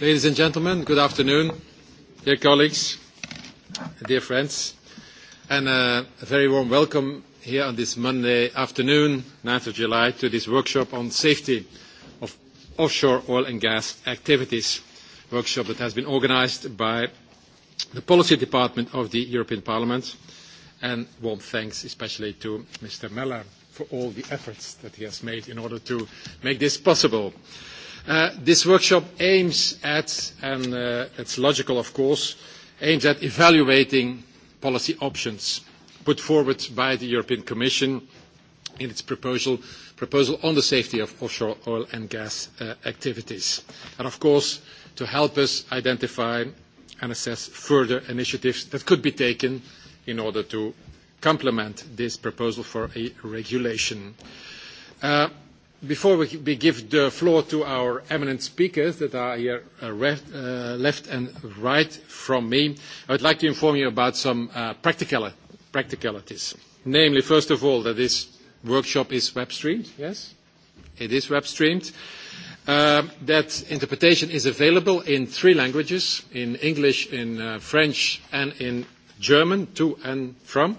Ladies and gentlemen, good afternoon, dear colleagues, dear friends, and a very warm welcome here on this Monday afternoon, 9th of July, to this workshop on safety of offshore oil and gas activities, workshop that has been organised by the Policy Department of the European Parliament, and warm thanks especially to Mr. Meller for all the efforts that he has made in order to make this possible. This workshop aims at, and it's logical of course, aims at evaluating policy options put forward by the European Commission in its proposal on the safety of offshore oil and gas activities. And of course, to help us identify and assess further initiatives that could be taken in order to complement this proposal for a regulation. Before we give the floor to our eminent speakers that are here left and right from me, I would like to inform you about some practicalities. Namely, first of all, that this workshop is web-streamed. Yes, it is web-streamed. That interpretation is available in three languages, in English, in French, and in German, to and from.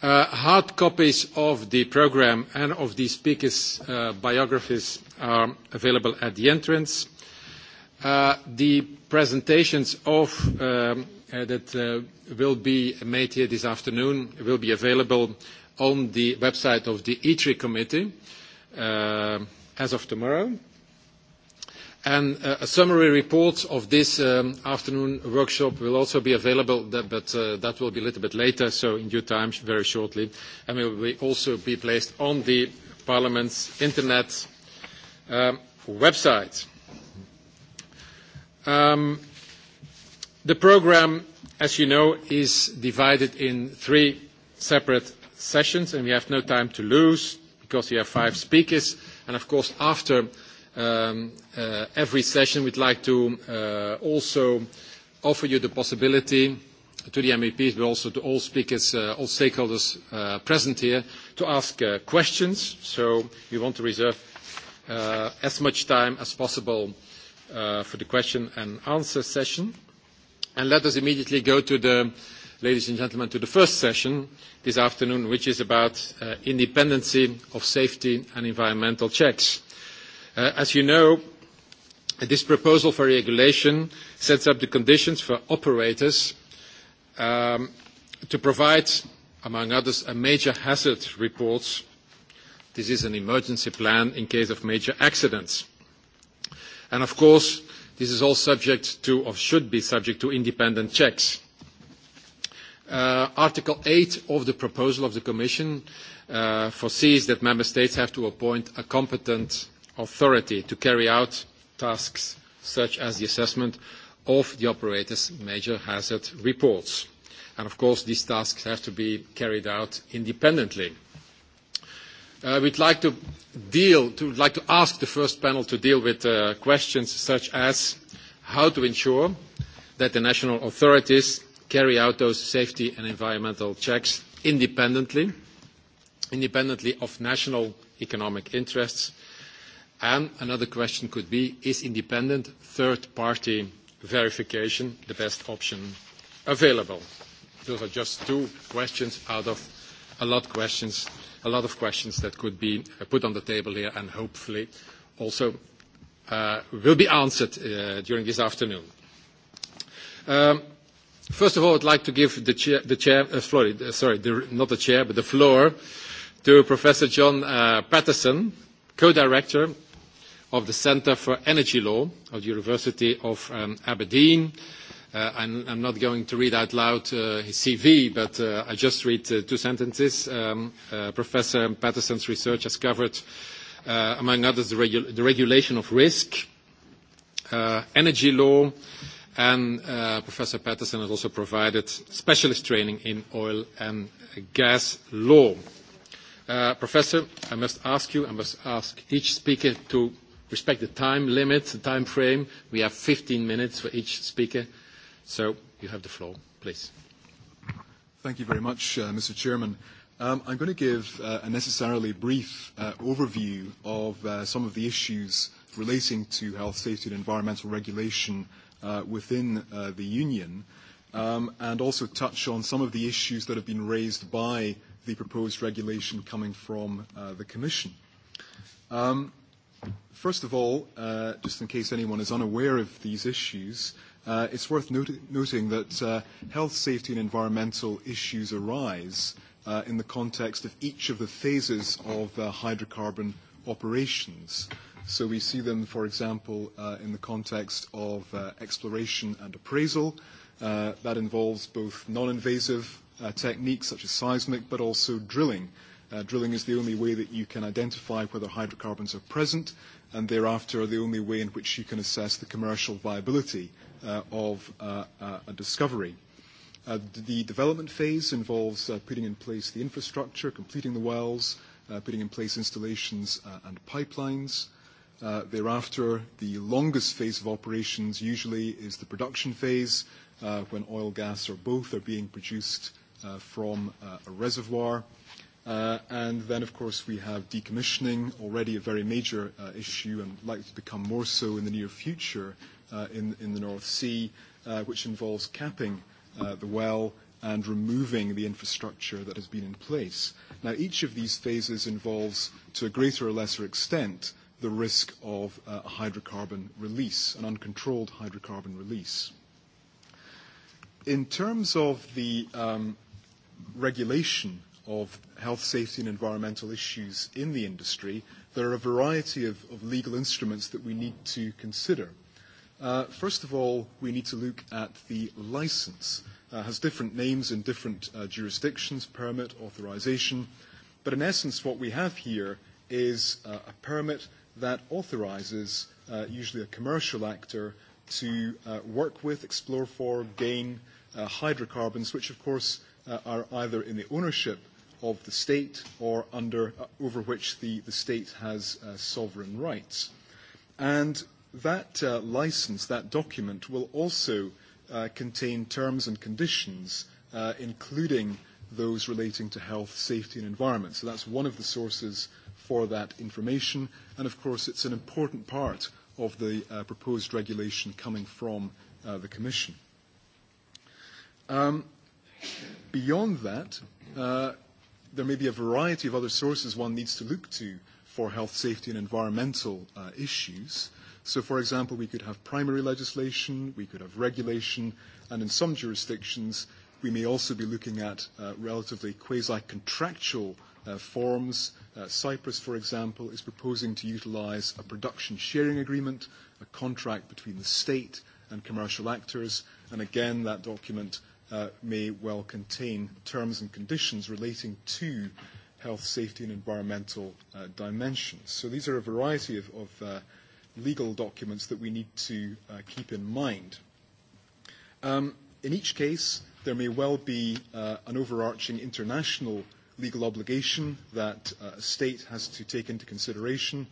Hard copies of the programme and of the speakers' biographies are available at the entrance. The presentations that will be made here this afternoon will be available on the website of the ITRI committee as of tomorrow. And a summary report of this afternoon workshop will also be available, but that will be a little bit later, so in due time, very shortly, and will also be placed on the Parliament's internet website. The programme, as you know, is divided in three separate sessions, and we have no time to lose because we have five speakers. And of course, after every session, we'd like to also offer you the possibility to the MEPs, but also to all speakers, all stakeholders present here, to ask questions. So we want to reserve as much time as possible for the question and answer session. And let us immediately go to the, ladies and gentlemen, to the first session this afternoon, which is about independency of safety and environmental checks. As you know, this proposal for regulation sets up the conditions for operators to provide, among others, a major hazard report. This is an emergency plan in case of major accidents. And of course, this is all subject to, or should be subject to, independent checks. Article 8 of the proposal of the Commission foresees that Member States have to appoint a competent authority to carry out tasks such as the assessment of the operator's major hazard reports. And of course, these tasks have to be carried out independently. We'd like to deal, like to ask the first panel to deal with questions such as how to ensure that the national authorities carry out those safety and environmental checks independently, independently of national economic interests, And another question could be, is independent third-party verification the best option available? Those are just two questions out of a lot of questions that could be put on the table here and hopefully also will be answered during this afternoon. First of all, I'd like to give the chair, sorry, not the chair, but the floor to Professor John Patterson, co-director of the Centre for Energy Law of the University of Aberdeen. I'm not going to read out loud his CV, but I just read two sentences. Professor Patterson's research has covered, among others, the regulation of risk, energy law, and Professor Patterson has also provided specialist training in oil and gas law. Professor, I must ask you, I must ask each speaker to respect the time limit, the time frame. We have 15 minutes for each speaker. So you have the floor, please. Thank you very much, Mr. Chairman. I'm going to give a necessarily brief overview of some of the issues relating to health, safety and environmental regulation within the Union, and also touch on some of the issues that have been raised by the proposed regulation coming from the Commission. First of all, just in case anyone is unaware of these issues, it's worth noting that health, safety and environmental issues arise in the context of each of the phases of hydrocarbon operations. So we see them, for example, in the context of exploration and appraisal. That involves both non-invasive techniques such as seismic, but also drilling Drilling is the only way that you can identify whether hydrocarbons are present and thereafter the only way in which you can assess the commercial viability of a discovery. The development phase involves putting in place the infrastructure, completing the wells, putting in place installations and pipelines. Thereafter, the longest phase of operations usually is the production phase, when oil, gas, or both are being produced from a reservoir. And then, of course, we have decommissioning, already a very major issue and likely to become more so in the near future in the North Sea, which involves capping the well and removing the infrastructure that has been in place. Now, each of these phases involves, to a greater or lesser extent, the risk of a hydrocarbon release, an uncontrolled hydrocarbon release. In terms of the regulation, of health, safety and environmental issues in the industry, there are a variety of legal instruments that we need to consider. First of all, we need to look at the license. It has different names in different jurisdictions, permit, authorization, but in essence what we have here is a permit that authorises usually a commercial actor to work with, explore for, gain hydrocarbons, which of course are either in the ownership of the state or under over which the the state has sovereign rights and that license that document will also contain terms and conditions including those relating to health safety and environment so that's one of the sources for that information and of course it's an important part of the proposed regulation coming from the commission um beyond that there may be a variety of other sources one needs to look to for health, safety and environmental issues. So, for example, we could have primary legislation, we could have regulation, and in some jurisdictions we may also be looking at relatively quasi-contractual forms. Cyprus, for example, is proposing to utilise a production sharing agreement, a contract between the state and commercial actors, and again that document may well contain terms and conditions relating to health, safety and environmental dimensions. So these are a variety of legal documents that we need to keep in mind. In each case, there may well be an overarching international legal obligation that a state has to take into consideration.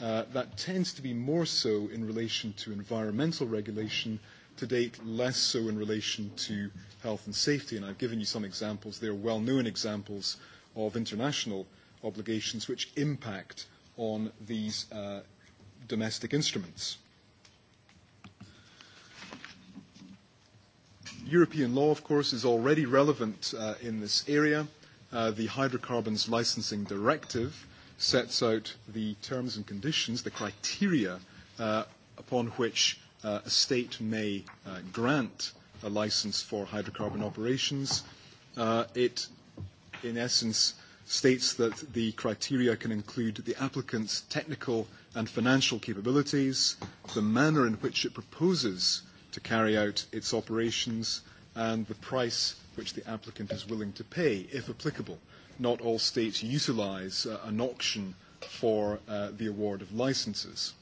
That tends to be more so in relation to environmental regulation to date less so in relation to health and safety. And I've given you some examples. They are well-known examples of international obligations which impact on these domestic instruments. European law, of course, is already relevant in this area. The Hydrocarbons Licensing Directive sets out the terms and conditions, the criteria upon which a state may grant a license for hydrocarbon operations. It, in essence, states that the criteria can include the applicant's technical and financial capabilities, the manner in which it proposes to carry out its operations, and the price which the applicant is willing to pay, if applicable. Not all states utilise an auction for the award of licenses.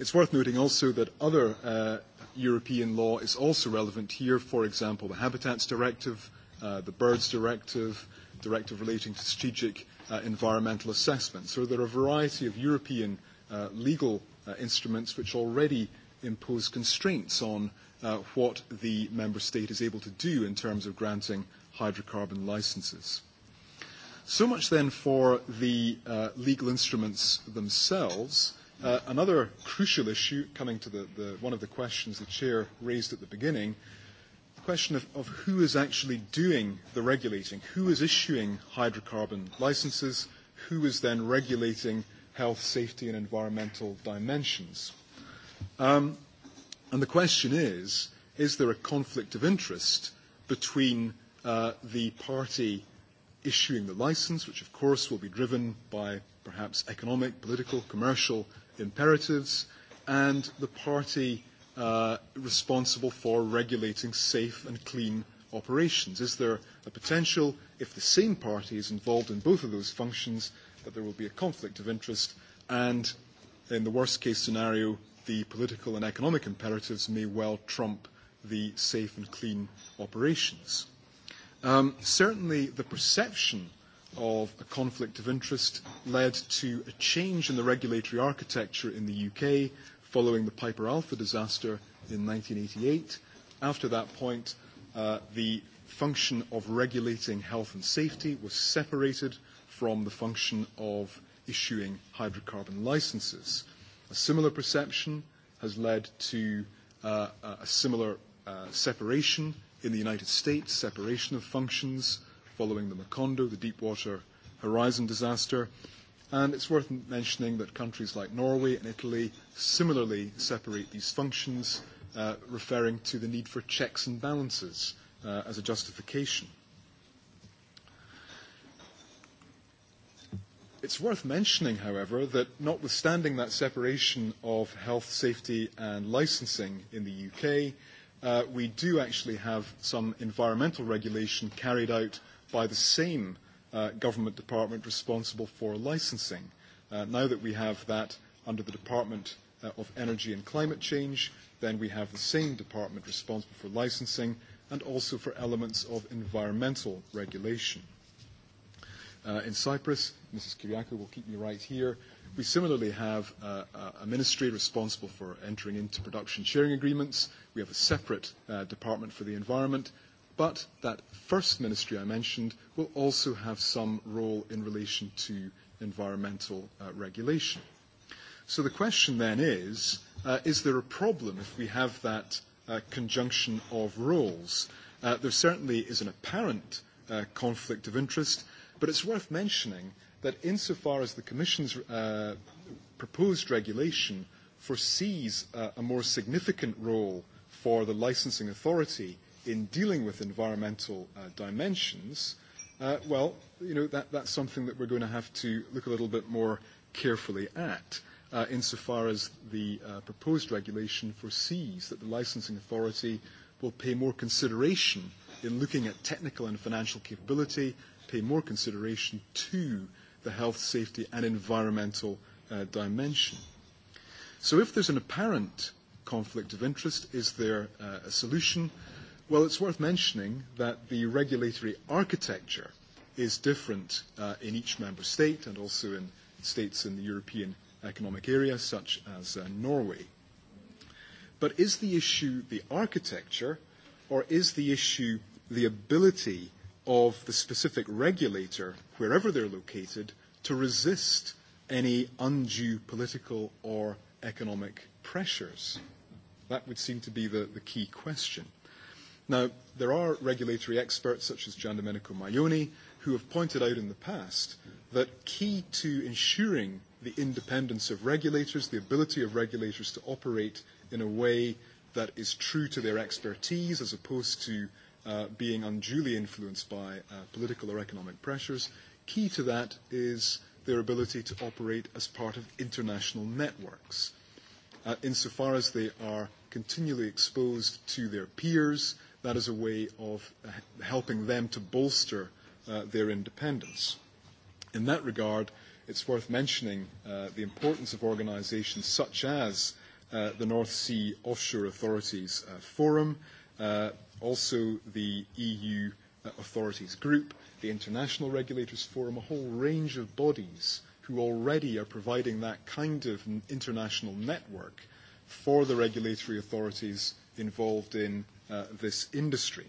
It's worth noting also that other European law is also relevant here, for example, the Habitats Directive, the Birds Directive, Directive relating to strategic environmental assessment. So there are a variety of European legal instruments which already impose constraints on what the member state is able to do in terms of granting hydrocarbon licenses. So much then for the legal instruments themselves. Another crucial issue, coming to one of the questions the Chair raised at the beginning, the question of who is actually doing the regulating, who is issuing hydrocarbon licenses, who is then regulating health, safety and environmental dimensions. And the question is, is there a conflict of interest between the party issuing the licence, which of course will be driven by perhaps economic, political, commercial imperatives, and the party responsible for regulating safe and clean operations. Is there a potential, if the same party is involved in both of those functions, that there will be a conflict of interest and, in the worst-case scenario, the political and economic imperatives may well trump the safe and clean operations? Certainly, the perception of a conflict of interest led to a change in the regulatory architecture in the UK following the Piper Alpha disaster in 1988. After that point, the function of regulating health and safety was separated from the function of issuing hydrocarbon licenses. A similar perception has led to a similar separation In the United States, separation of functions following the Macondo, the Deepwater Horizon disaster. And it's worth mentioning that countries like Norway and Italy similarly separate these functions, referring to the need for checks and balances as a justification. It's worth mentioning, however, that notwithstanding that separation of health, safety and licensing in the UK, we do actually have some environmental regulation carried out by the same government department responsible for licensing. Now that we have that under the Department of Energy and Climate Change, then we have the same department responsible for licensing and also for elements of environmental regulation. In Cyprus, Mrs. Kyriakou will keep me right here, We similarly have a ministry responsible for entering into production sharing agreements. We have a separate department for the environment. But that first ministry I mentioned will also have some role in relation to environmental regulation. So the question then is, is there a problem if we have that conjunction of roles? There certainly is an apparent conflict of interest, but it's worth mentioning that insofar as the Commission's proposed regulation foresees a more significant role for the licensing authority in dealing with environmental dimensions, well, you know, that's something that we're going to have to look a little bit more carefully at, insofar as the proposed regulation foresees that the licensing authority will pay more consideration in looking at technical and financial capability, pay more consideration to the health, safety and environmental dimension. So if there's an apparent conflict of interest, is there a solution? Well, it's worth mentioning that the regulatory architecture is different in each member state and also in states in the European Economic Area, such as Norway. But is the issue the architecture, or is the issue the ability of the specific regulator, wherever they're located, to resist any undue political or economic pressures. That would seem to be the key question. Now, there are regulatory experts such as Gian Domenico Maioni who have pointed out in the past that key to ensuring the independence of regulators, the ability of regulators to operate in a way that is true to their expertise as opposed to being unduly influenced by political or economic pressures. Key to that is their ability to operate as part of international networks. Insofar as they are continually exposed to their peers, that is a way of helping them to bolster their independence. In that regard, it's worth mentioning the importance of organizations such as the North Sea Offshore Authorities Forum, also the EU Authorities Group, the International Regulators Forum, a whole range of bodies who already are providing that kind of international network for the regulatory authorities involved in this industry.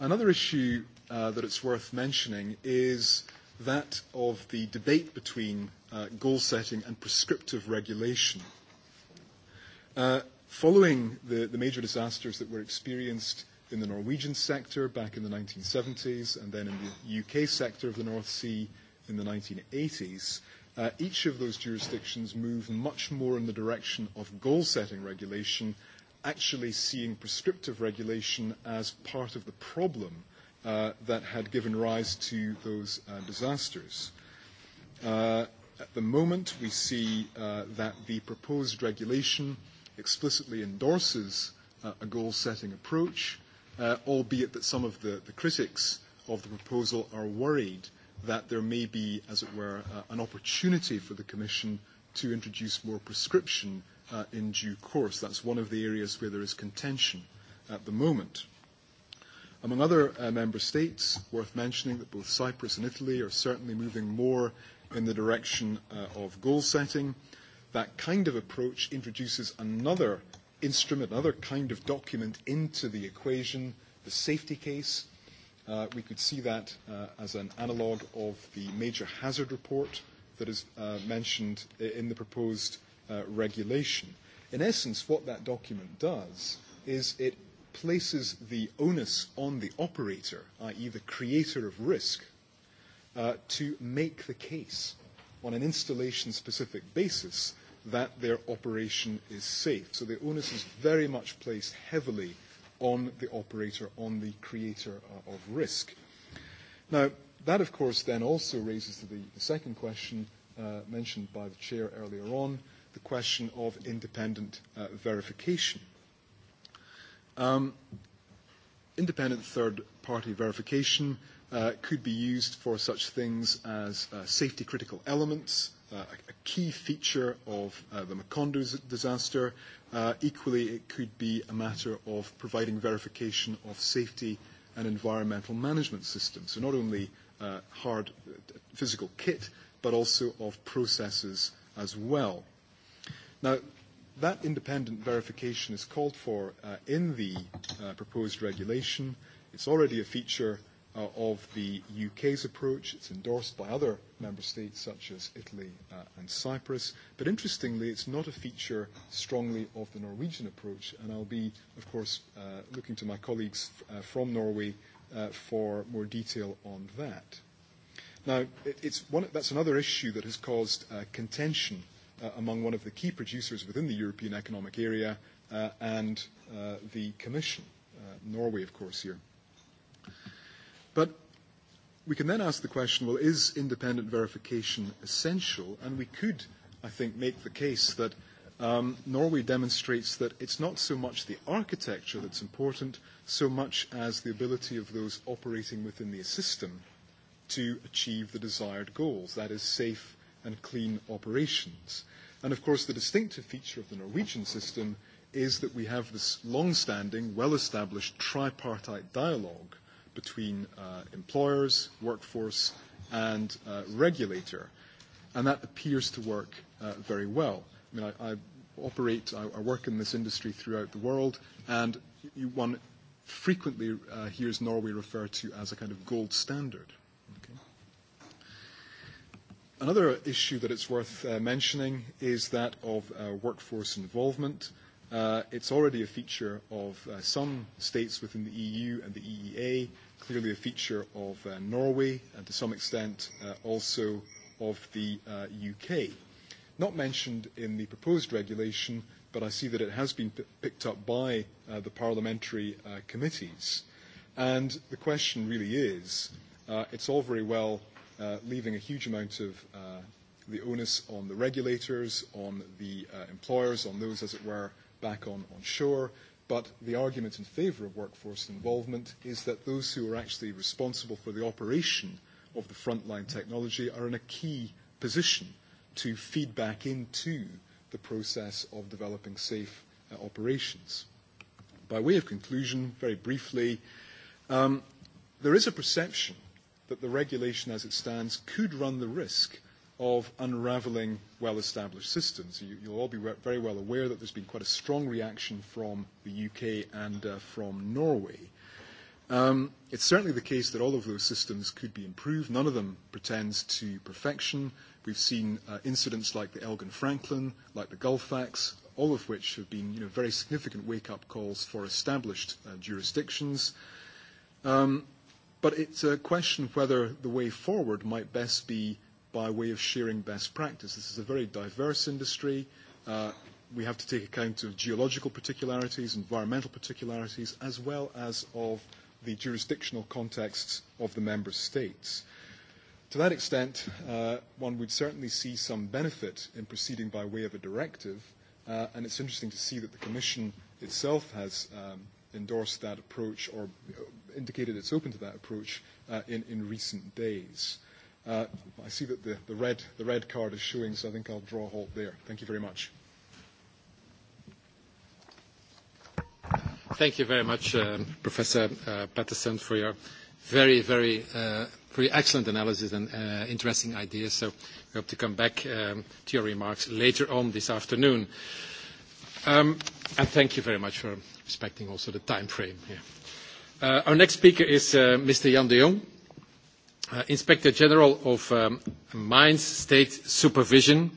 Another issue that it's worth mentioning is that of the debate between goal setting and prescriptive regulation. Following the major disasters that were experienced in the Norwegian sector back in the 1970s and then in the UK sector of the North Sea in the 1980s, each of those jurisdictions moved much more in the direction of goal-setting regulation, actually seeing prescriptive regulation as part of the problem that had given rise to those disasters. At the moment, we see that the proposed regulation explicitly endorses a goal-setting approach, albeit that some of the critics of the proposal are worried that there may be, as it were, an opportunity for the Commission to introduce more prescription in due course. That's one of the areas where there is contention at the moment. Among other member states, worth mentioning that both Cyprus and Italy are certainly moving more in the direction of goal setting that kind of approach introduces another instrument, another kind of document into the equation, the safety case. We could see that as an analogue of the major hazard report that is mentioned in the proposed regulation. In essence, what that document does is it places the onus on the operator, i.e. the creator of risk, to make the case on an installation-specific basis that their operation is safe. So the onus is very much placed heavily on the operator, on the creator of risk. Now, that, of course, then also raises the second question mentioned by the Chair earlier on, the question of independent verification. Independent third-party verification could be used for such things as safety-critical elements, a key feature of the Macondo disaster. Equally, it could be a matter of providing verification of safety and environmental management systems. So not only hard physical kit, but also of processes as well. Now, that independent verification is called for in the proposed regulation. It's already a feature of the UK's approach. It's endorsed by other member states such as Italy and Cyprus. But interestingly, it's not a feature strongly of the Norwegian approach. And I'll be, of course, looking to my colleagues from Norway for more detail on that. Now, it's one, that's another issue that has caused contention among one of the key producers within the European Economic Area and the Commission, Norway, of course, here. But we can then ask the question, well, is independent verification essential? And we could, I think, make the case that Norway demonstrates that it's not so much the architecture that's important, so much as the ability of those operating within the system to achieve the desired goals, that is, safe and clean operations. And, of course, the distinctive feature of the Norwegian system is that we have this long-standing, well-established tripartite dialogue between uh employers, workforce, and uh regulator. And that appears to work very well. I mean, I I operate, I work in this industry throughout the world, and you one frequently hears Norway referred to as a kind of gold standard. Another issue that it's worth mentioning is that of workforce involvement. It's already a feature of some states within the EU and the EEA, clearly a feature of Norway, and to some extent also of the UK. Not mentioned in the proposed regulation, but I see that it has been picked up by the parliamentary committees. And the question really is, it's all very well leaving a huge amount of the onus on the regulators, on the employers, on those, as it were, back on shore, but the argument in favour of workforce involvement is that those who are actually responsible for the operation of the frontline technology are in a key position to feed back into the process of developing safe operations. By way of conclusion, very briefly, there is a perception that the regulation as it stands could run the risk of unraveling well-established systems. You'll all be very well aware that there's been quite a strong reaction from the UK and from Norway. It's certainly the case that all of those systems could be improved. None of them pretends to perfection. We've seen incidents like the Elgin Franklin, like the Gulf Acts, all of which have been very significant wake-up calls for established jurisdictions. But it's a question whether the way forward might best be by way of sharing best practice. This is a very diverse industry. We have to take account of geological particularities, environmental particularities, as well as of the jurisdictional contexts of the member states. To that extent, one would certainly see some benefit in proceeding by way of a directive, and it's interesting to see that the Commission itself has endorsed that approach or indicated it's open to that approach in recent days. I see that the the red the red card is showing, so I think I'll draw a halt there. Thank you very much. Thank you very much, Professor Patterson, for your very, very, very excellent analysis and interesting ideas. So we hope to come back to your remarks later on this afternoon. And thank you very much for respecting also the time frame here. Our next speaker is Mr. Jan de Jong Inspector General of Mines State Supervision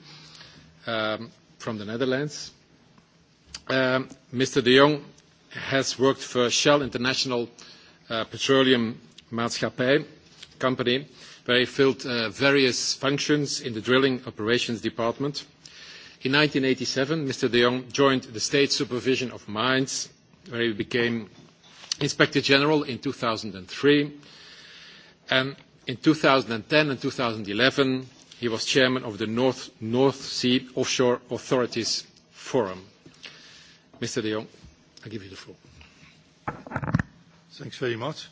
from the Netherlands. Mr. de Jong has worked for Shell International Petroleum Maatschappij Company, where he filled various functions in the Drilling Operations Department. In 1987, Mr. de Jong joined the State Supervision of Mines, where he became Inspector General in 2003. And In 2010 and 2011, he was chairman of the North Sea Offshore Authorities Forum. Mr. de Jong, I give you the floor. Thanks very much.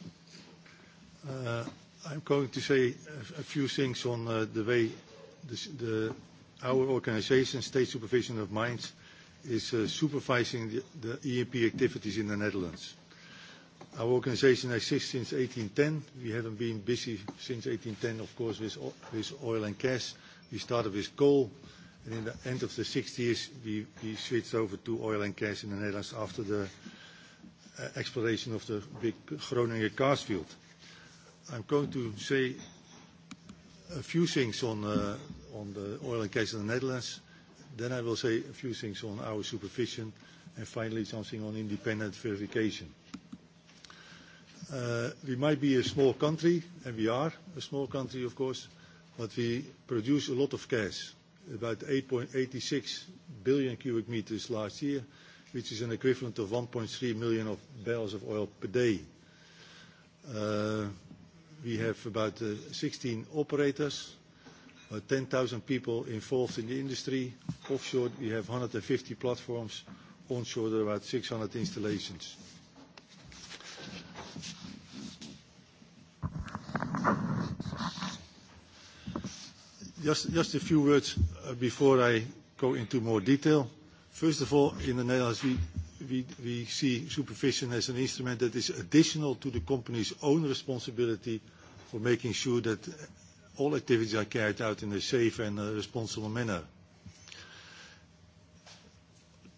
I'm going to say a few things on the way our organization, State Supervision of Mines, is supervising the EMP activities in the Netherlands. Our organization exists since 1810. We haven't been busy since 1810, of course, with oil and gas. We started with coal, and in the end of the 60s, we switched over to oil and gas in the Netherlands after the exploration of the big Groningen gas field. I'm going to say a few things on the oil and gas in the Netherlands. Then I will say a few things on our supervision, and finally, something on independent verification. We might be a small country, and we are a small country, of course, but we produce a lot of gas, about 8.86 billion cubic meters last year, which is an equivalent of 1.3 million of barrels of oil per day. We have about 16 operators, about 10,000 people involved in the industry. Offshore, we have 150 platforms. Onshore, there are about 600 installations. Just a few words before I go into more detail. First of all, in the Netherlands, we see supervision as an instrument that is additional to the company's own responsibility for making sure that all activities are carried out in a safe and responsible manner.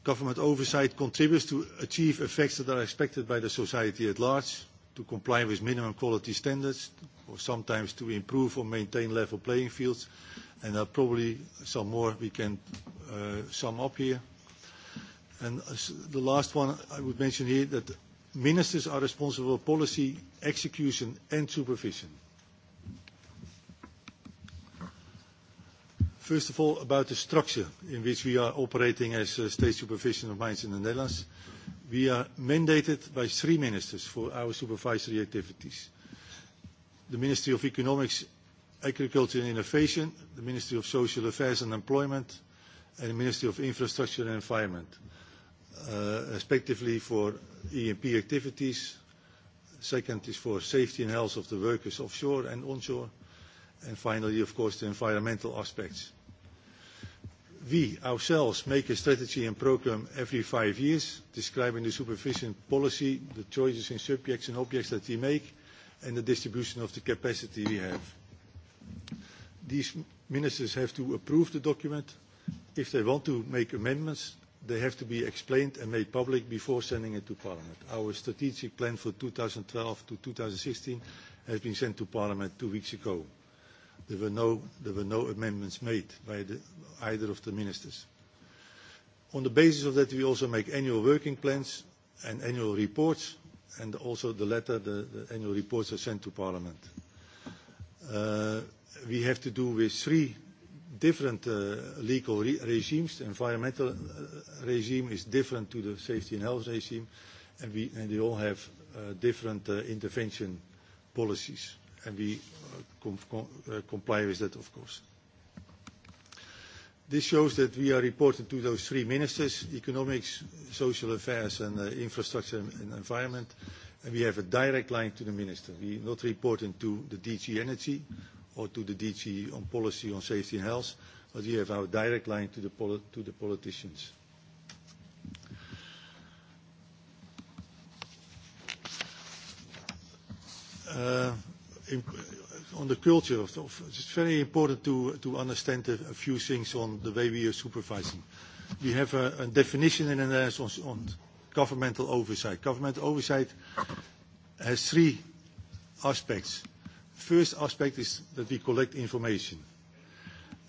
Government oversight contributes to achieve effects that are expected by the society at large to comply with minimum quality standards, or sometimes to improve or maintain level playing fields. And there are probably some more we can sum up here. And the last one I would mention here that ministers are responsible for policy, execution and supervision. First of all, about the structure in which we are operating as state supervision of mines in the Netherlands. We are mandated by three ministers for our supervisory activities. The Ministry of Economics, Agriculture and Innovation, the Ministry of Social Affairs and Employment, and the Ministry of Infrastructure and Environment, respectively for EMP activities. Second is for safety and health of the workers offshore and onshore. And finally, of course, the environmental aspects we ourselves make a strategy and program every five years, describing the supervision policy, the choices in subjects and objects that we make, and the distribution of the capacity we have. These ministers have to approve the document. If they want to make amendments, they have to be explained and made public before sending it to Parliament. Our strategic plan for 2012 to 2016 has been sent to Parliament two weeks ago. There were no there were no amendments made by either of the ministers. On the basis of that, we also make annual working plans and annual reports, and also the latter, the annual reports are sent to Parliament. We have to do with three different legal regimes. The environmental regime is different to the safety and health regime, and we they all have different intervention policies and we comply with that, of course. This shows that we are reporting to those three ministers, economics, social affairs, and infrastructure and environment, and we have a direct line to the minister. We are not reporting to the DG Energy or to the DG on policy on safety and health, but we have our direct line to the politicians on the culture of it's very important to to understand a few things on the way we are supervising. We have a definition in the on, on governmental oversight. Governmental oversight has three aspects. First aspect is that we collect information,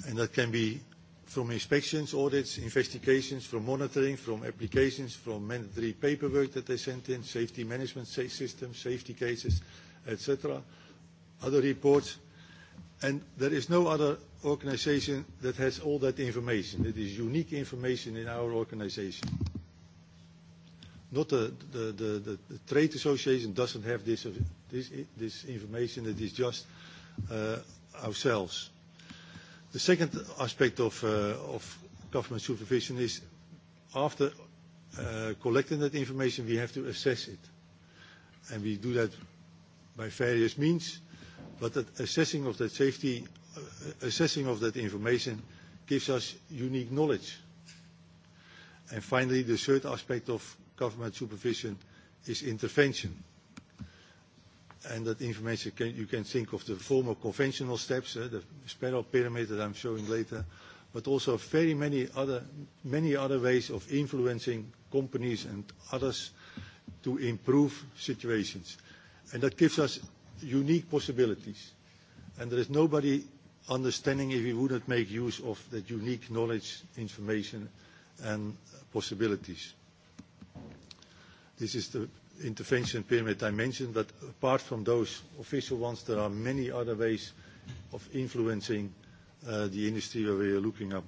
and that can be from inspections, audits, investigations, from monitoring, from applications, from mandatory paperwork that they sent in, safety management systems, safety cases, etc other reports, and there is no other organization that has all that information. It is unique information in our organization. Not the trade association doesn't have this this information. It is just ourselves. The second aspect of government supervision is after collecting that information, we have to assess it. And we do that by various means. But the assessing of that safety, assessing of that information gives us unique knowledge. And finally, the third aspect of government supervision is intervention. And that information, you can think of the former conventional steps, the spiral pyramid that I'm showing later, but also very many other, many other ways of influencing companies and others to improve situations. And that gives us unique possibilities. And there is nobody understanding if we wouldn't make use of that unique knowledge, information and possibilities. This is the intervention pyramid I mentioned, but apart from those official ones, there are many other ways of influencing the industry where we are looking at.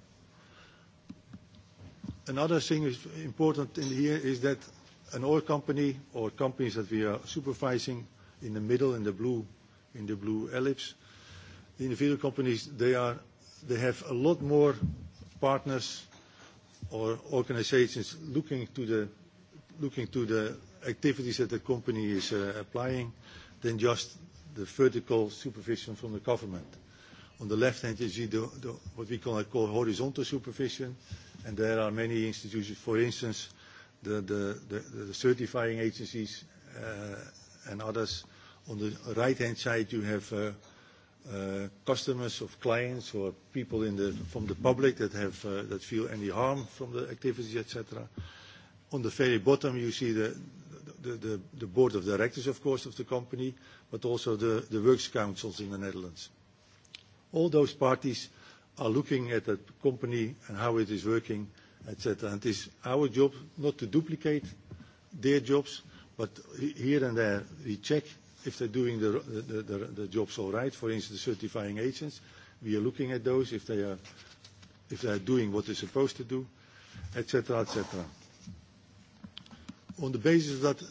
Another thing is important in here is that an oil company or companies that we are supervising in the middle in the blue in the blue ellipse. The individual companies they are they have a lot more partners or organizations looking to the looking to the activities that the company is applying than just the vertical supervision from the government. On the left hand you see the what we call horizontal supervision and there are many institutions, for instance the the the certifying agencies and others. On the right-hand side, you have customers of clients or people in the from the public that have that feel any harm from the activities, etc. On the very bottom, you see the board of directors, of course, of the company, but also the the works councils in the Netherlands. All those parties are looking at the company and how it is working, etc. And it is our job not to duplicate their jobs, But here and there, we check if they're doing the the the the jobs all right. For instance, the certifying agents, we are looking at those if they are if they are doing what they're supposed to do, etc., etc. On the basis that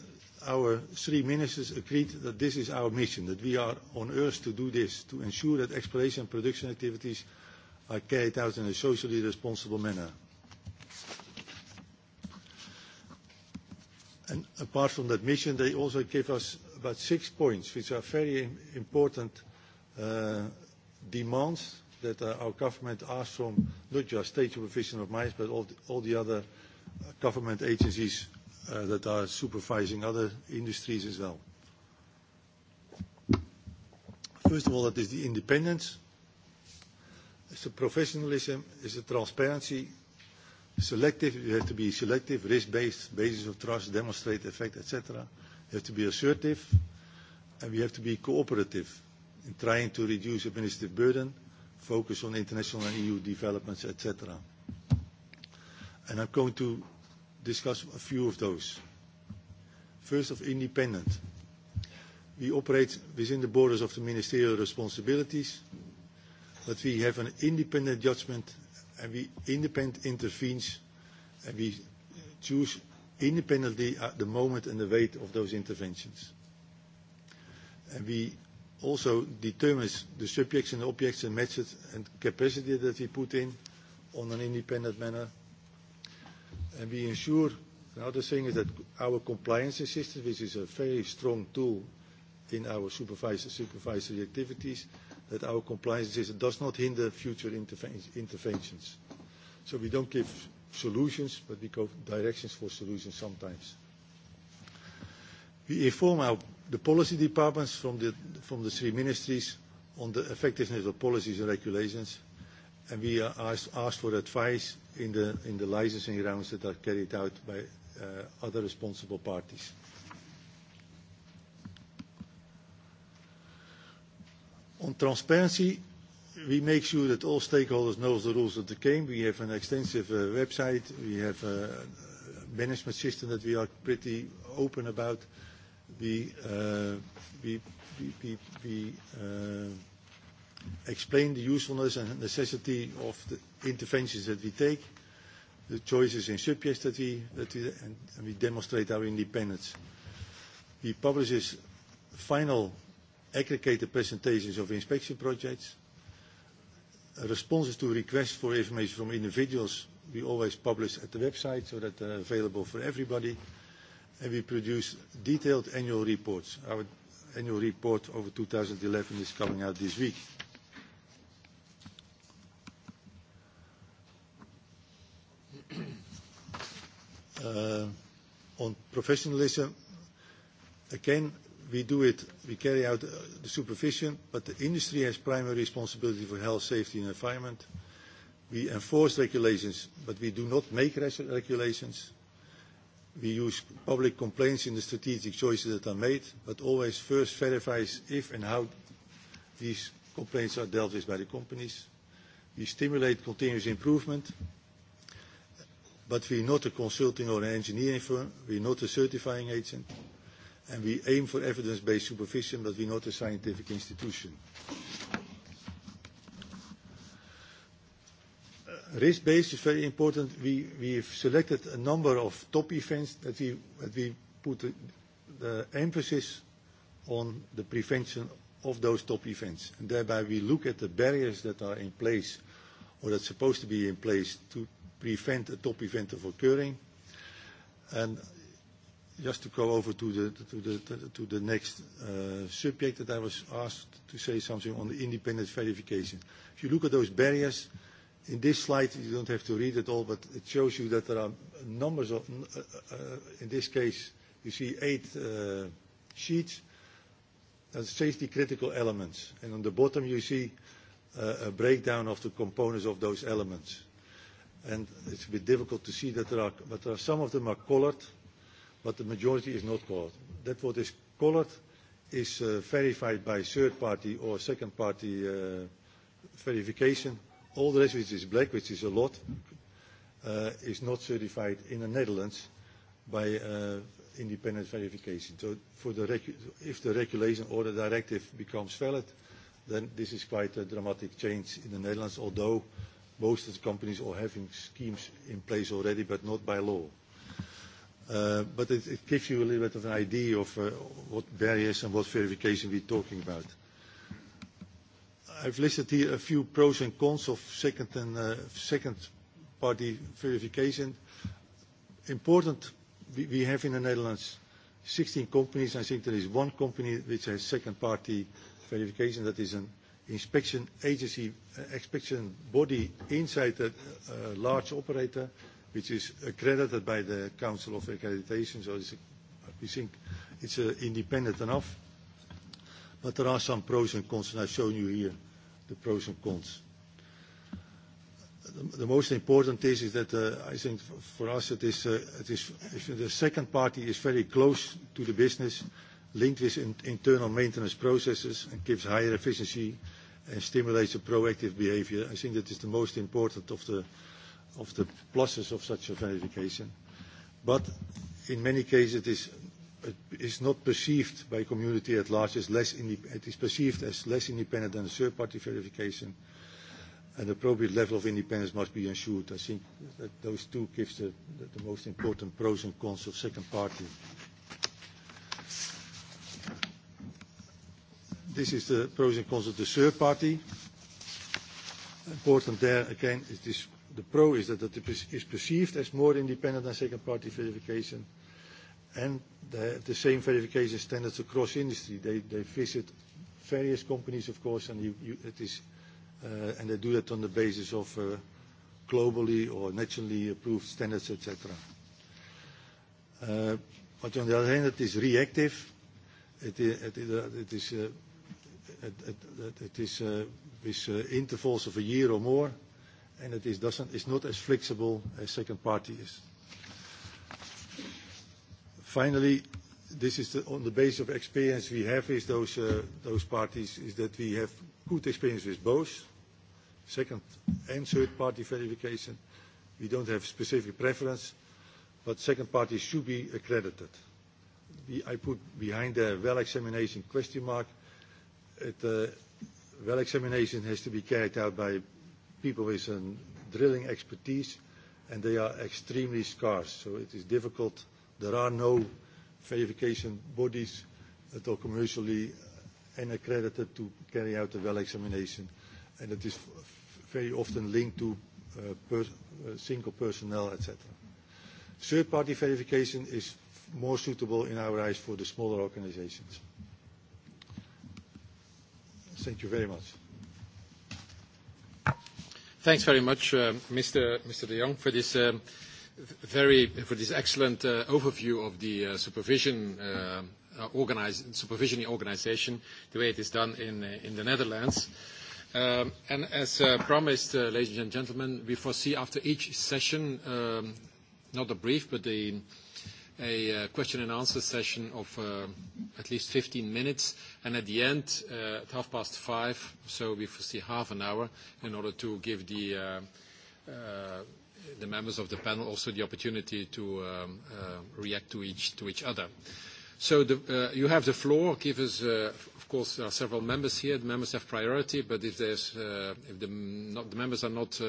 our three ministers agreed that this is our mission, that we are on Earth to do this, to ensure that exploration and production activities are carried out in a socially responsible manner. And apart from that mission, they also gave us about six points, which are very important demands that our government asks from not just state supervision of mines, but all the other government agencies that are supervising other industries as well. First of all, that is the independence. It's the professionalism, it's the transparency, Selective, you have to be selective, risk-based, basis of trust, demonstrate effect, etc. You have to be assertive, and we have to be cooperative in trying to reduce administrative burden, focus on international and EU developments, etc. And I'm going to discuss a few of those. First of independent. We operate within the borders of the ministerial responsibilities, but we have an independent judgment and we independent intervenes and we choose independently the moment and the weight of those interventions. And we also determine the subjects and objects and methods and capacity that we put in on an independent manner. And we ensure, another thing is that our compliance system, which is a very strong tool in our supervisory activities, that our compliance decision does not hinder future interventions. So we don't give solutions, but we go directions for solutions sometimes. We inform our the policy departments from the from the three ministries on the effectiveness of policies and regulations, and we are asked for advice in the in the licensing rounds that are carried out by other responsible parties. On transparency, we make sure that all stakeholders know the rules of the game. We have an extensive website. We have a management system that we are pretty open about. We explain the usefulness and necessity of the interventions that we take, the choices in subjects that we and we demonstrate our independence. We publish final aggregated presentations of inspection projects, responses to requests for information from individuals we always publish at the website so that they're available for everybody, and we produce detailed annual reports. Our annual report over 2011 is coming out this week. On professionalism, again, we do it, we carry out the supervision, but the industry has primary responsibility for health, safety and environment. We enforce regulations, but we do not make regulations. We use public complaints in the strategic choices that are made, but always first verifies if and how these complaints are dealt with by the companies. We stimulate continuous improvement, but we're not a consulting or an engineering firm. We're not a certifying agent and we aim for evidence-based supervision, but we're not a scientific institution. Risk-based is very important. We have selected a number of top events that we that put the emphasis on the prevention of those top events. And thereby we look at the barriers that are in place or that's supposed to be in place to prevent a top event of occurring. And Just to go over to the to the to the next subject that I was asked to say something on the independent verification. If you look at those barriers in this slide, you don't have to read it all, but it shows you that there are numbers of. In this case, you see eight sheets. That's safety critical elements, and on the bottom you see a breakdown of the components of those elements. And it's a bit difficult to see that there are, but some of them are colored but the majority is not colored. That what is colored is verified by third party or second party verification. All the rest which is black, which is a lot, is not certified in the Netherlands by independent verification. So for the if the regulation or the directive becomes valid, then this is quite a dramatic change in the Netherlands, although most of the companies are having schemes in place already, but not by law but it gives you a little bit of an idea of what barriers and what verification we're talking about. I've listed here a few pros and cons of second and second-party verification. Important, we have in the Netherlands 16 companies. I think there is one company which has second-party verification. That is an inspection agency, inspection body inside a large operator which is accredited by the Council of Accreditation, so we think it's independent enough. But there are some pros and cons, and I've shown you here the pros and cons. The most important is is that I think for us it is if the second party is very close to the business, linked with internal maintenance processes, and gives higher efficiency and stimulates a proactive behavior. I think that is the most important of the of the pluses of such a verification. But in many cases, it is not perceived by community at large as less it is perceived as less independent than a third party verification and appropriate level of independence must be ensured. I think that those two gives the, the most important pros and cons of second party. This is the pros and cons of the third party. Important there again is this the pro is that it is perceived as more independent than second-party verification, and the same verification standards across industry. They they visit various companies, of course, and you it is and they do that on the basis of globally or nationally approved standards, etc. But on the other hand, it is reactive. It is with intervals of a year or more and it is doesn't is not as flexible as second party is. Finally, this is on the basis of experience we have with those those parties, is that we have good experience with both second and third party verification. We don't have specific preference, but second parties should be accredited. I put behind the well examination question mark. Well examination has to be carried out by people with drilling expertise, and they are extremely scarce. So it is difficult. There are no verification bodies that are commercially and accredited to carry out the well examination, and it is very often linked to single personnel, etc. Third-party verification is more suitable in our eyes for the smaller organizations. Thank you very much. Thanks very much, Mr. De Jong, for this very for this excellent overview of the supervision organization, the way it is done in the Netherlands. And as promised, ladies and gentlemen, we foresee after each session, not a brief, but a a question and answer session of at least 15 minutes, and at the end, at half past five, so we foresee half an hour, in order to give the members of the panel also the opportunity to react to each other. So you have the floor. Give us, of course, there are several members here. The members have priority, but if the members are not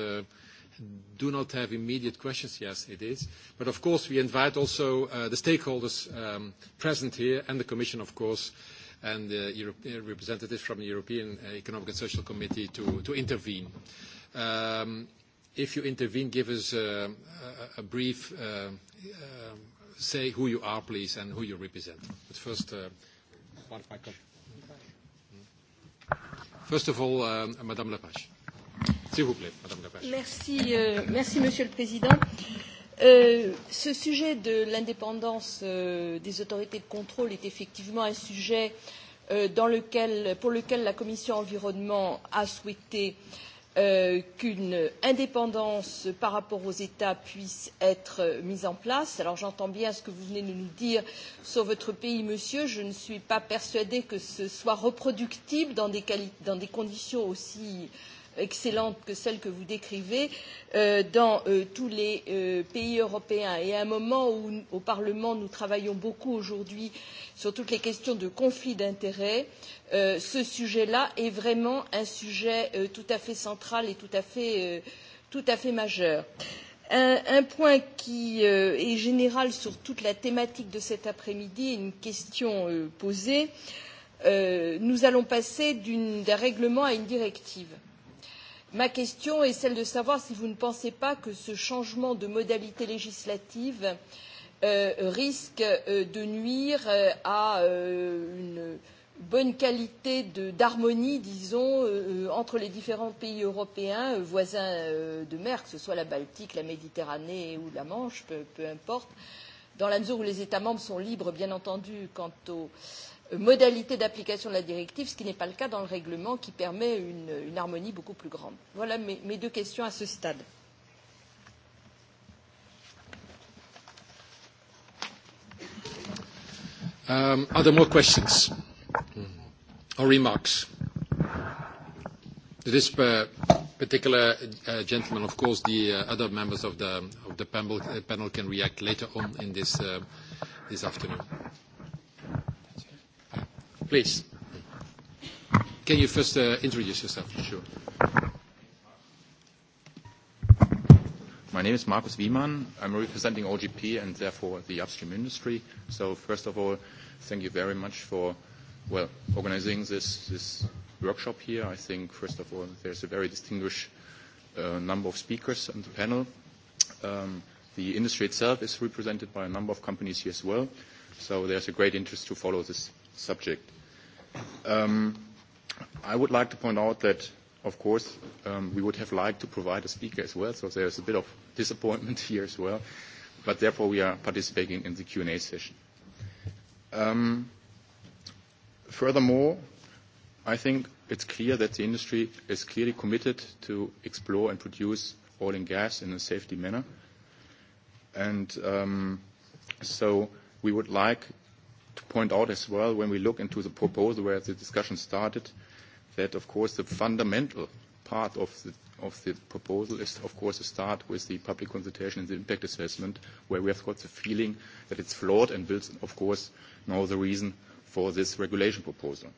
do not have immediate questions. Yes, it is. But of course, we invite also the stakeholders present here and the Commission, of course, and the representatives from the European Economic and Social Committee to intervene. If you intervene, give us a brief, say who you are, please, and who you represent. But first, of First of all, Madame Lepage. Merci, Monsieur le Président. Ce sujet de l'indépendance des autorités de contrôle est effectivement un sujet pour lequel la Commission environnement a souhaité qu'une indépendance par rapport aux États puisse être mise en place. Alors j'entends bien ce que vous venez de nous dire sur votre pays, monsieur. Je ne suis pas persuadée que ce soit reproductible dans des conditions aussi excellente que celle que vous décrivez dans tous les pays européens. Et à un moment où, au Parlement, nous travaillons beaucoup aujourd'hui sur toutes les questions de conflit d'intérêts, ce sujet-là est vraiment un sujet tout à fait central et tout à fait, tout à fait majeur. Un point qui est général sur toute la thématique de cet après-midi, une question posée, nous allons passer d'un règlement à une directive ma question est celle de savoir si vous ne pensez pas que ce changement de modalité législative risque de nuire à une bonne qualité d'harmonie disons entre les différents pays européens voisins de mer que ce soit la baltique la méditerranée ou la manche peu importe dans la mesure où les états membres sont libres bien entendu quant aux modalités d'application de la directive, ce qui n'est pas le cas dans le règlement qui permet une une harmonie beaucoup plus grande. Voilà mes mes deux questions à ce stade. Are there more questions or remarks? This particular gentleman, of course, the other members of the of the panel can react later on in this, this afternoon. Please. Can you first introduce yourself? Sure. My name is Markus Wiemann. I'm representing OGP and therefore the upstream industry. So first of all, thank you very much for, well, organizing this this workshop here. I think first of all, there's a very distinguished number of speakers on the panel. The industry itself is represented by a number of companies here as well. So there's a great interest to follow this subject. I would like to point out that, of course, we would have liked to provide a speaker as well, so there is a bit of disappointment here as well, but therefore we are participating in the Q&A session. Furthermore, I think it's clear that the industry is clearly committed to explore and produce oil and gas in a safety manner. And so we would like to point out as well, when we look into the proposal where the discussion started, that, of course, the fundamental part of the of the proposal is, of course, to start with the public consultation and the impact assessment, where we have got the feeling that it's flawed and builds, of course, now the reason for this regulation proposal.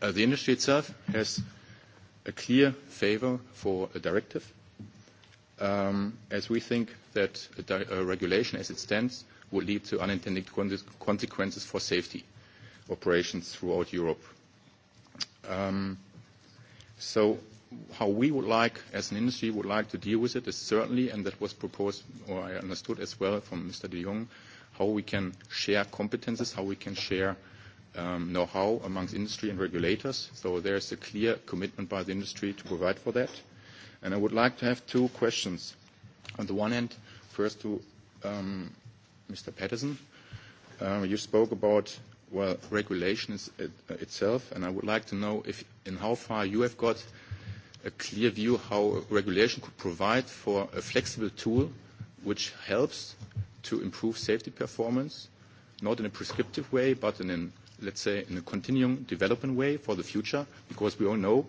The industry itself has a clear favor for a directive, as we think that a regulation as it stands would lead to unintended consequences for safety operations throughout Europe. So how we would like, as an industry, would like to deal with it is certainly, and that was proposed, or I understood as well from Mr. de Jong, how we can share competences, how we can share know-how amongst industry and regulators. So there is a clear commitment by the industry to provide for that. And I would like to have two questions. On the one hand, first to Mr. Patterson. You spoke about, well, regulation itself, and I would like to know if in how far you have got a clear view how regulation could provide for a flexible tool which helps to improve safety performance, not in a prescriptive way, but in let's say, in a continuing development way for the future, because we all know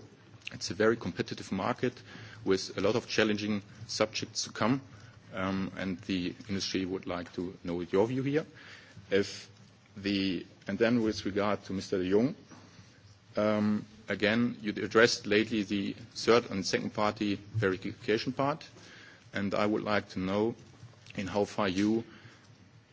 it's a very competitive market with a lot of challenging subjects to come and the industry would like to know your view here. and then with regard to Mr. De Jong, again you addressed lately the third and second party verification part, and I would like to know in how far you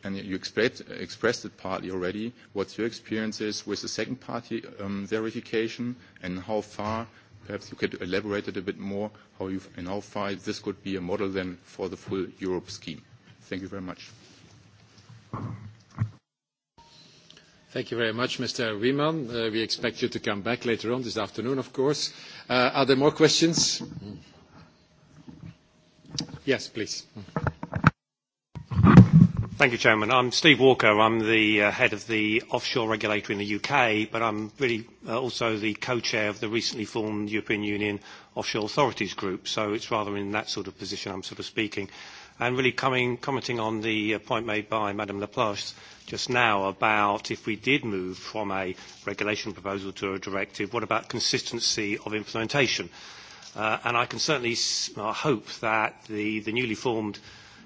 and you expressed it partly already, what your experience is with the second party verification and how far Perhaps you could elaborate it a bit more, how you and how far this could be a model then for the full Europe scheme. Thank you very much. Thank you very much, Mr. Wiemann. We expect you to come back later on this afternoon, of course. Are there more questions? Yes, please. Thank you, Chairman. I'm Steve Walker. I'm the head of the offshore regulator in the UK, but I'm really also the co-chair of the recently formed European Union Offshore Authorities Group. So it's rather in that sort of position I'm sort of speaking. And really commenting on the point made by Madame Laplace just now about if we did move from a regulation proposal to a directive, what about consistency of implementation? And I can certainly hope that the newly formed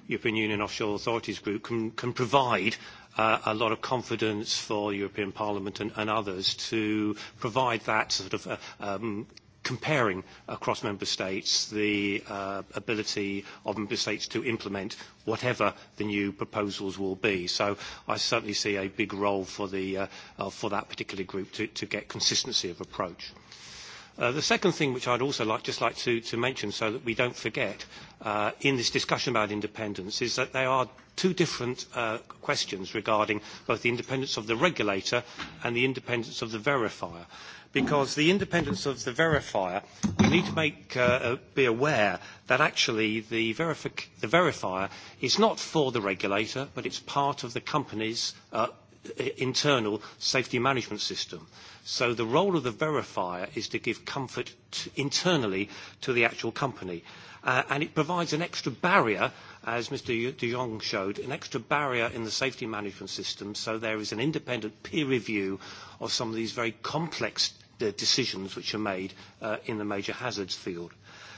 European Union Offshore Authorities Group can provide a lot of confidence for European Parliament and others to provide that sort of comparing across member states the ability of member states to implement whatever the new proposals will be. So I certainly see a big role for that particular group to get consistency of approach. The second thing which I'd also like just like to mention so that we don't forget in this discussion about independence is that there are two different questions regarding both the independence of the regulator and the independence of the verifier. Because the independence of the verifier, we need to be aware that actually the verifier is not for the regulator, but it's part of the company's internal safety management system. So the role of the verifier is to give comfort internally to the actual company. And it provides an extra barrier, as Mr. de Jong showed, an extra barrier in the safety management system. So there is an independent peer review of some of these very complex decisions which are made in the major hazards field.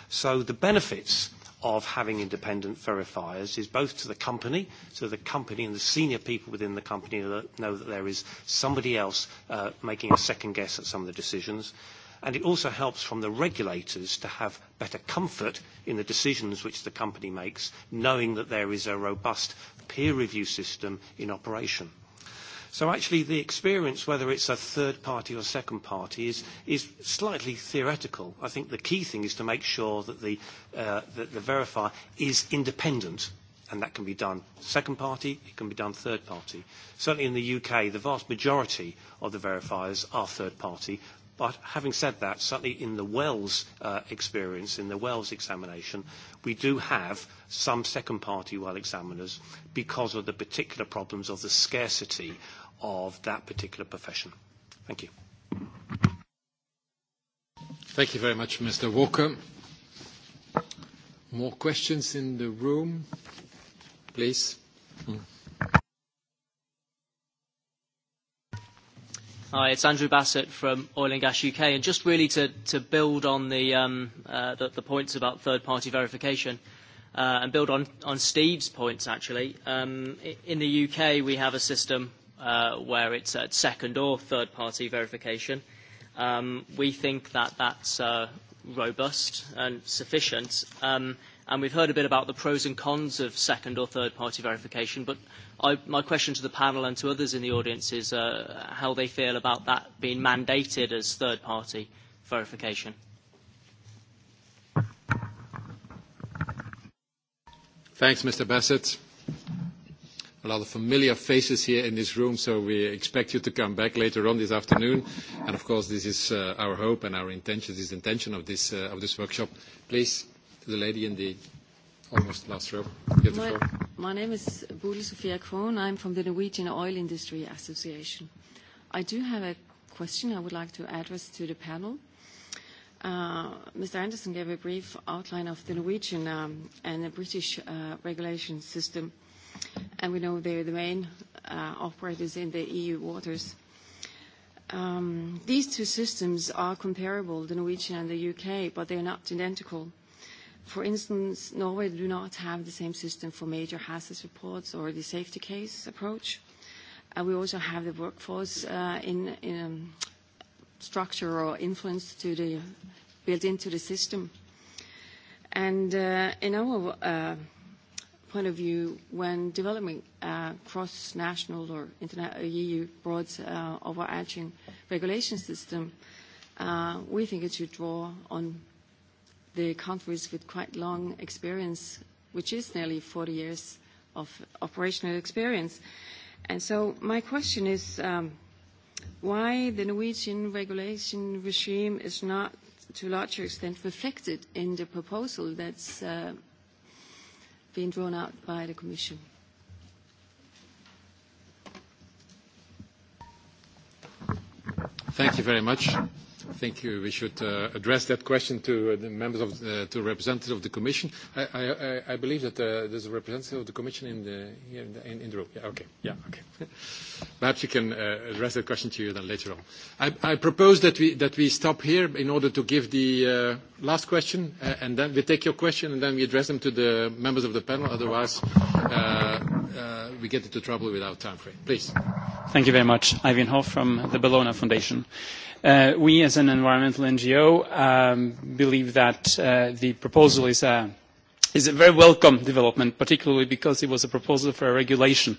So the benefits of having independent verifiers is both to the company, so the company and the senior people within the company know that there is somebody else making a second guess at some of the decisions. And it also helps from the regulators to have better comfort in the decisions which the company makes, knowing that there is a robust peer review system in operation. So actually the experience, whether it's a third party or second party, is, is slightly theoretical. I think the key thing is to make sure that the verifier is independent and that can be done second party, it can be done third party. Certainly in the UK, the vast majority of the verifiers are third party, But having said that, certainly in the Wells experience, in the Wells examination, we do have some second-party well examiners because of the particular problems of the scarcity of that particular profession. Thank you. Thank you very much, Mr. Walker. More questions in the room, please. Hi, it's Andrew Bassett from Oil and Gas UK. And just really to, to build on the, um, the, points about third-party verification and build on, on Steve's points, actually. Um, in the UK, we have a system where it's at second or third-party verification. Um, we think that that's robust and sufficient. Um, and we've heard a bit about the pros and cons of second or third-party verification, but My question to the panel and to others in the audience is how they feel about that being mandated as third-party verification. Thanks, Mr. Bassett. A lot of familiar faces here in this room, so we expect you to come back later on this afternoon. And of course, this is our hope and our intention, this intention of this of this workshop. Please, to the lady in the almost last row, get the floor. My name is Bodil Sofia Krohn. I'm from the Norwegian Oil Industry Association. I do have a question I would like to address to the panel. Mr. Anderson gave a brief outline of the Norwegian and the British regulation system, and we know they're the main operators in the EU waters. These two systems are comparable, the Norwegian and the UK, but they are not identical. For instance, Norway do not have the same system for major hazards reports or the safety case approach. We also have the workforce in structure or influence to the built into the system. And in our point of view, when developing cross-national or EU broad overarching regulation system, we think it should draw on the countries with quite long experience, which is nearly 40 years of operational experience. And so my question is why the Norwegian regulation regime is not to a larger extent reflected in the proposal that's been drawn out by the Commission. Thank you very much. I think we should address that question to the members of the to representatives of the Commission. I believe that there's a representative of the Commission in the here in the room. Yeah, okay. Yeah, okay. Perhaps you can address that question to you then later on. I propose that we that we stop here in order to give the last question, and then we take your question, and then we address them to the members of the panel. Otherwise, we get into trouble with our time frame. Please. Thank you very much. Ivan Hoff from the Bellona Foundation. We, as an environmental NGO, believe that the proposal is a very welcome development, particularly because it was a proposal for a regulation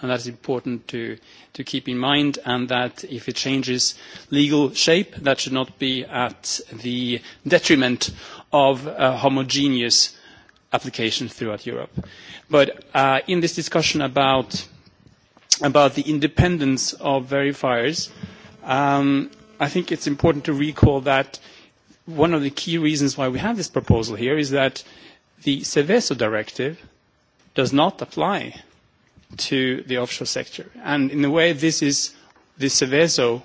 and that is important to keep in mind, and that if it changes legal shape, that should not be at the detriment of a homogeneous applications throughout Europe. But in this discussion about about the independence of verifiers, I think it's important to recall that one of the key reasons why we have this proposal here is that the Seveso directive does not apply to the offshore sector. And in a way, this is the Seveso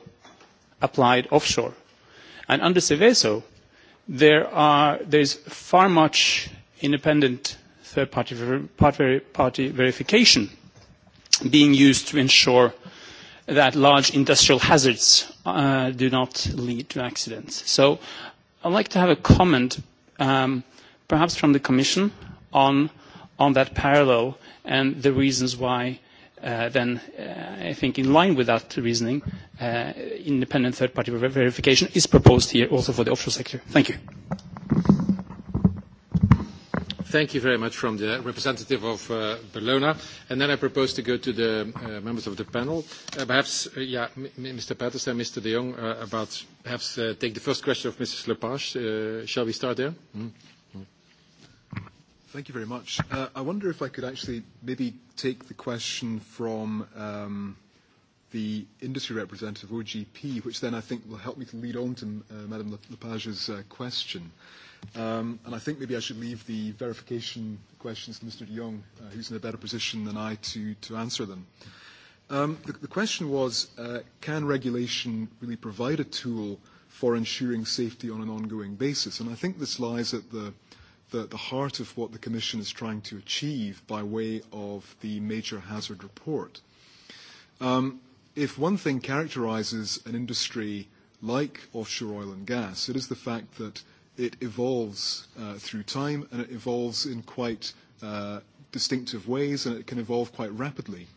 applied offshore. And under Seveso, there is far much independent third-party verification being used to ensure that large industrial hazards do not lead to accidents. So I'd like to have a comment, perhaps from the Commission, on that parallel and the reasons why then I think in line with that reasoning, independent third-party verification is proposed here also for the offshore sector. Thank you. Thank you very much from the representative of uh Bellona. And then I propose to go to the uh members of the panel. Perhaps, uh yeah, M Mr. Patterson, Mr. de Jong, uh about perhaps uh take the first question of Mrs. Lepage. Uh Shall we start there? Thank you very much. Uh I wonder if I could actually maybe take the question from the industry representative, OGP, which then I think will help me to lead on to Madame Lepage's uh question. And I think maybe I should leave the verification questions to Mr. de Jong, who's in a better position than I to answer them. The question was, can regulation really provide a tool for ensuring safety on an ongoing basis? And I think this lies at the heart of what the Commission is trying to achieve by way of the Major Hazard Report. If one thing characterizes an industry like offshore oil and gas, it is the fact that it evolves through time and it evolves in quite distinctive ways and it can evolve quite rapidly.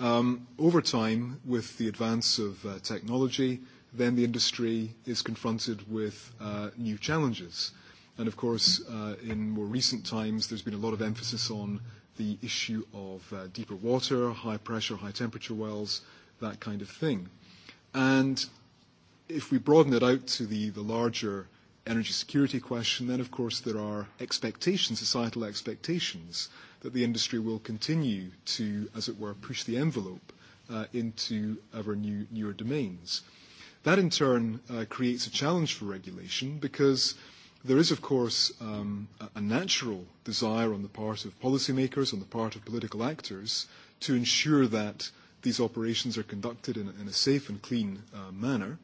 Over time, with the advance of technology, then the industry is confronted with new challenges. And of course, in more recent times, there's been a lot of emphasis on the issue of deeper water, high pressure, high temperature wells, that kind of thing. And if we broaden it out to the larger energy security question, then of course there are expectations, societal expectations, that the industry will continue to, as it were, push the envelope into ever new, newer domains. That in turn creates a challenge for regulation because there is of course a natural desire on the part of policymakers, on the part of political actors, to ensure that these operations are conducted in a safe and clean manner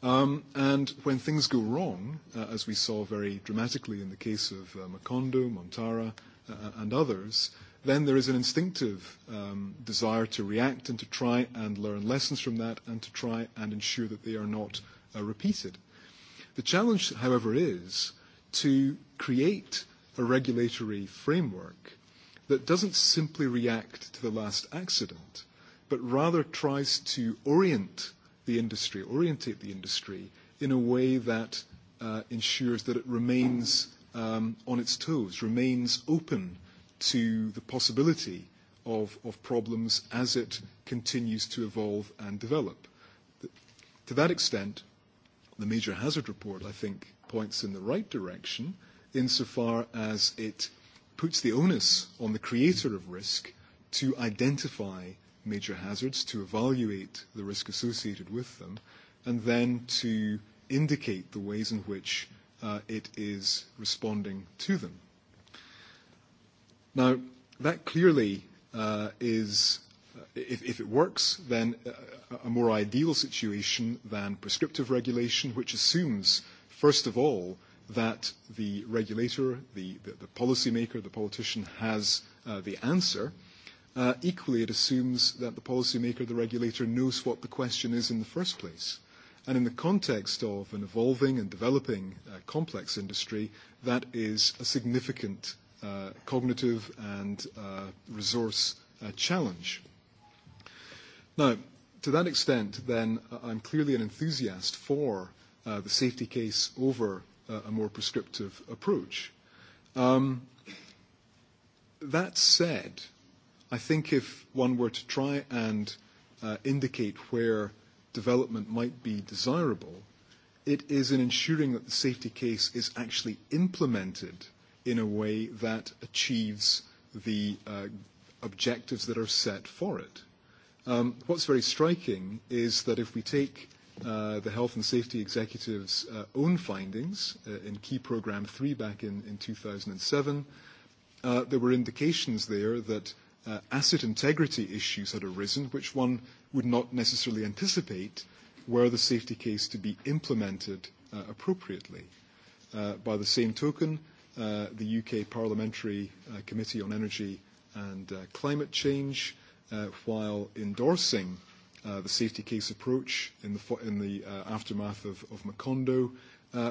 And when things go wrong, as we saw very dramatically in the case of Macondo, Montara, and others, then there is an instinctive desire to react and to try and learn lessons from that and to try and ensure that they are not repeated. The challenge, however, is to create a regulatory framework that doesn't simply react to the last accident, but rather tries to orient the industry, orientate the industry in a way that ensures that it remains on its toes, remains open to the possibility of problems as it continues to evolve and develop. To that extent, the Major Hazard Report, I think, points in the right direction insofar as it puts the onus on the creator of risk to identify major hazards, to evaluate the risk associated with them, and then to indicate the ways in which it is responding to them. Now, that clearly is, if it works, then a more ideal situation than prescriptive regulation, which assumes, first of all, that the regulator, the policymaker, the politician has the answer Equally, it assumes that the policymaker, the regulator, knows what the question is in the first place. And in the context of an evolving and developing complex industry, that is a significant cognitive and resource challenge. Now, to that extent, then, I'm clearly an enthusiast for the safety case over a more prescriptive approach. That said, I think if one were to try and indicate where development might be desirable, it is in ensuring that the safety case is actually implemented in a way that achieves the objectives that are set for it. What's very striking is that if we take the Health and Safety Executive's own findings in Key program 3 back in 2007, there were indications there that asset integrity issues had arisen, which one would not necessarily anticipate were the safety case to be implemented appropriately. By the same token, the UK Parliamentary Committee on Energy and Climate Change, while endorsing the safety case approach in the aftermath of Macondo,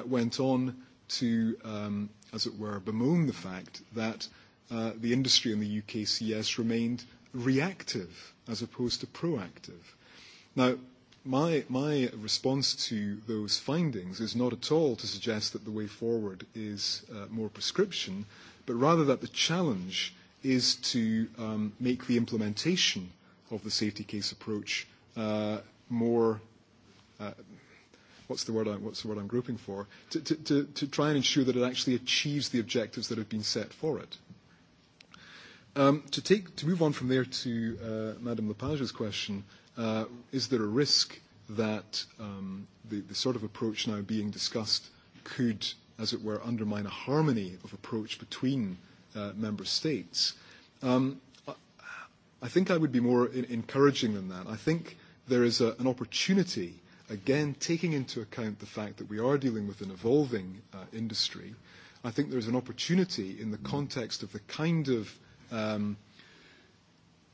went on to, as it were, bemoan the fact that the industry in the UKCS remained reactive as opposed to proactive. Now, my my response to those findings is not at all to suggest that the way forward is more prescription, but rather that the challenge is to make the implementation of the safety case approach more what's the word what's the word I'm groping for to to to try and ensure that it actually achieves the objectives that have been set for it To move on from there to Madame Lepage's question, is there a risk that the sort of approach now being discussed could, as it were, undermine a harmony of approach between member states? I think I would be more encouraging than that. I think there is an opportunity, again, taking into account the fact that we are dealing with an evolving industry. I think there is an opportunity in the context of the kind of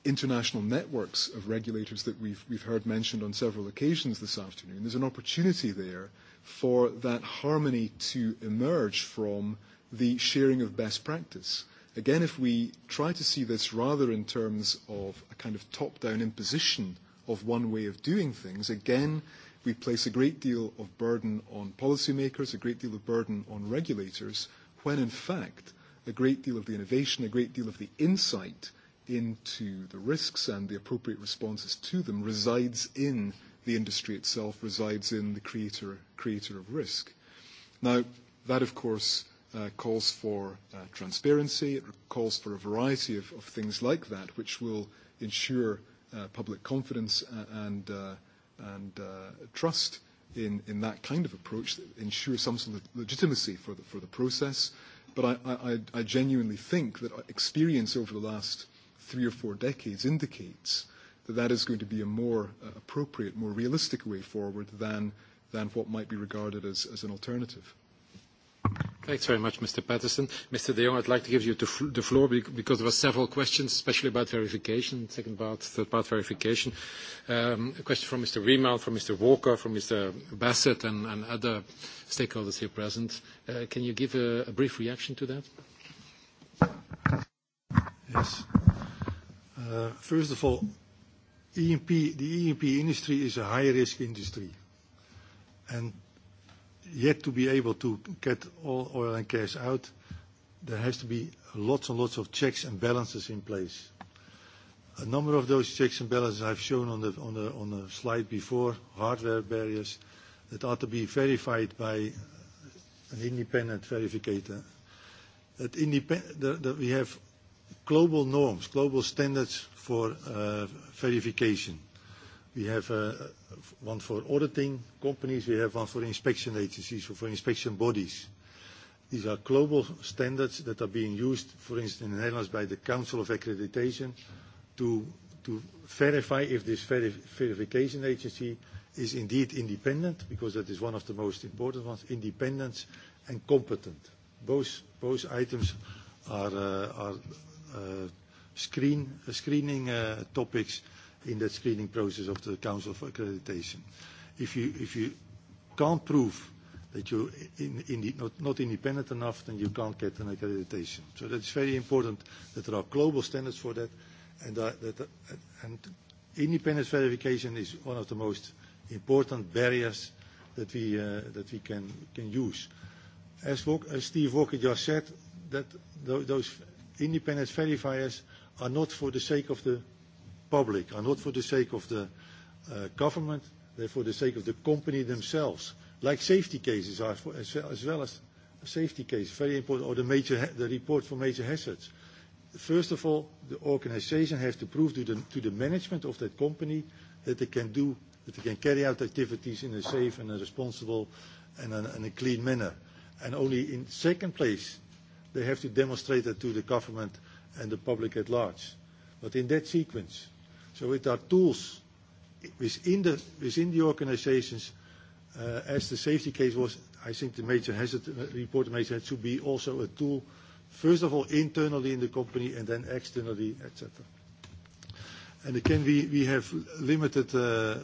international networks of regulators that we've we've heard mentioned on several occasions this afternoon there's an opportunity there for that harmony to emerge from the sharing of best practice again if we try to see this rather in terms of a kind of top down imposition of one way of doing things again we place a great deal of burden on policymakers a great deal of burden on regulators when in fact a great deal of the innovation, a great deal of the insight into the risks and the appropriate responses to them resides in the industry itself, resides in the creator of risk. Now, that, of course, calls for transparency. It calls for a variety of things like that, which will ensure public confidence and trust in that kind of approach, ensure some sort of legitimacy for the process But I I I genuinely think that experience over the last three or four decades indicates that that is going to be a more appropriate, more realistic way forward than what might be regarded as an alternative. Thanks very much, Mr. Patterson. Mr. De Jong, I'd like to give you the floor because there were several questions, especially about verification, second part, third part verification. A question from Mr. Riemann, from Mr. Walker, from Mr. Bassett, and other stakeholders here present. Can you give a brief reaction to that? Yes. First of all, the EMP industry is a high-risk industry, and yet to be able to get all oil and gas out, there has to be lots and lots of checks and balances in place. A number of those checks and balances I've shown on the on the slide before, hardware barriers that are to be verified by an independent verificator. that we have global norms, global standards for verification. We have one for auditing companies. We have one for inspection agencies or for inspection bodies. These are global standards that are being used, for instance, in the Netherlands by the Council of Accreditation to verify if this verification agency is indeed independent, because that is one of the most important ones, independent and competent. Both items are screening topics in that screening process of the Council for Accreditation. If you if you can't prove that you're not independent enough, then you can't get an accreditation. So that's very important that there are global standards for that, and that independence verification is one of the most important barriers that we that we can can use. As Steve Walker just said, that those independent verifiers are not for the sake of the public are not for the sake of the government, they're for the sake of the company themselves. Like safety cases are as well as safety cases, very important, or the major the report for major hazards. First of all, the organization has to prove to the to the management of that company that they can do that they can carry out activities in a safe and a responsible and a clean manner. And only in second place, they have to demonstrate that to the government and the public at large. But in that sequence, So it are tools within the organizations, the organisations, as the safety case was, I think the major hazard report major to be also a tool, first of all internally in the company and then externally, etc. And again, we have limited,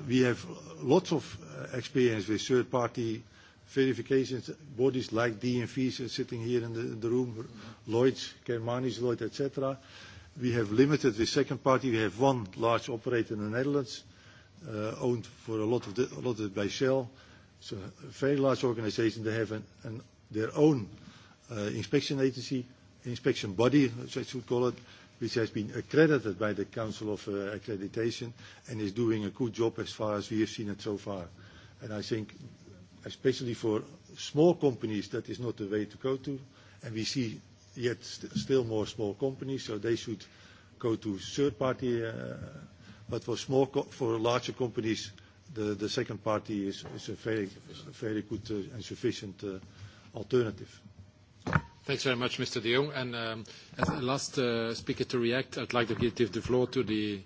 we have lots of experience with third-party verification bodies like DNV sitting here in the room, Lloyds, Germanis Lloyd, etc. We have limited the second party. We have one large operator in the Netherlands, owned for a lot of it by Shell. It's a very large organization. They have their own inspection agency, inspection body, as I should call it, which has been accredited by the Council of Accreditation and is doing a good job as far as we have seen it so far. And I think, especially for small companies, that is not the way to go to. And we see yet still more small companies, so they should go to third-party. But for small, for larger companies, the the second party is is a very good and sufficient alternative. Thanks very much, Mr. De Jong. And as the last speaker to react, I'd like to give the floor to the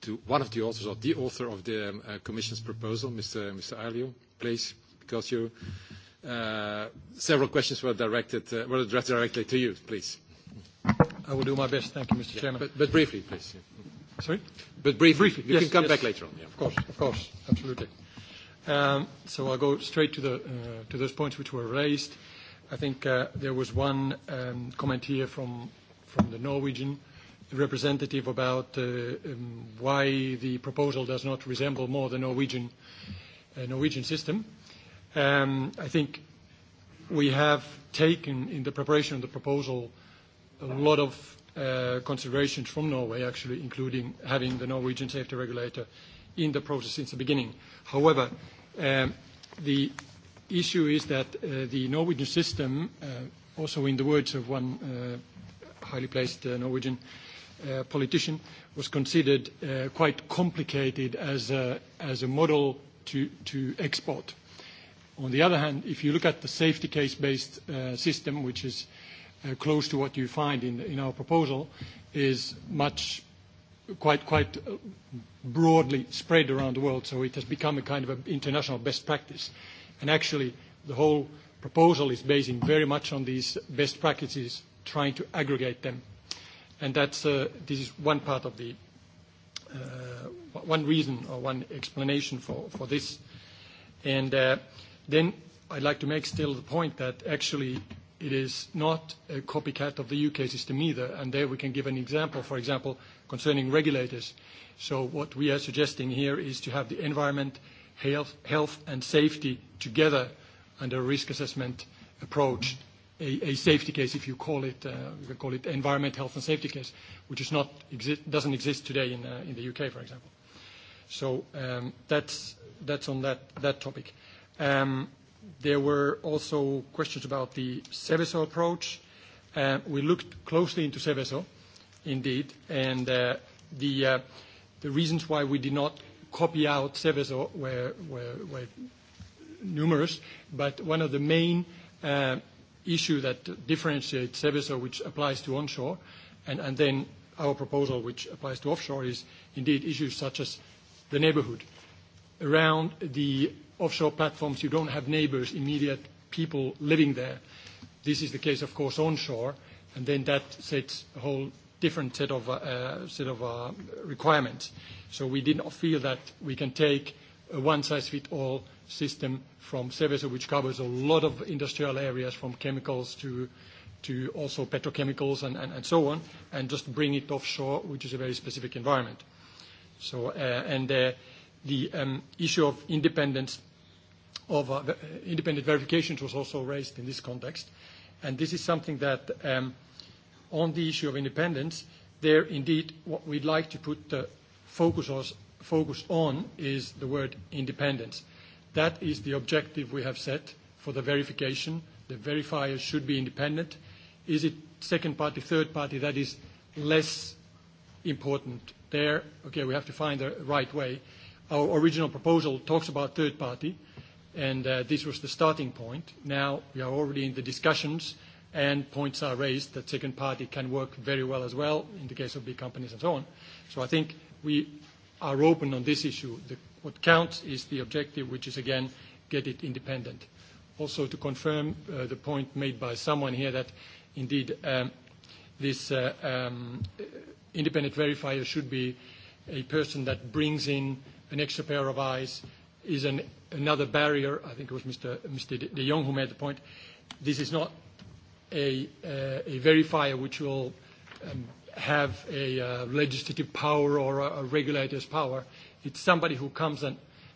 to one of the authors or the author of the Commission's proposal, Mr. Mr. Alio, please, because you Several questions were directed directly to you, please. I will do my best. Thank you, Mr. Chairman. But briefly, please. Sorry? But briefly. You can come back later on. Of course, of course, absolutely. So I'll go straight to those points which were raised. I think there was one comment here from the Norwegian representative about why the proposal does not resemble more the Norwegian system. I think we have taken in the preparation of the proposal a lot of considerations from Norway, actually, including having the Norwegian safety regulator in the process since the beginning. However, the issue is that the Norwegian system, also in the words of one highly placed Norwegian politician, was considered quite complicated as a model to export. On the other hand, if you look at the safety case-based system, which is close to what you find in our proposal, is much quite broadly spread around the world, so it has become a kind of an international best practice. And actually, the whole proposal is basing very much on these best practices, trying to aggregate them. And that's this is one part of the one reason or one explanation for this. And Then I'd like to make still the point that actually it is not a copycat of the UK system either, and there we can give an example, for example, concerning regulators. So what we are suggesting here is to have the environment, health and safety together under a risk assessment approach, a safety case, if you call it, you can call it environment, health and safety case, which doesn't exist today in the UK, for example. So that's that's on that topic. There were also questions about the Seveso approach. We looked closely into Seveso, indeed, and the reasons why we did not copy out Seveso were numerous, but one of the main issue that differentiates Seveso, which applies to onshore, and then our proposal, which applies to offshore, is indeed issues such as the neighborhood around the offshore platforms, you don't have neighbors, immediate people living there. This is the case, of course, onshore, and then that sets a whole different set of of requirements. So we did not feel that we can take a one size fit all system from Seveso, which covers a lot of industrial areas, from chemicals to to also petrochemicals and so on, and just bring it offshore, which is a very specific environment. So, and the issue of independence of independent verifications was also raised in this context. And this is something that, on the issue of independence, there indeed what we'd like to put the focus on is the word independence. That is the objective we have set for the verification. The verifier should be independent. Is it second party, third party? That is less important there. Okay, we have to find the right way. Our original proposal talks about third party and this was the starting point. Now we are already in the discussions, and points are raised that second party can work very well as well in the case of big companies and so on. So I think we are open on this issue. What counts is the objective, which is again get it independent. Also to confirm the point made by someone here that indeed this independent verifier should be a person that brings in an extra pair of eyes, is an another barrier, I think it was Mr. de Jong who made the point, this is not a verifier which will have a legislative power or a regulator's power. It's somebody who comes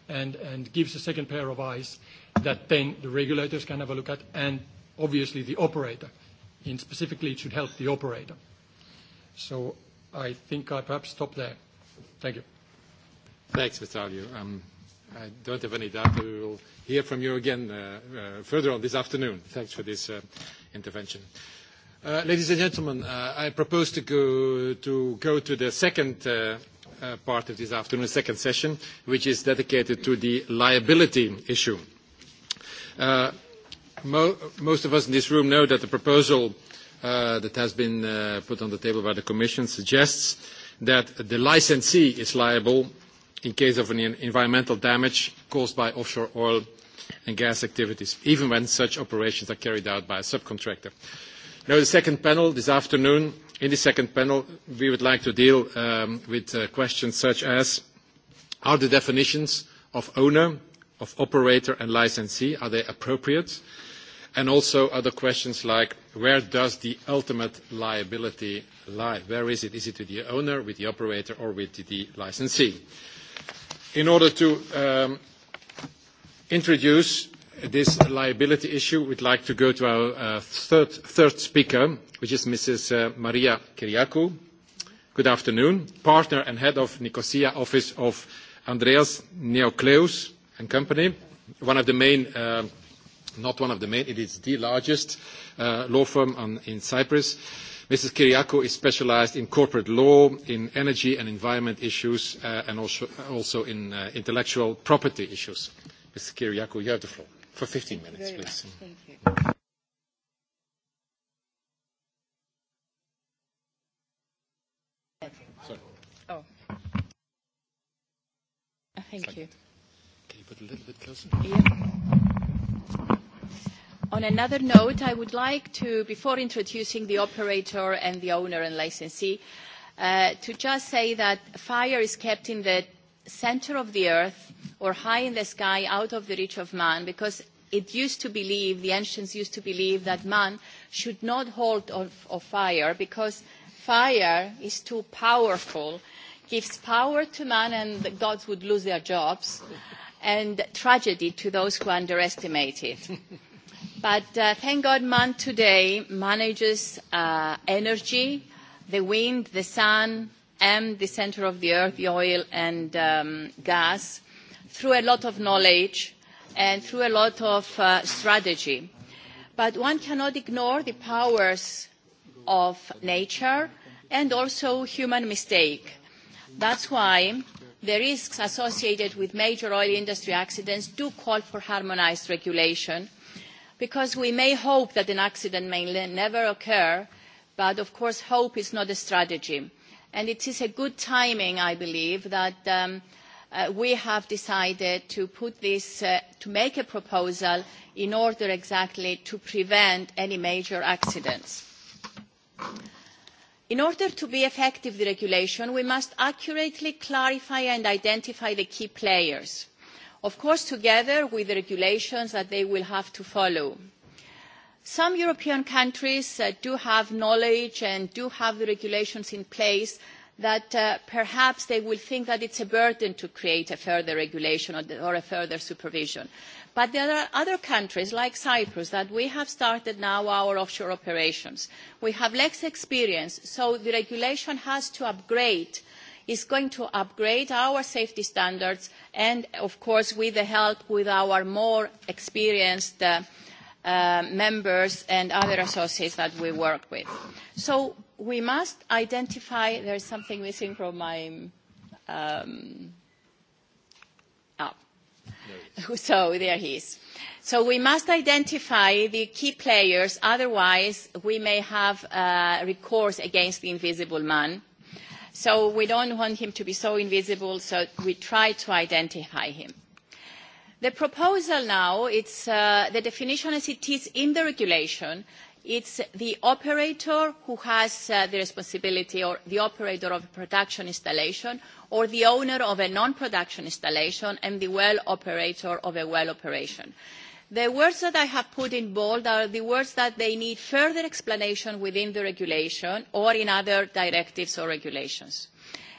and gives a second pair of eyes that then the regulators can have a look at and obviously the operator. And specifically, it should help the operator. So I think I perhaps stop there. Thank you. Thanks, Mr. I don't have any doubt that we will hear from you again further on this afternoon. Thanks for this intervention. Ladies and gentlemen, I propose to go to the second part of this afternoon, the second session, which is dedicated to the liability issue. Most of us in this room know that the proposal that has been put on the table by the Commission suggests that the licensee is liable in case of environmental damage caused by offshore oil and gas activities, even when such operations are carried out by a subcontractor. Now, the second panel this afternoon, in the second panel, we would like to deal with questions such as, are the definitions of owner, of operator and licensee, are they appropriate? And also other questions like, where does the ultimate liability lie? Where is it? Is it with the owner, with the operator, or with the licensee? in order to introduce this liability issue, we'd like to go to our third speaker, which is Mrs. Maria Kyriakou. Good afternoon. Partner and head of Nicosia office of Andreas Neocleus and Company, one of the main, not one of the main, it is the largest law firm in Cyprus Mrs. Kyriakou is specialized in corporate law, in energy and environment issues, and also in intellectual property issues. Mrs. Kyriakou, you have the floor for 15 minutes, please. a little bit On another note, I would like to, before introducing the operator and the owner and licensee, to just say that fire is kept in the center of the earth or high in the sky out of the reach of man because it used to believe, the ancients used to believe that man should not hold of fire because fire is too powerful, gives power to man and the gods would lose their jobs and tragedy to those who underestimate it. But thank God man today manages energy, the wind, the sun, and the center of the earth, the oil and gas, through a lot of knowledge and through a lot of strategy. But one cannot ignore the powers of nature and also human mistake. That's why the risks associated with major oil industry accidents do call for harmonized regulation because we may hope that an accident may never occur but of course hope is not a strategy and it is a good timing i believe that we have decided to put this to make a proposal in order exactly to prevent any major accidents. In order to be effective the regulation, we must accurately clarify and identify the key players of course together with the regulations that they will have to follow. Some European countries do have knowledge and do have the regulations in place that perhaps they will think that it's a burden to create a further regulation or a further supervision. But there are other countries like Cyprus that we have started now our offshore operations. We have less experience, so the regulation has to upgrade is going to upgrade our safety standards and, of course, with the help with our more experienced members and other associates that we work with. So we must identify there is something missing from my so there he is. So we must identify the key players, otherwise we may have recourse against the invisible man So we don't want him to be so invisible, so we try to identify him. The proposal now, it's the definition as it is in the regulation, it's the operator who has the responsibility or the operator of a production installation or the owner of a non-production installation and the well operator of a well operation. The words that I have put in bold are the words that they need further explanation within the regulation or in other directives or regulations.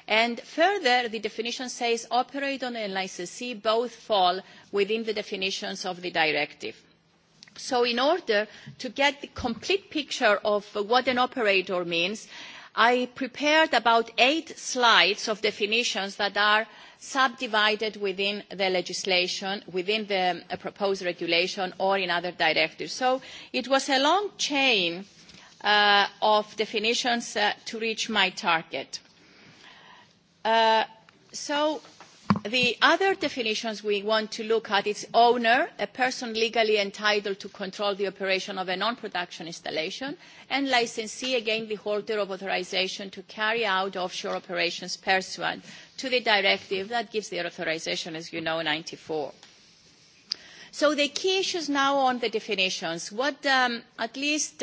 And further, the definition says operator and licensee both fall within the definitions of the directive. So in order to get the complete picture of what an operator means, I prepared about eight slides of definitions that are subdivided within the legislation, within the proposed regulation or in other directives. So it was a long chain of definitions to reach my target. So The other definitions we want to look at is owner, a person legally entitled to control the operation of a non-production installation, and licensee, again, the holder of authorization to carry out offshore operations pursuant to the directive that gives the authorization, as you know, 94. So the key issues now on the definitions. What at least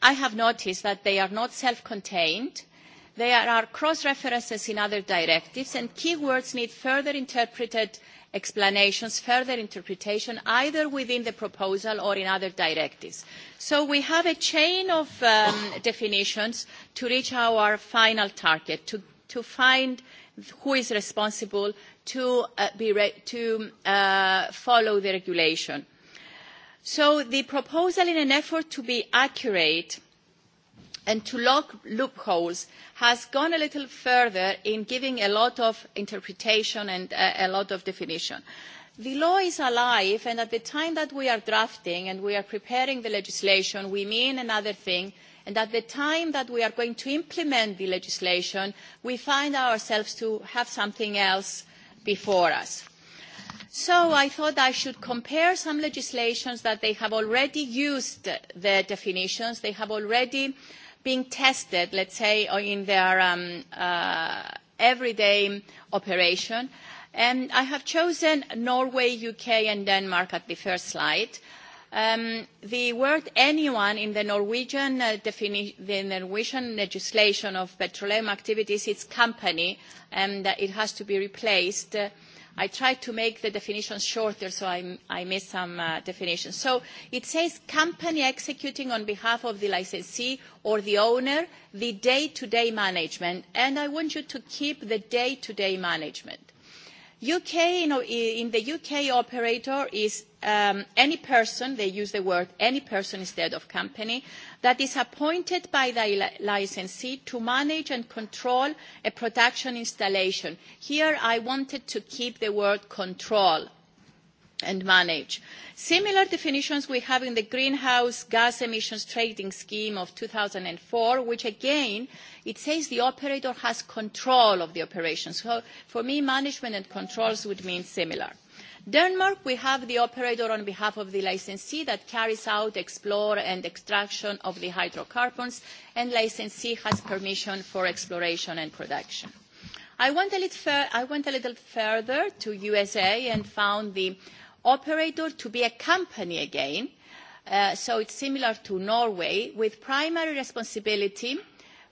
I have noticed that they are not self-contained There are cross-references in other directives, and keywords need further interpreted explanations, further interpretation, either within the proposal or in other directives. So we have a chain of definitions to reach our final target, to find who is responsible, to follow the regulation. So the proposal, in an effort to be accurate, and to lock loopholes has gone a little further in giving a lot of interpretation and a lot of definition. The law is alive and at the time that we are drafting and we are preparing the legislation we mean another thing and at the time that we are going to implement the legislation we find ourselves to have something else before us. So I thought I should compare some legislations that they have already used the definitions, they have already being tested, let's say, in their everyday operation. And I have chosen Norway, UK, and Denmark at the first slide. The word anyone in the Norwegian legislation of petroleum activities is company, and it has to be replaced I tried to make the definition shorter, so I missed some definitions. So it says company executing on behalf of the licensee or the owner the day-to-day management, and I want you to keep the day-to-day management. In the UK, operator is any person, they use the word any person instead of company, that is appointed by the licensee to manage and control a production installation. Here I wanted to keep the word control and manage. Similar definitions we have in the Greenhouse Gas Emissions Trading Scheme of 2004, which again, it says the operator has control of the operations. So for me, management and controls would mean similar. Denmark, we have the operator on behalf of the licensee that carries out explore and extraction of the hydrocarbons, and licensee has permission for exploration and production. I went a little further to USA and found the operator to be a company again, so it's similar to Norway, with primary responsibility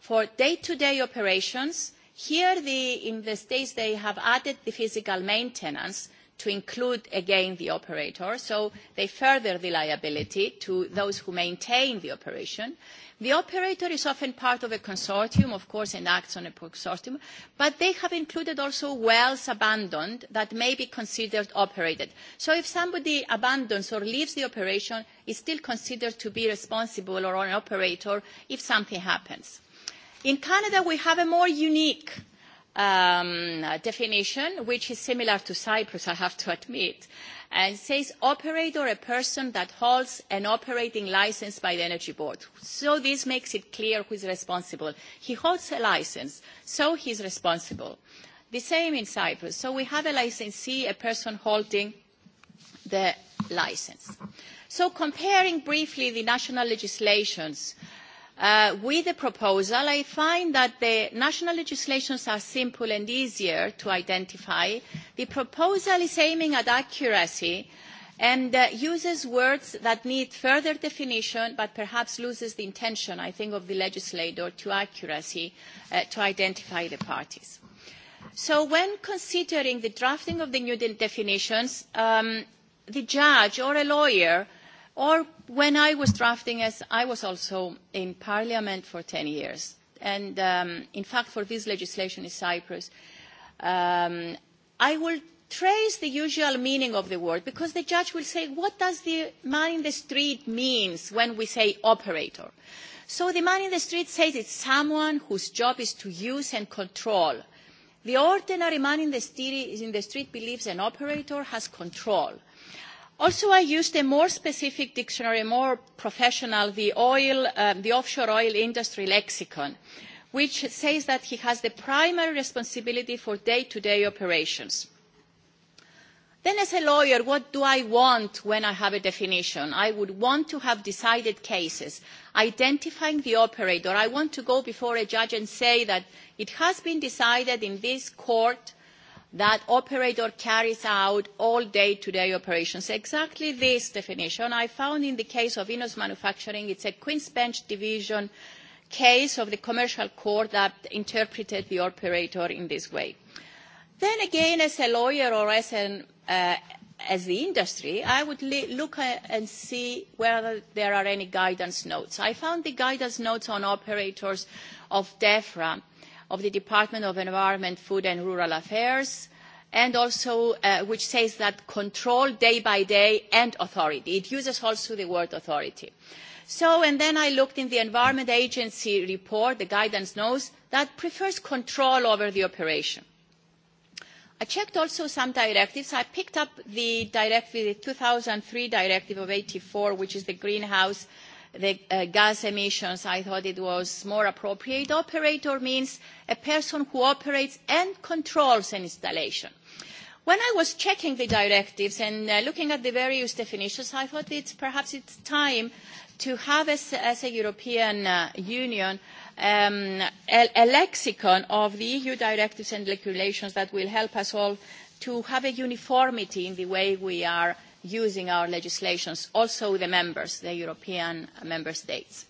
for day-to-day operations. Here, in the States, they have added the physical maintenance, to include again the operator, so they further the liability to those who maintain the operation. The operator is often part of a consortium, of course, and acts on a consortium, but they have included also wells abandoned that may be considered operated. So if somebody abandons or leaves the operation, is still considered to be responsible or an operator if something happens. In Canada, we have a more unique definition, which is similar to Cyprus, I have to admit, and says operator a person that holds an operating license by the Energy Board. So this makes it clear who is responsible. He holds a license, so he is responsible. The same in Cyprus. So we have a licensee, a person holding the license. So comparing briefly the national legislations With the proposal, I find that the national legislations are simple and easier to identify. The proposal is aiming at accuracy and uses words that need further definition but perhaps loses the intention, I think, of the legislator to accuracy to identify the parties. So when considering the drafting of the new definitions, the judge or a lawyer Or when I was drafting, as I was also in Parliament for 10 years, and in fact for this legislation in Cyprus, I will trace the usual meaning of the word because the judge will say, what does the man in the street means when we say operator? So the man in the street says it's someone whose job is to use and control. The ordinary man in the street believes an operator has control. Also, I used a more specific dictionary, more professional, the the offshore oil industry lexicon, which says that he has the primary responsibility for day-to-day operations. Then, as a lawyer, what do I want when I have a definition? I would want to have decided cases, identifying the operator. I want to go before a judge and say that it has been decided in this court that operator carries out all day-to-day operations. Exactly this definition I found in the case of Innos Manufacturing. It's a Queen's Bench Division case of the Commercial Court that interpreted the operator in this way. Then again, as a lawyer or as the industry, I would look and see whether there are any guidance notes. I found the guidance notes on operators of DEFRA of the Department of Environment, Food and Rural Affairs, and also which says that control day by day and authority. It uses also the word authority. So, and then I looked in the Environment Agency report, the guidance notes, that prefers control over the operation. I checked also some directives. I picked up the 2003 Directive of 84, which is the Greenhouse the gas emissions, I thought it was more appropriate. Operator means a person who operates and controls an installation. When I was checking the directives and looking at the various definitions, I thought it's perhaps it's time to have, as a European Union, a lexicon of the EU directives and regulations that will help us all to have a uniformity in the way we are using our legislations, also the members, the European member states.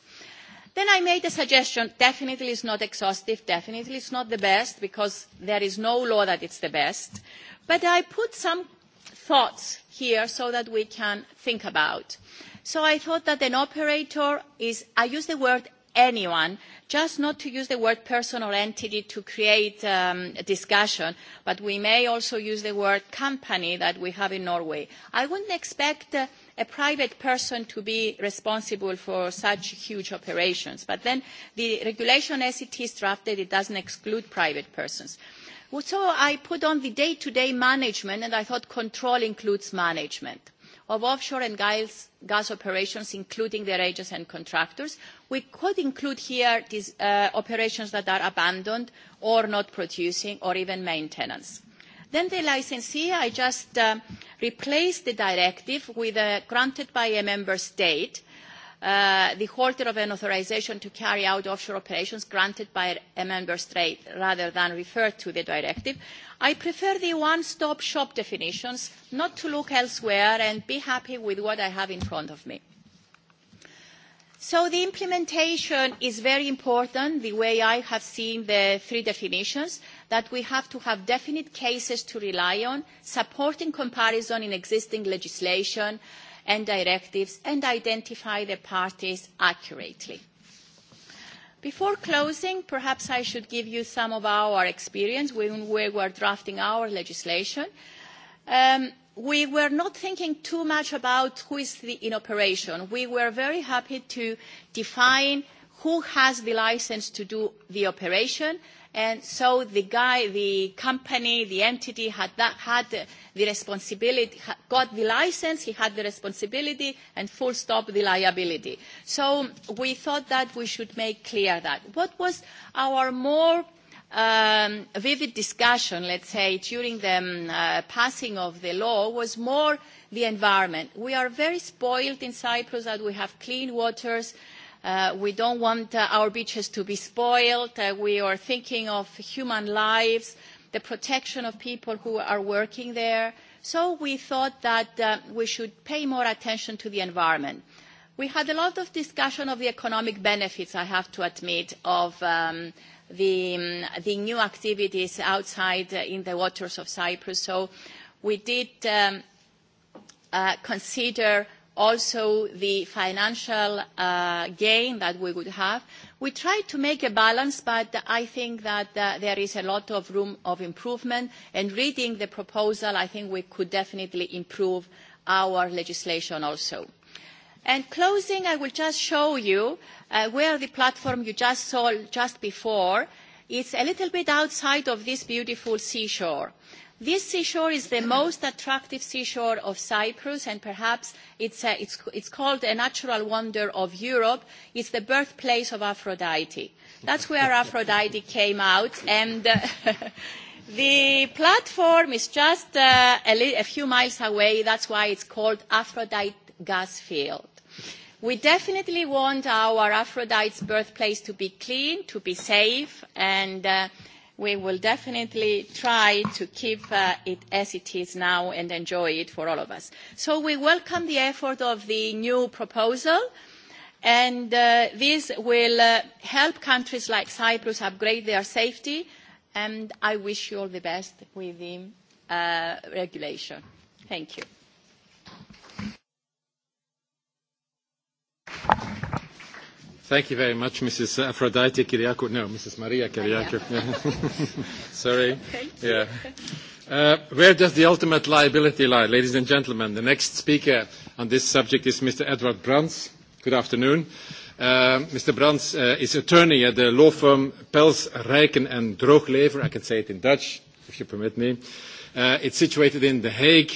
Then I made a suggestion. Definitely it's not exhaustive. Definitely it's not the best because there is no law that it's the best. But I put some thoughts here so that we can think about. So I thought that an operator is, I use the word anyone, just not to use the word person or entity to create discussion, but we may also use the word company that we have in Norway. I wouldn't expect a private person to be responsible for such huge operations, but then the regulation as it is drafted, it doesn't exclude private persons. So I put on the day-to-day management, and I thought control includes management of offshore and gas operations, including their agents and contractors. We could include here these operations that are abandoned or not producing or even maintenance. Then the licensee, I just replaced the directive with a granted by a member state the holder of an authorisation to carry out offshore operations granted by a member state rather than referred to the directive. I prefer the one-stop shop definitions, not to look elsewhere and be happy with what I have in front of me. So the implementation is very important, the way I have seen the three definitions, that we have to have definite cases to rely on, supporting comparison in existing legislation, and directives and identify the parties accurately. Before closing, perhaps I should give you some of our experience when we were drafting our legislation. We were not thinking too much about who is in operation. We were very happy to define who has the license to do the operation and so the guy the company the entity had that had the responsibility got the license he had the responsibility and full stop the liability so we thought that we should make clear that what was our more vivid discussion let's say during the passing of the law was more the environment we are very spoiled in cyprus that we have clean waters We don't want our beaches to be spoiled. We are thinking of human lives, the protection of people who are working there. So we thought that we should pay more attention to the environment. We had a lot of discussion of the economic benefits, I have to admit, of the new activities outside in the waters of Cyprus. So we did consider also the financial gain that we would have. We try to make a balance, but I think that there is a lot of room for improvement. And reading the proposal, I think we could definitely improve our legislation also. And closing, I will just show you where the platform you just saw just before. It's a little bit outside of this beautiful seashore. This seashore is the most attractive seashore of Cyprus and perhaps it's called a natural wonder of Europe. It's the birthplace of Aphrodite. That's where Aphrodite came out and the platform is just a few miles away. That's why it's called Aphrodite Gas Field. We definitely want our Aphrodite's birthplace to be clean, to be safe and we will definitely try to keep it as it is now and enjoy it for all of us. So we welcome the effort of the new proposal and this will help countries like Cyprus upgrade their safety and I wish you all the best with the regulation. Thank you. Thank you very much, Mrs. Aphrodite Kyriakou. No, Mrs. Maria Kyriakou. Sorry. Yeah. where does the ultimate liability lie? Ladies and gentlemen, the next speaker on this subject is Mr. Edward Brands. Good afternoon. Mr. Brands uh, is attorney at the law firm Pels, Rijken and Drooglever. I can say it in Dutch, if you permit me. Uh, it's situated in The Hague.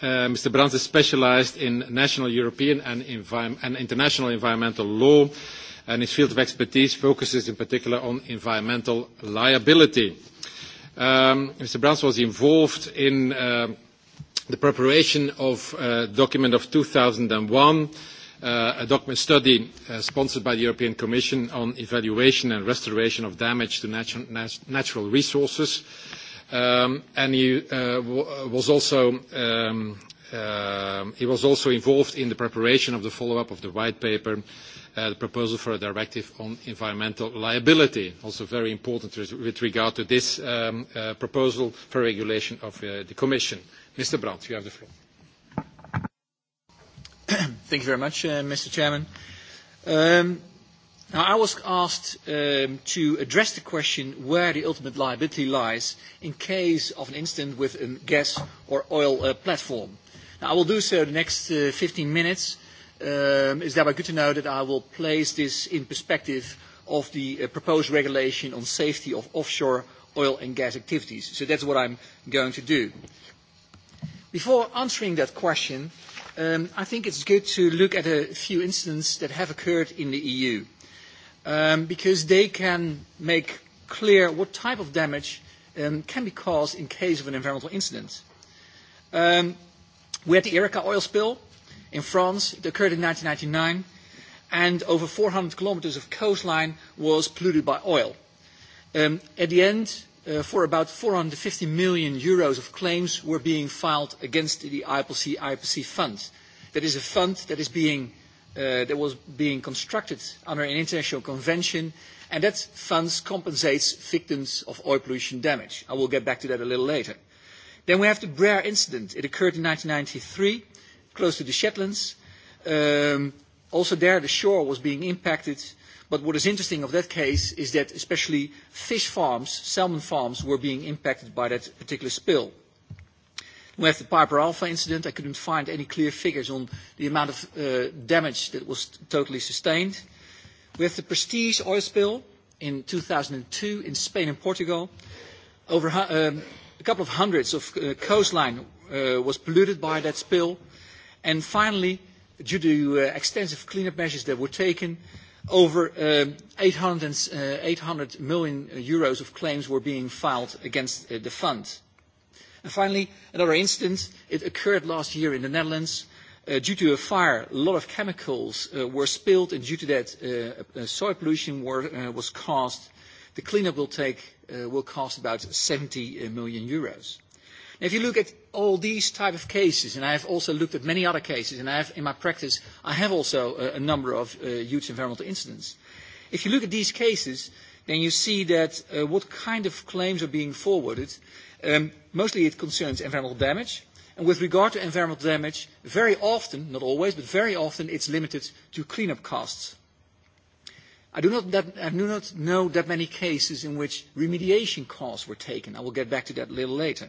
Mr. Brands is specialized in national, European and, and international environmental law and his field of expertise focuses in particular on environmental liability. Mr. Brans was involved in the preparation of a document of 2001, a document study sponsored by the European Commission on evaluation and restoration of damage to natural resources. And he was also He was also involved in the preparation of the follow-up of the white paper, the proposal for a directive on environmental liability, also very important with regard to this proposal for regulation of the Commission. Mr. Brandt, you have the floor. Thank you very much, Mr. Chairman. I was asked to address the question where the ultimate liability lies in case of an incident with a gas or oil platform. I will do so the next 15 minutes. It's thereby good to know that I will place this in perspective of the proposed regulation on safety of offshore oil and gas activities. So that's what I'm going to do. Before answering that question, I think it's good to look at a few incidents that have occurred in the EU, because they can make clear what type of damage can be caused in case of an environmental incident. We had the Erika oil spill in France. It occurred in 1999, and over 400 kilometers of coastline was polluted by oil. At the end, for about 450 million euros of claims were being filed against the IPC IPC fund. That is a fund that is being that was being constructed under an international convention, and that fund compensates victims of oil pollution damage. I will get back to that a little later. Then we have the Brer incident. It occurred in 1993, close to the Shetlands. Also there, the shore was being impacted. But what is interesting of that case is that especially fish farms, salmon farms, were being impacted by that particular spill. We have the Piper Alpha incident. I couldn't find any clear figures on the amount of damage that was totally sustained. We have the Prestige oil spill in 2002 in Spain and Portugal. Over a couple of hundreds of coastline was polluted by that spill. And finally, due to extensive cleanup measures that were taken, over 800 million euros of claims were being filed against the fund. And finally, another incident. It occurred last year in the Netherlands. Due to a fire, a lot of chemicals were spilled, and due to that, soil pollution was caused. The cleanup will take will cost about 70 million euros. If you look at all these type of cases, and I have also looked at many other cases, and I have in my practice, I have also a number of huge environmental incidents. If you look at these cases, then you see that what kind of claims are being forwarded, mostly it concerns environmental damage. And with regard to environmental damage, very often, not always, but very often, it's limited to cleanup costs. I do not that not know that many cases in which remediation costs were taken. I will get back to that a little later.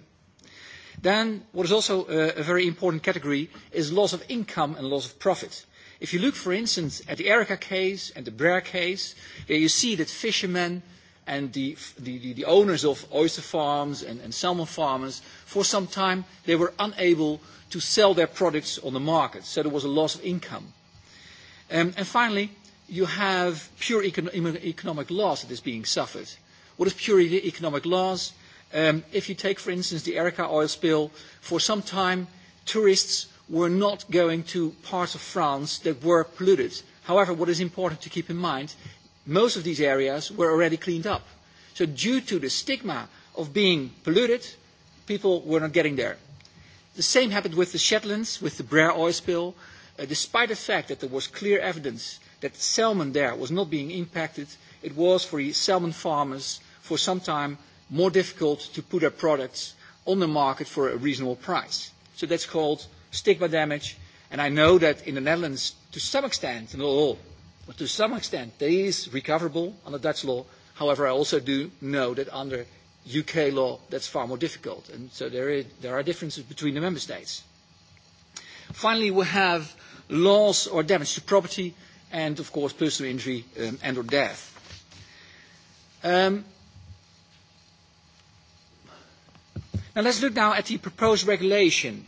Then what is also a very important category is loss of income and loss of profit. If you look, for instance, at the Erica case and the Brer case, you see that fishermen and the owners of oyster farms and salmon farmers, for some time, they were unable to sell their products on the market. So there was a loss of income. And finally, you have pure economic loss that is being suffered. What is pure economic loss? If you take, for instance, the Erika oil spill, for some time tourists were not going to parts of France that were polluted. However, what is important to keep in mind, most of these areas were already cleaned up. So due to the stigma of being polluted, people were not getting there. The same happened with the Shetlands, with the Brer oil spill. Despite the fact that there was clear evidence that salmon there was not being impacted, it was for salmon farmers for some time more difficult to put their products on the market for a reasonable price. So that's called stigma damage. And I know that in the Netherlands, to some extent, not all, but to some extent, that is recoverable under Dutch law. However, I also do know that under UK law, that's far more difficult. And so there are differences between the member states. Finally, we have loss or damage to property and of course personal injury and or death. Now let's look now at the proposed regulation.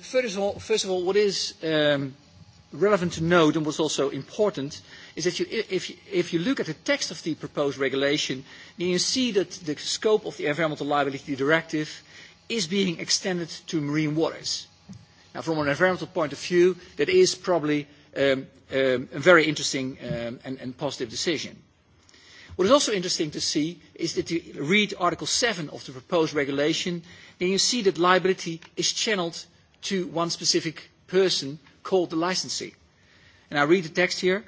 First of all, what is relevant to note and what's also important is that if you look at the text of the proposed regulation, then you see that the scope of the Environmental Liability Directive is being extended to marine waters. Now, from an environmental point of view, that is probably a very interesting and positive decision. What is also interesting to see is that you read Article 7 of the proposed regulation, and you see that liability is channeled to one specific person called the licensee. And I read the text here.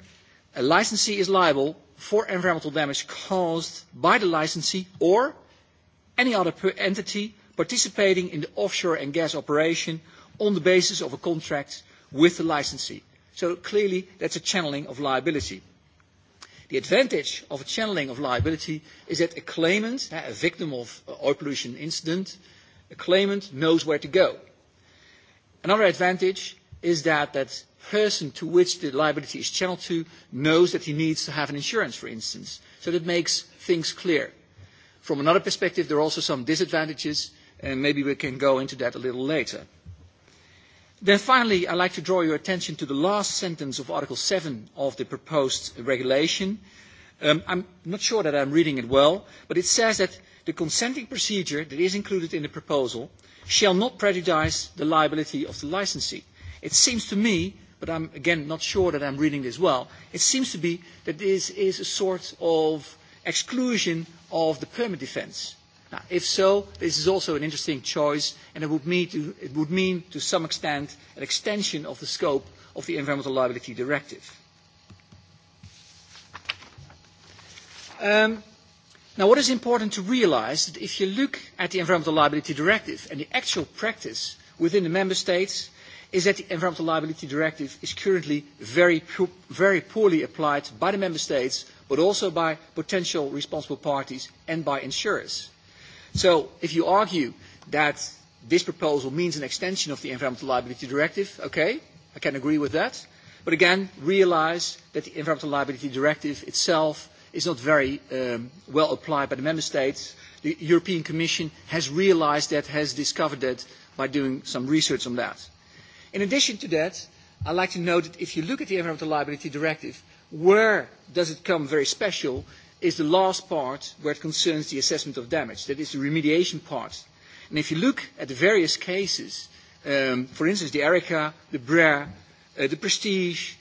A licensee is liable for environmental damage caused by the licensee or any other entity participating in the offshore and gas operation on the basis of a contract with the licensee. So clearly, that's a channeling of liability. The advantage of a channeling of liability is that a claimant, a victim of oil pollution incident, a claimant knows where to go. Another advantage is that that person to which the liability is channeled to knows that he needs to have an insurance, for instance. So that makes things clear. From another perspective, there are also some disadvantages, and maybe we can go into that a little later. Then finally, I'd like to draw your attention to the last sentence of Article 7 of the proposed regulation. I'm not sure that I'm reading it well, but it says that the consenting procedure that is included in the proposal shall not prejudice the liability of the licensee. It seems to me, but I'm again not sure that I'm reading this well, it seems to be that this is a sort of exclusion of the permit defence if so, this is also an interesting choice, and it would mean, to some extent, an extension of the scope of the Environmental Liability Directive. what is important to realise is that if you look at the Environmental Liability Directive and the actual practice within the Member States, is that the Environmental Liability Directive is currently very poorly applied by the Member States, but also by potential responsible parties and by insurers. So if you argue that this proposal means an extension of the Environmental Liability Directive, okay, I can agree with that. But again, realize that the Environmental Liability Directive itself is not very well applied by the Member States. The European Commission has realized that, has discovered that by doing some research on that. In addition to that, I'd like to note that if you look at the Environmental Liability Directive, where does it come very special is the last part where it concerns the assessment of damage. That is the remediation part. And if you look at the various cases, for instance, the ERICA, the BRER, the Prestige,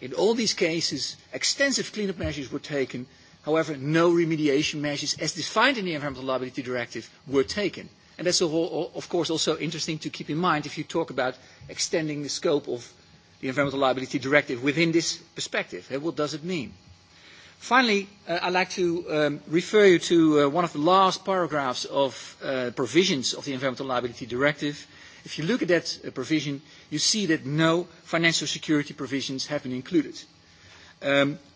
in all these cases, extensive cleanup measures were taken. However, no remediation measures, as defined in the Environmental Liability Directive, were taken. And that's, of course, also interesting to keep in mind if you talk about extending the scope of the Environmental Liability Directive within this perspective. What does it mean? Finally, would like to refer you to one of the last paragraphs of provisions of the Environmental Liability Directive. If you look at that provision, you see that no financial security provisions have been included.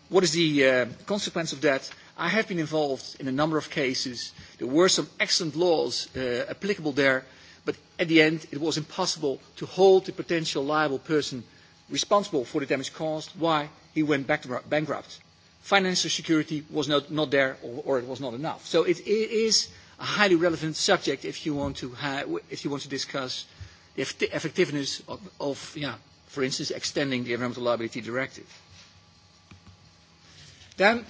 What is the consequence of that? I have been involved in a number of cases. There were some excellent laws applicable there, but at the end it was impossible to hold the potential liable person responsible for the damage caused. Why? He went bankrupt financial security was not there or it was not enough. So it is a highly relevant subject if you want to discuss the effectiveness of, for instance, extending the Environmental Liability Directive. Then,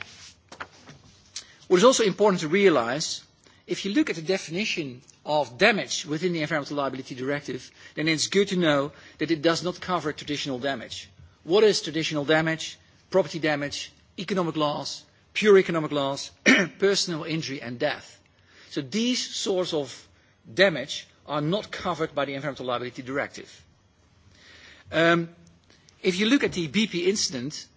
what is also important to realize, if you look at the definition of damage within the Environmental Liability Directive, then it's good to know that it does not cover traditional damage. What is traditional damage? Property damage economic loss, pure economic loss, personal injury and death. So these sorts of damage are not covered by the Environmental Liability Directive. If you look at the BP incident,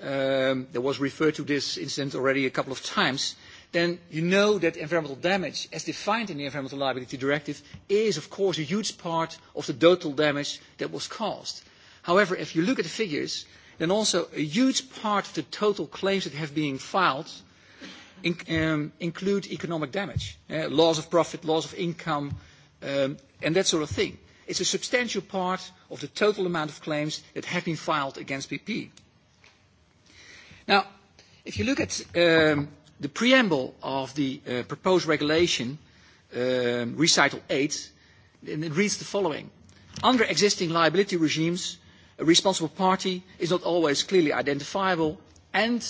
there was referred to this incident already a couple of times, then you know that environmental damage, as defined in the Environmental Liability Directive, is of course a huge part of the total damage that was caused. However, if you look at the figures, And also, a huge part of the total claims that have been filed include economic damage, loss of profit, loss of income, and that sort of thing. It's a substantial part of the total amount of claims that have been filed against BP. Now, if you look at the preamble of the proposed regulation, Recital 8, it reads the following. Under existing liability regimes, a responsible party is not always clearly identifiable and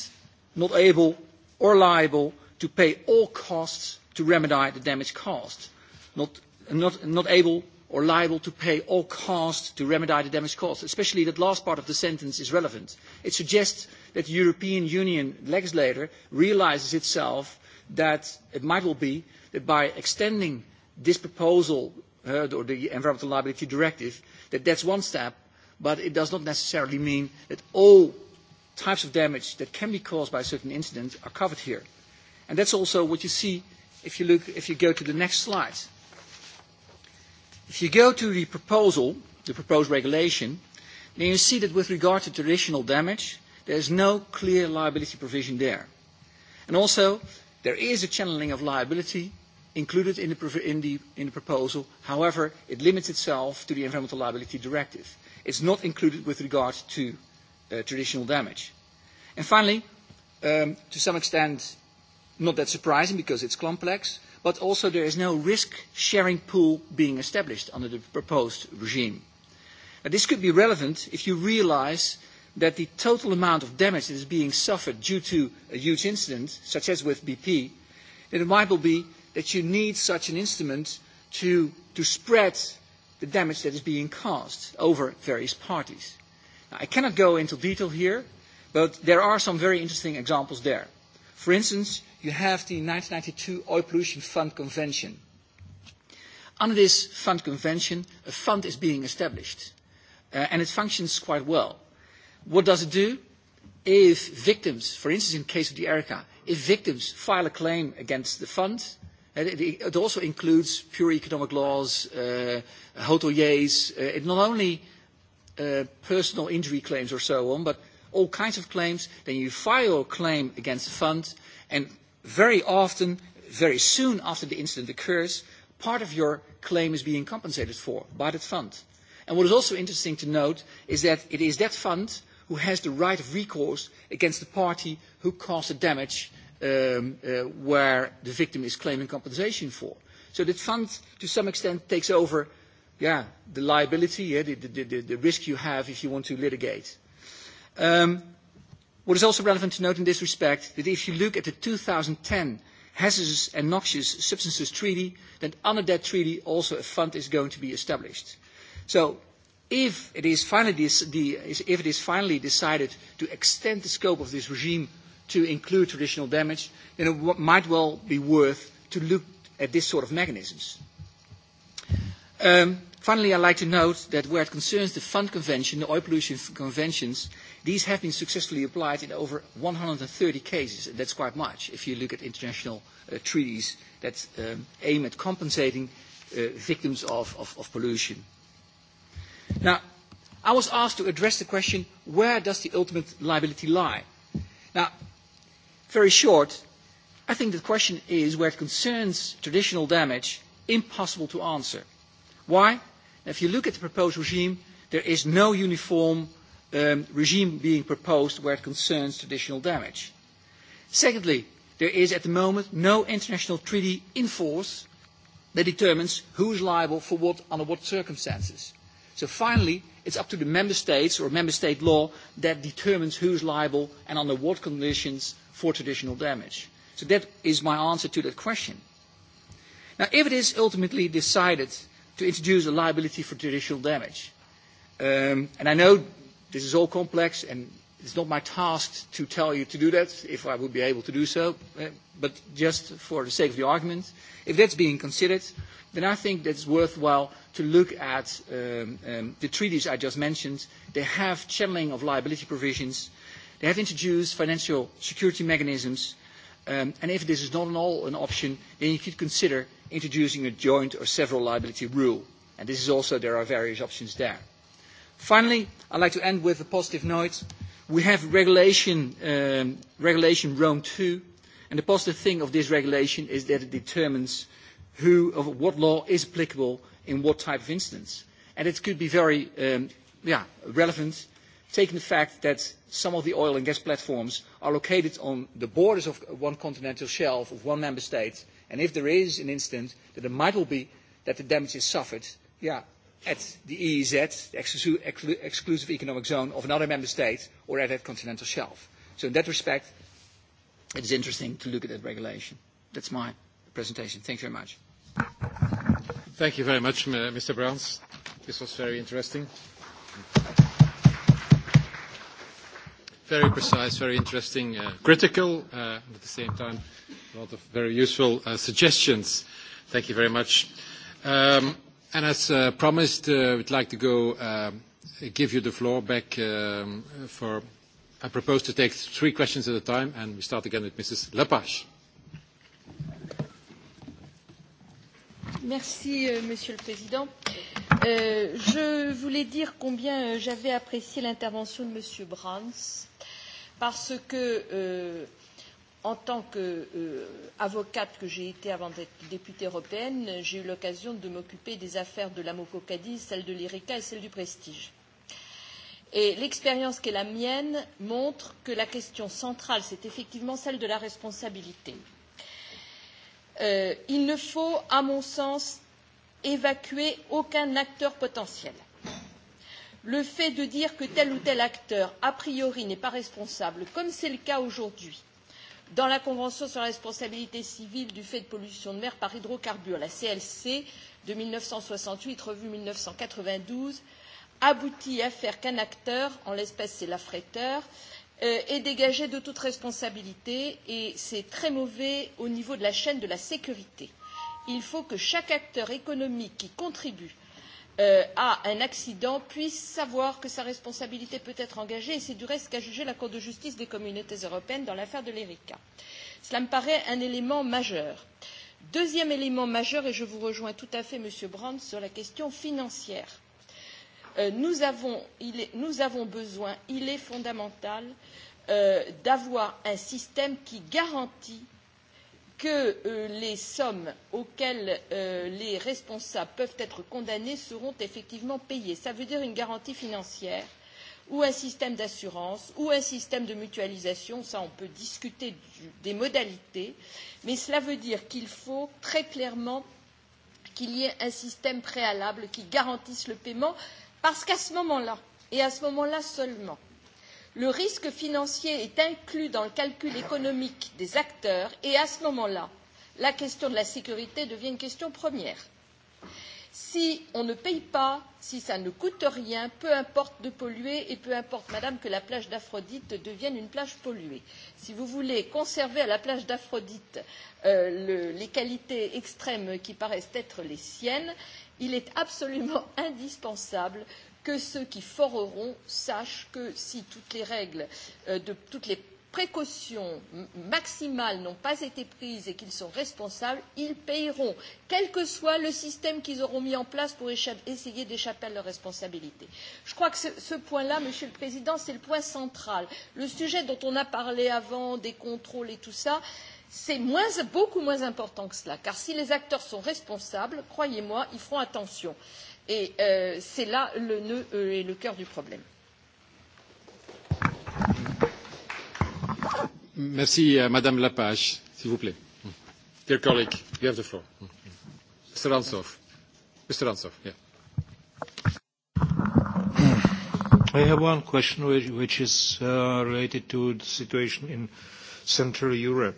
not able or liable to pay all costs to remedy the damage caused. Not able or liable to pay all costs to remedy the damage caused. Especially that last part of the sentence is relevant. It suggests that the European Union legislator realises itself that it might well be that by extending this proposal or the Environmental Liability Directive, that that's one step but it does not necessarily mean that all types of damage that can be caused by certain incidents are covered here. And that's also what you see if you look if you go to the next slide. If you go to the proposal, the proposed regulation, then you see that with regard to traditional damage, there is no clear liability provision there. And also, there is a channeling of liability included in the proposal. However, it limits itself to the Environmental Liability Directive. It's not included with regard to traditional damage. And finally, to some extent, not that surprising because it's complex, but also there is no risk-sharing pool being established under the proposed regime. This could be relevant if you realize that the total amount of damage that is being suffered due to a huge incident, such as with BP, it might well be that you need such an instrument to spread the damage that is being caused over various parties. I cannot go into detail here, but there are some very interesting examples there. For instance, you have the 1992 Oil Pollution Fund Convention. Under this fund convention, a fund is being established, and it functions quite well. What does it do? If victims, for instance in the case of the Erica, if victims file a claim against the fund, It also includes pure economic laws, hoteliers. It not only personal injury claims or so on, but all kinds of claims. Then you file a claim against the fund, and very often, very soon after the incident occurs, part of your claim is being compensated for by that fund. And what is also interesting to note is that it is that fund who has the right of recourse against the party who caused the damage where the victim is claiming compensation for. So that fund, to some extent, takes over the liability, the risk you have if you want to litigate. What is also relevant to note in this respect, that if you look at the 2010 Hazardous and Noxious Substances Treaty, then under that treaty also a fund is going to be established. So if it is finally decided to extend the scope of this regime to include traditional damage, then it might well be worth to look at this sort of mechanisms. Finally, I'd like to note that where it concerns the Fund Convention, the oil pollution conventions, these have been successfully applied in over 130 cases, and that's quite much if you look at international treaties that aim at compensating victims of pollution. Now, I was asked to address the question, where does the ultimate liability lie? Now, Very short, I think the question is, where it concerns traditional damage, impossible to answer. Why? If you look at the proposed regime, there is no uniform regime being proposed where it concerns traditional damage. Secondly, there is at the moment no international treaty in force that determines who is liable for what under what circumstances. So finally, it's up to the member states or member state law that determines who is liable and under what conditions for traditional damage. So that is my answer to that question. Now, if it is ultimately decided to introduce a liability for traditional damage, and I know this is all complex and it's not my task to tell you to do that, if I would be able to do so, but just for the sake of the argument, if that's being considered, then I think that it's worthwhile to look at the treaties I just mentioned. They have channeling of liability provisions They have introduced financial security mechanisms, and if this is not at all an option, then you could consider introducing a joint or several liability rule. And this is also, there are various options there. Finally, I'd like to end with a positive note. We have regulation, regulation Rome 2, and the positive thing of this regulation is that it determines who, of what law is applicable in what type of instance. And it could be very relevant taking the fact that some of the oil and gas platforms are located on the borders of one continental shelf of one member state, and if there is an incident, that it might well be that the damage is suffered at the EEZ, the exclusive economic zone of another member state, or at that continental shelf. So in that respect, it is interesting to look at that regulation. That's my presentation. Thank you very much. Thank you very much, Mr. Browns. This was very interesting very precise, very interesting, critical, and at the same time, a lot of very useful suggestions. Thank you very much. And as promised, I would like to go give you the floor back for... I propose to take three questions at a time, and we start again with Mrs. Lepage. Merci, Monsieur le Président. Je voulais dire combien j'avais apprécié l'intervention de M. Brands, parce que, en tant qu'avocate que j'ai été avant d'être députée européenne, j'ai eu l'occasion de m'occuper des affaires de la Mococadie, celle de l'IRICA et celle du Prestige. Et l'expérience qui est la mienne montre que la question centrale, c'est effectivement celle de la responsabilité. Il ne faut, à mon sens, évacuer aucun acteur potentiel. Le fait de dire que tel ou tel acteur, a priori, n'est pas responsable, comme c'est le cas aujourd'hui dans la Convention sur la responsabilité civile du fait de pollution de mer par hydrocarbures, la CLC de 1968, revue douze, aboutit à faire qu'un acteur, en l'espèce c'est l'affréteur, est dégagé de toute responsabilité et c'est très mauvais au niveau de la chaîne de la sécurité il faut que chaque acteur économique qui contribue à un accident puisse savoir que sa responsabilité peut être engagée et c'est du reste ce qu'a jugé la cour de justice des communautés européennes dans l'affaire de l'erika. cela me paraît un élément majeur. deuxième élément majeur et je vous rejoins tout à fait monsieur brand sur la question financière nous avons besoin il est fondamental d'avoir un système qui garantit que les sommes auxquelles les responsables peuvent être condamnés seront effectivement payées. cela veut dire une garantie financière ou un système d'assurance ou un système de mutualisation on peut discuter des modalités mais cela veut dire qu'il faut très clairement qu'il y ait un système préalable qui garantisse le paiement parce qu'à ce moment là et à ce moment là seulement le risque financier est inclus dans le calcul économique des acteurs et à ce moment là la question de la sécurité devient une question première. si on ne paye pas si ça ne coûte rien peu importe de polluer et peu importe madame que la plage d'aphrodite devienne une plage polluée. si vous voulez conserver à la plage d'aphrodite les qualités extrêmes qui paraissent être les siennes il est absolument indispensable que ceux qui foreront sachent que si toutes les règles de toutes les précautions maximales n'ont pas été prises et qu'ils sont responsables, ils paieront, quel que soit le système qu'ils auront mis en place pour essayer d'échapper à leurs responsabilités. Je crois que ce point-là, Monsieur le Président, c'est le point central. Le sujet dont on a parlé avant, des contrôles et tout ça, c'est beaucoup moins important que cela car si les acteurs sont responsables croyez moi ils feront attention et c'est là le nœud et le cœur du problème. Merci, Madame Lapage, s'il vous plaît. Dear colleague, you have the floor. Mr. Ransdorf. Mr. Ransdorf, yeah. I have one question which is related to the situation in Central Europe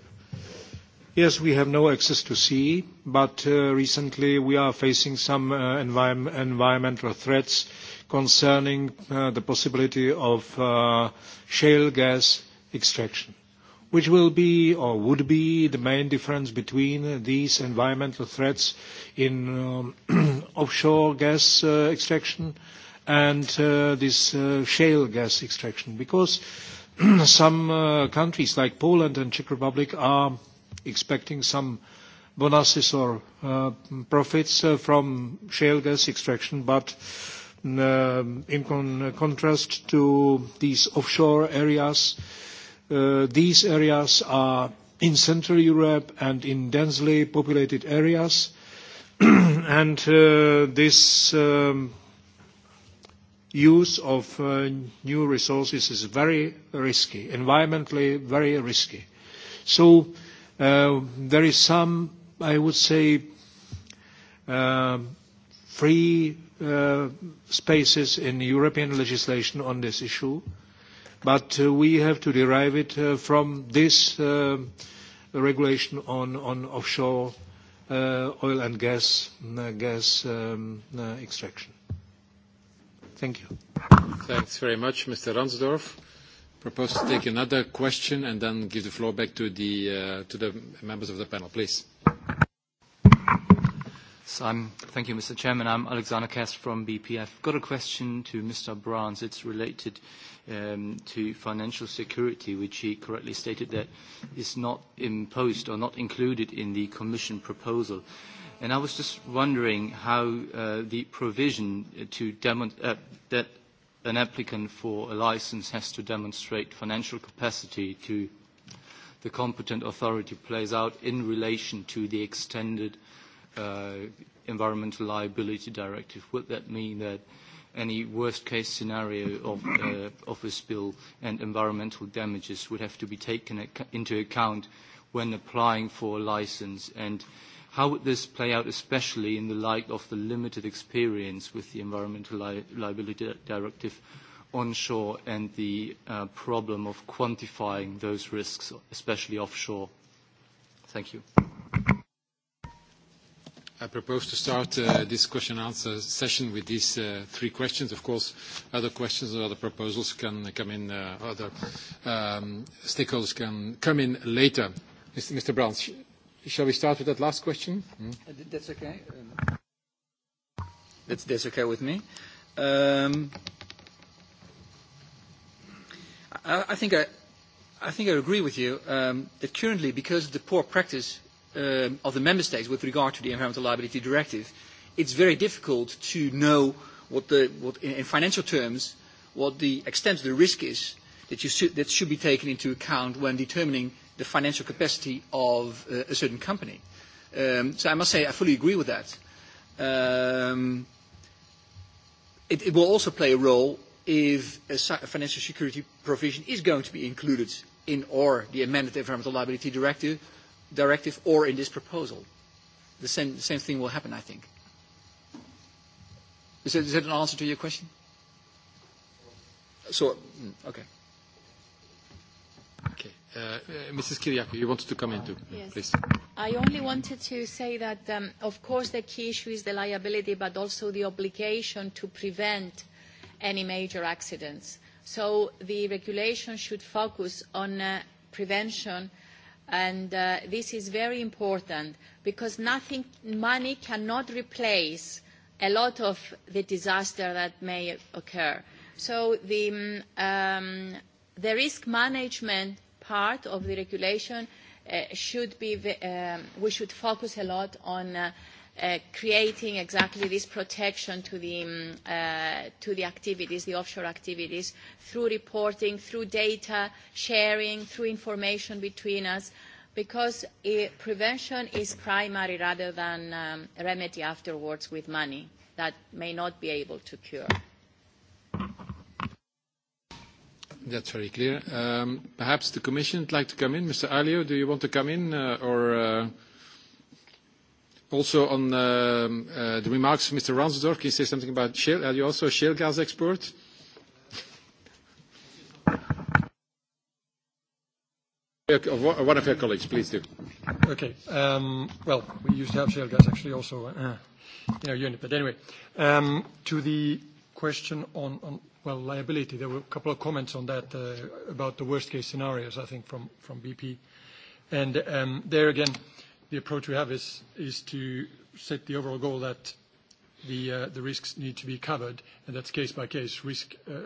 Yes, we have no access to sea, but recently we are facing some environmental threats concerning the possibility of shale gas extraction, which will be or would be the main difference between these environmental threats in offshore gas extraction and this shale gas extraction, because some countries like Poland and Czech Republic are expecting some bonuses or profits from shale gas extraction, but in contrast to these offshore areas, these areas are in Central Europe and in densely populated areas, and this use of new resources is very risky, environmentally very risky. So There is some, I would say, free spaces in European legislation on this issue, but we have to derive it from this regulation on offshore oil and gas extraction. Thank you. Thanks very much, Mr. Ransdorf propose to take another question and then give the floor back to the to the members of the panel. Please. Thank you, Mr. Chairman. I'm Alexander Kast from BPF. I've got a question to Mr. Brands. It's related to financial security, which he correctly stated that is not imposed or not included in the Commission proposal. And I was just wondering how the provision to that an applicant for a license has to demonstrate financial capacity to the competent authority plays out in relation to the extended environmental liability directive. Would that mean that any worst-case scenario of a spill and environmental damages would have to be taken into account when applying for a license and How would this play out, especially in the light of the limited experience with the Environmental Liability Directive onshore and the problem of quantifying those risks, especially offshore? Thank you. I propose to start this question and answer session with these three questions. Of course, other questions or other proposals can come in, other stakeholders can come in later. Mr. Brands, Shall we start with that last question? That's okay. That's okay with me. I think I agree with you that currently, because of the poor practice of the member states with regard to the Environmental Liability Directive, it's very difficult to know what the, in financial terms, what the extent of the risk is that should be taken into account when determining the financial capacity of a certain company. So I must say I fully agree with that. It will also play a role if a financial security provision is going to be included in or the amended environmental liability directive directive or in this proposal. The same thing will happen, I think. Is that an answer to your question? So, okay. Mrs. Kyriakou, you wanted to come into, please. I only wanted to say that, of course, the key issue is the liability, but also the obligation to prevent any major accidents. So the regulation should focus on prevention, and this is very important because nothing, money cannot replace a lot of the disaster that may occur. So the risk management part of the regulation should be we should focus a lot on creating exactly this protection to the to the activities, the offshore activities, through reporting, through data sharing, through information between us, because prevention is primary rather than remedy afterwards with money that may not be able to cure. That's very clear. Perhaps the Commission would like to come in. Mr. Alio, do you want to come in? Or also on the remarks of Mr. Ransdorf, can you say something about shale? Are you also a shale gas expert? One of your colleagues, please do. Okay. Well, we used to have shale gas actually also in our unit. But anyway, to the question on, well, liability. There were a couple of comments on that about the worst-case scenarios, I think, from BP. And there again, the approach we have is to set the overall goal that the risks need to be covered, and that's case by case,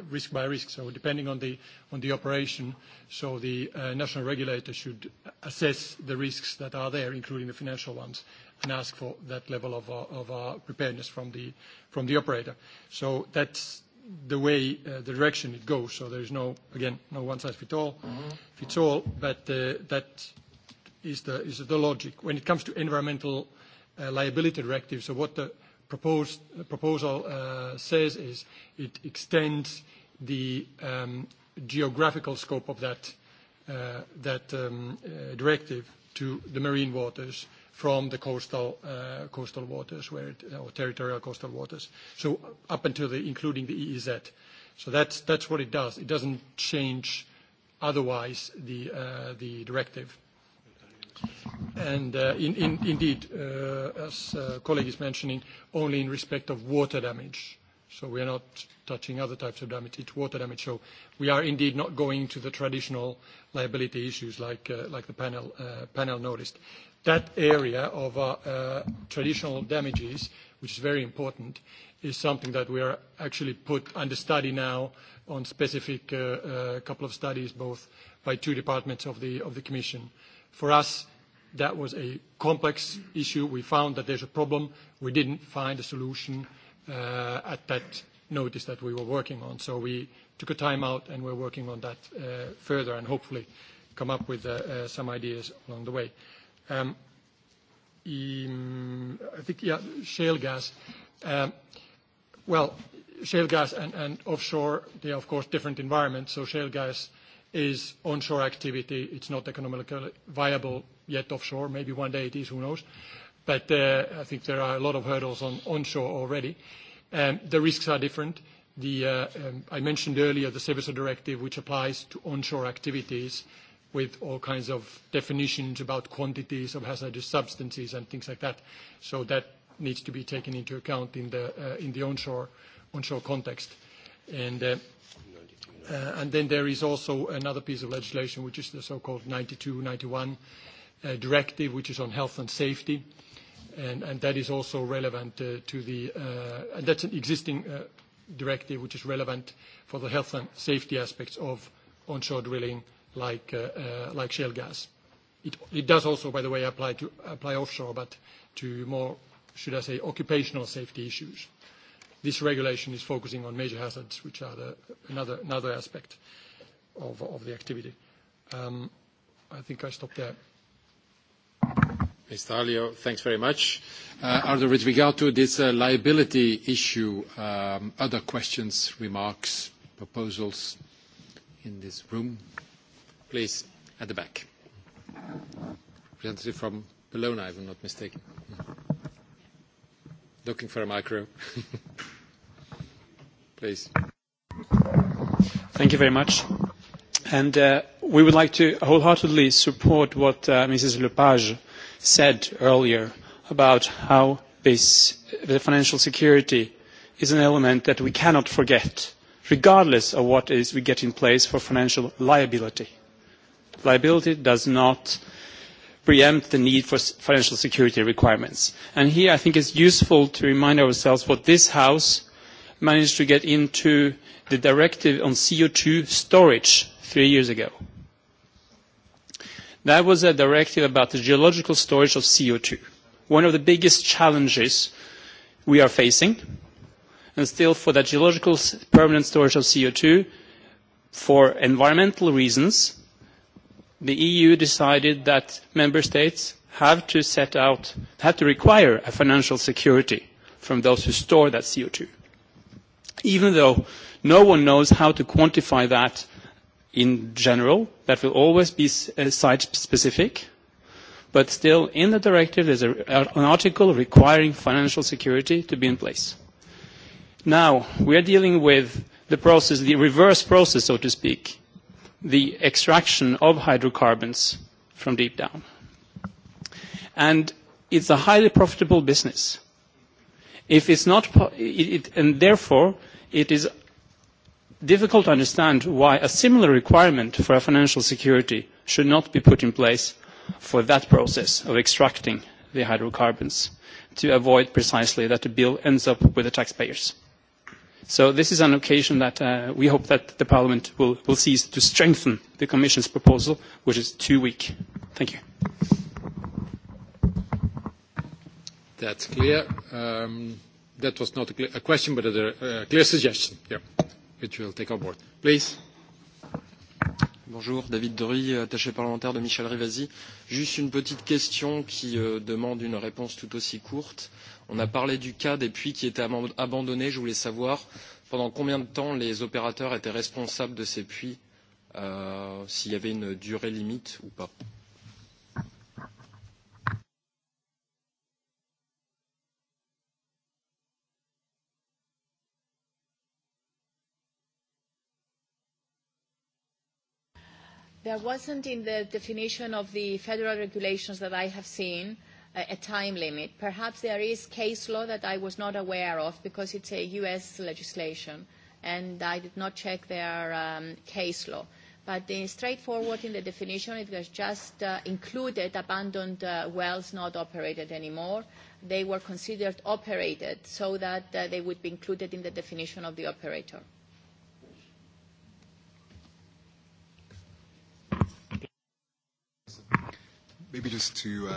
risk by risk. So depending on the operation, so the national regulator should assess the risks that are there, including the financial ones, and ask for that level of preparedness from the operator. So that's the way, the direction it goes. So there is no, again, no one size fits all, but that is the logic. When it comes to environmental liability directive, so what the proposal says is it extends the geographical scope of that directive to the marine waters from the coastal coastal waters where or territorial coastal waters. So up until including the EEZ. So that's that's what it does. It doesn't change otherwise the the directive. And indeed, as a colleague is mentioning, only in respect of water damage. So we are not touching other types of damage. It's water damage. So we are indeed not going to the traditional liability issues like the panel noticed that area of traditional damages, which is very important, is something that we are actually put under study now on specific couple of studies, both by two departments of the Commission. For us, that was a complex issue. We found that there's a problem. We didn't find a solution at that notice that we were working on. So we took a time out, and we're working on that further and hopefully come up with some ideas along the way. I think, yeah, shale gas. Well, shale gas and offshore, they are, of course, different environments. So shale gas is onshore activity. It's not economically viable yet offshore. Maybe one day it is, who knows? But I think there are a lot of hurdles on onshore already. The risks are different. I mentioned earlier the Seveso Directive, which applies to onshore activities with all kinds of definitions about quantities of hazardous substances and things like that. So that needs to be taken into account in the onshore context. And then there is also another piece of legislation, which is the so-called 92/91 directive, which is on health and safety. And that is also relevant to the... And that's an existing directive, which is relevant for the health and safety aspects of onshore drilling like shale gas. It does also, by the way, apply offshore, but to more, should I say, occupational safety issues. This regulation is focusing on major hazards, which are another aspect of the activity. I think I stop there. Mr. Alio, thanks very much. Arthur with regard to this liability issue, other questions, remarks, proposals in this room? Please, at the back. Representative from Bologna, if I'm not mistaken. Looking for a micro. Please. Thank you very much. And we would like to wholeheartedly support what Mrs. Lepage said earlier about how this financial security is an element that we cannot forget, regardless of what is we get in place for financial liability liability does not preempt the need for financial security requirements. And here I think it's useful to remind ourselves what this House managed to get into the directive on CO2 storage three years ago. That was a directive about the geological storage of CO2, one of the biggest challenges we are facing, and still for the geological permanent storage of CO2, for environmental reasons, the EU decided that member states have to set out, have to require a financial security from those who store that CO2, even though no one knows how to quantify that in general. That will always be site-specific. But still, in the directive, there is an article requiring financial security to be in place. Now, we are dealing with the process, the reverse process, so to speak the extraction of hydrocarbons from deep down. And it's a highly profitable business. If it's not, and therefore it is difficult to understand why a similar requirement for a financial security should not be put in place for that process of extracting the hydrocarbons to avoid precisely that the bill ends up with the taxpayers. So this is an occasion that we hope that the Parliament will seize to strengthen the Commission's proposal, which is too weak. Thank you. That's clear. That was not a question, but a clear suggestion, which we'll take on board. Please. Bonjour, David Dory, attaché parlementaire de Michel Rivasi. Juste une petite question qui demande une réponse tout aussi courte. On a parlé du cas des puits qui étaient abandonnés. Je voulais savoir pendant combien de temps les opérateurs étaient responsables de ces puits, s'il y avait une durée limite ou pas. There wasn't in the definition of the federal regulations that I have seen a time limit. Perhaps there is case law that I was not aware of because it's a U.S. legislation and I did not check their case law. But straightforward in the definition, it was just included abandoned wells not operated anymore. They were considered operated so that they would be included in the definition of the operator. Maybe just to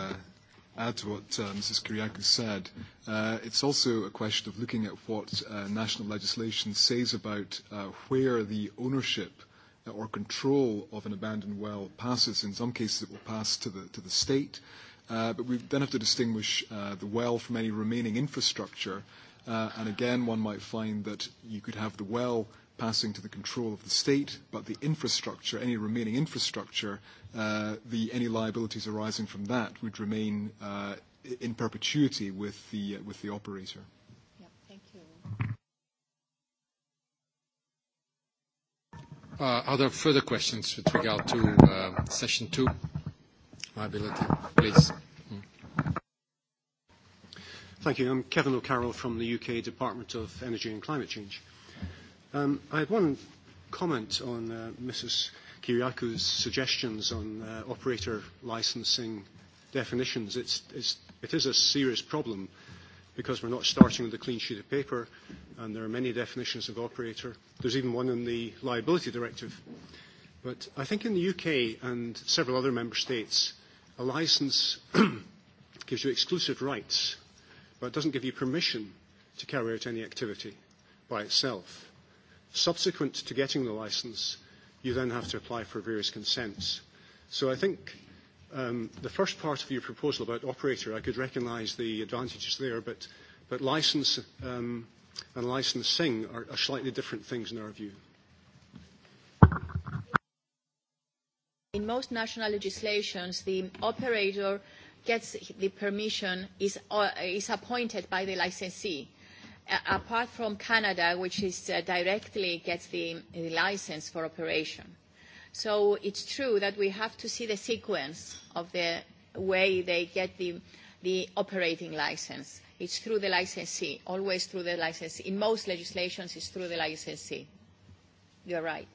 add to what Mrs. Kyriakou said, it's also a question of looking at what national legislation says about where the ownership or control of an abandoned well passes. In some cases, it will pass to the to the state, but we then have to distinguish the well from any remaining infrastructure. And again, one might find that you could have the well passing to the control of the state, but the infrastructure, any remaining infrastructure, any liabilities arising from that would remain in perpetuity with the with the operator. Are there further questions with regard to session two, liability? Please. Thank you. I'm Kevin O'Carroll from the UK Department of Energy and Climate Change. I have one comment on Mrs. Kiriakou's suggestions on operator licensing definitions. It is a serious problem because we're not starting with a clean sheet of paper, and there are many definitions of operator. There's even one in the liability directive. But I think in the UK and several other member states, a license gives you exclusive rights, but doesn't give you permission to carry out any activity by itself. Subsequent to getting the license, you then have to apply for various consents. So I think the first part of your proposal about operator, I could recognise the advantages there, but license and licensing are slightly different things in our view. In most national legislations, the operator gets the permission, is appointed by the licensee apart from Canada, which is directly gets the license for operation. So it's true that we have to see the sequence of the way they get the the operating license. It's through the licensee, always through the licensee. In most legislations, it's through the licensee. You're right.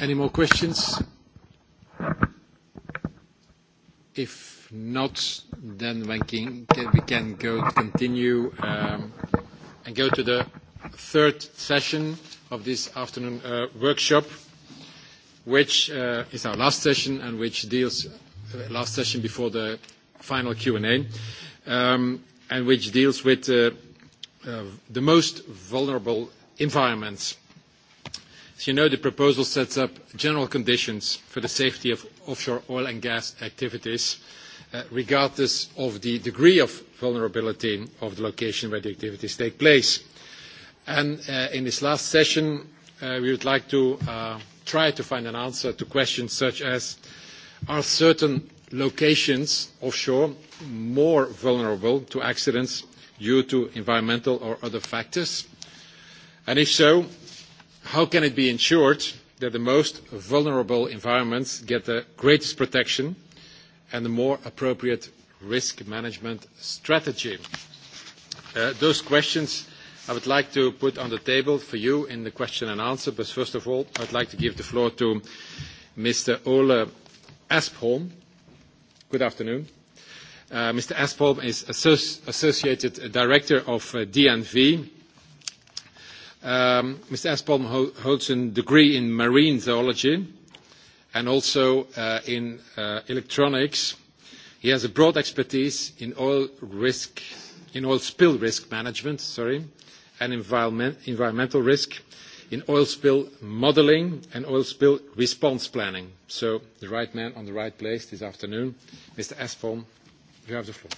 Any more questions? If not, then we can continue and go to the third session of this afternoon workshop, which is our last session and which deals last session before the final Q&A, and which deals with the most vulnerable environments. As you know, the proposal sets up general conditions for the safety of offshore oil and gas activities, regardless of the degree of vulnerability of the location where the activities take place. And in this last session, we would like to try to find an answer to questions such as, are certain locations offshore more vulnerable to accidents due to environmental or other factors? And if so, how can it be ensured that the most vulnerable environments get the greatest protection and the more appropriate risk management strategy? Those questions I would like to put on the table for you in the question and answer, but first of all, I would like to give the floor to Mr. Ole Aspholm. Good afternoon. Mr. Aspholm is Associated Director of DNV Mr. Espelm holds a degree in marine zoology and also in electronics. He has a broad expertise in oil in oil spill risk management, and environmental risk, in oil spill modeling and oil spill response planning. So the right man on the right place this afternoon. Mr. Espelm, you have the floor.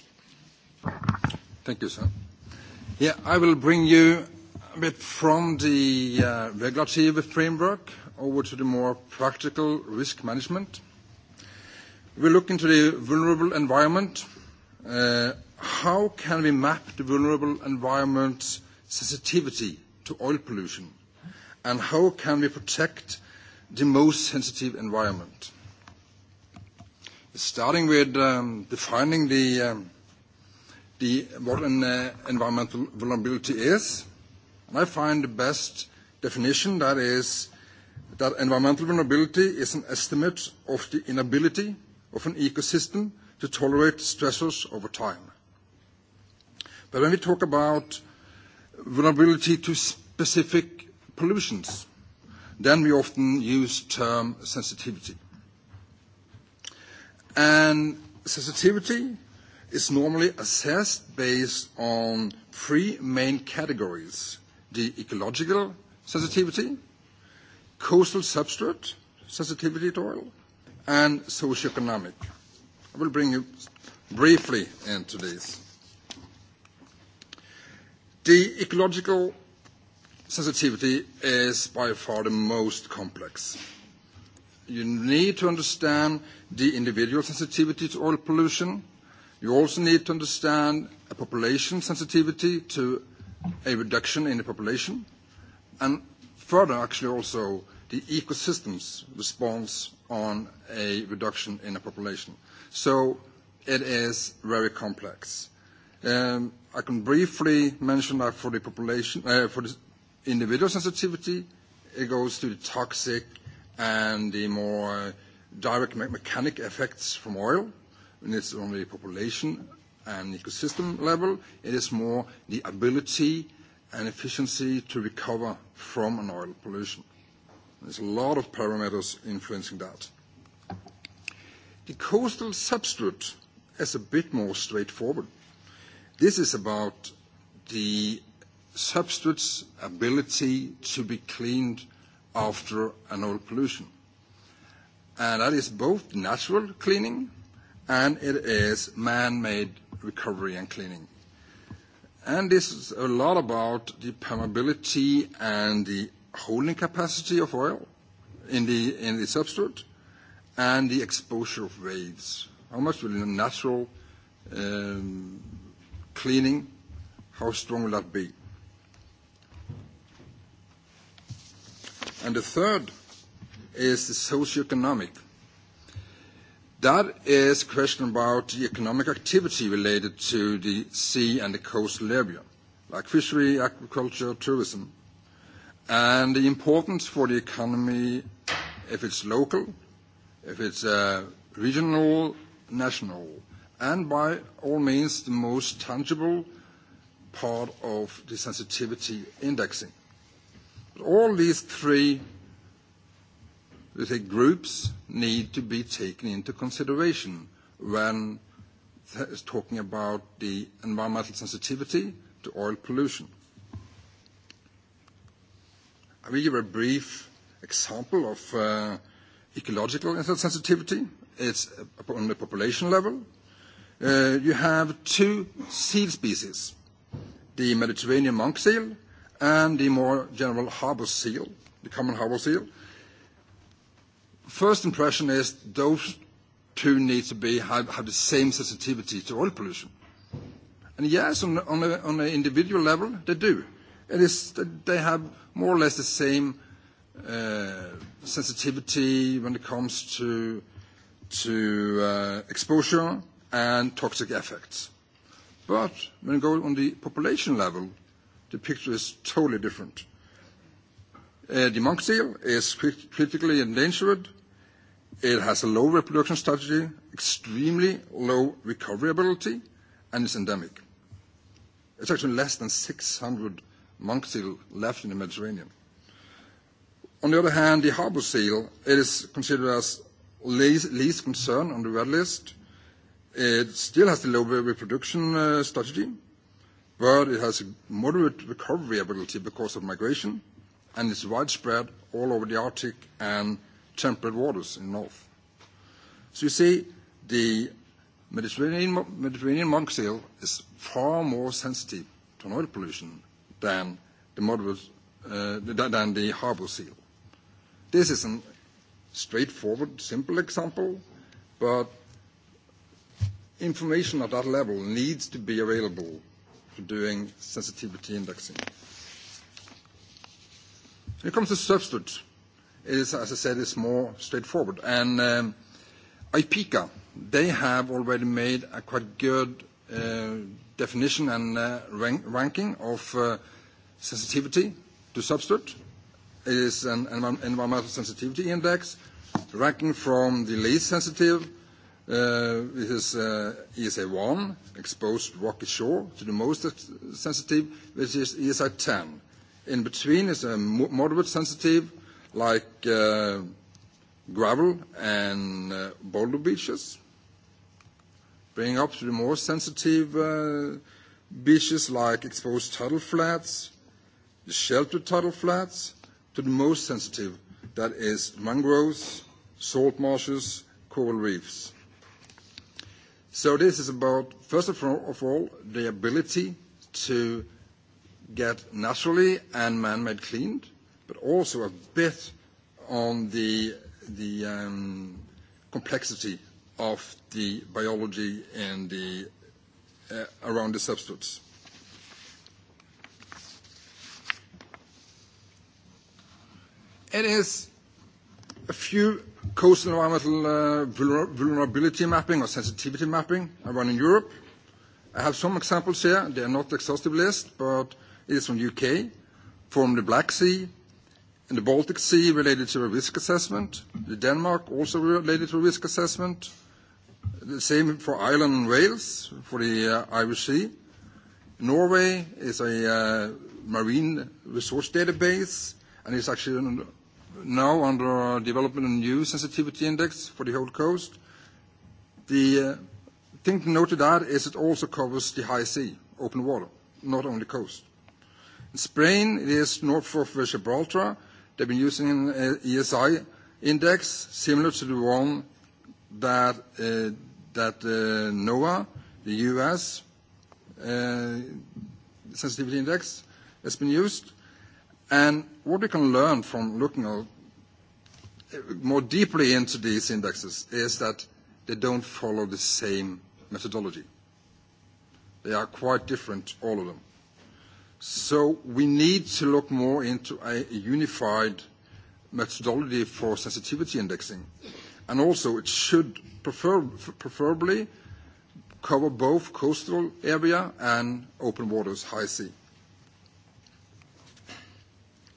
Thank you, sir. Yeah, I will bring you bit from the regulatory framework over to the more practical risk management. We look into the vulnerable environment. How can we map the vulnerable environment's sensitivity to oil pollution? And how can we protect the most sensitive environment? Starting with defining the what an environmental vulnerability is, And I find the best definition that is that environmental vulnerability is an estimate of the inability of an ecosystem to tolerate stressors over time. But when we talk about vulnerability to specific pollutions, then we often use the term sensitivity. And sensitivity is normally assessed based on three main categories the ecological sensitivity, coastal substrate sensitivity to oil, and socioeconomic. I will bring you briefly into this. The ecological sensitivity is by far the most complex. You need to understand the individual sensitivity to oil pollution. You also need to understand a population sensitivity to a reduction in the population, and further, actually, also the ecosystems response on a reduction in the population. So it is very complex. I can briefly mention that for the population, for the individual sensitivity, it goes to the toxic and the more direct mechanic effects from oil, and it's only population and ecosystem level. It is more the ability and efficiency to recover from an oil pollution. There's a lot of parameters influencing that. The coastal substrate is a bit more straightforward. This is about the substrate's ability to be cleaned after an oil pollution. And that is both natural cleaning and it is man-made recovery and cleaning. And this is a lot about the permeability and the holding capacity of oil in the in the substrate and the exposure of waves. How much will the natural cleaning, how strong will that be? And the third is the socioeconomic That is a question about the economic activity related to the sea and the coastal area, like fishery, agriculture, tourism, and the importance for the economy if it's local, if it's regional, national, and by all means the most tangible part of the sensitivity indexing. All these three we groups need to be taken into consideration when talking about the environmental sensitivity to oil pollution. I will give a brief example of ecological sensitivity. It's on the population level. You have two seal species, the Mediterranean monk seal and the more general harbor seal, the common harbor seal, first impression is those two need to be have the same sensitivity to oil pollution. And yes, on an individual level, they do. It is they have more or less the same sensitivity when it comes to to exposure and toxic effects. But when you go on the population level, the picture is totally different. The monk seal is critically endangered It has a low reproduction strategy, extremely low ability, and is endemic. It's actually less than 600 monk seal left in the Mediterranean. On the other hand, the harbor seal, it is considered as least concern on the red list. It still has the low reproduction strategy, but it has moderate recovery ability because of migration, and it's widespread all over the Arctic and temperate waters in the north. So you see, the Mediterranean, Mediterranean monk seal is far more sensitive to oil pollution than the, moderate, uh, than the harbour seal. This is a straightforward, simple example, but information at that level needs to be available for doing sensitivity indexing. When it comes to substitutes, is, as I said, is more straightforward. And IPICA, they have already made a quite good definition and ranking of sensitivity to substrate. It is an environmental sensitivity index, ranking from the least sensitive, which is ESA1, exposed rocky shore, to the most sensitive, which is ESI 10 In between is a moderate sensitive, like gravel and boulder beaches, bringing up to the more sensitive beaches like exposed tidal flats, the sheltered tidal flats, to the most sensitive, that is mangroves, salt marshes, coral reefs. So this is about, first of all, the ability to get naturally and man-made cleaned, but also a bit on the the complexity of the biology and the around the substance. It is a few coastal environmental vulnerability mapping or sensitivity mapping around in Europe. I have some examples here. They are not exhaustive list, but it is from the UK, from the Black Sea, in the Baltic Sea related to a risk assessment, the Denmark also related to a risk assessment, the same for Ireland and Wales for the Irish Sea. Norway is a marine resource database and is actually now under development a new sensitivity index for the whole coast. The thing to note to that is it also covers the high sea, open water, not only coast. In Spain, it is north of Gibraltar They've been using an ESI index similar to the one that NOAA, the U.S. sensitivity index, has been used. And what we can learn from looking more deeply into these indexes is that they don't follow the same methodology. They are quite different, all of them. So we need to look more into a unified methodology for sensitivity indexing. And also it should preferably cover both coastal area and open waters, high sea.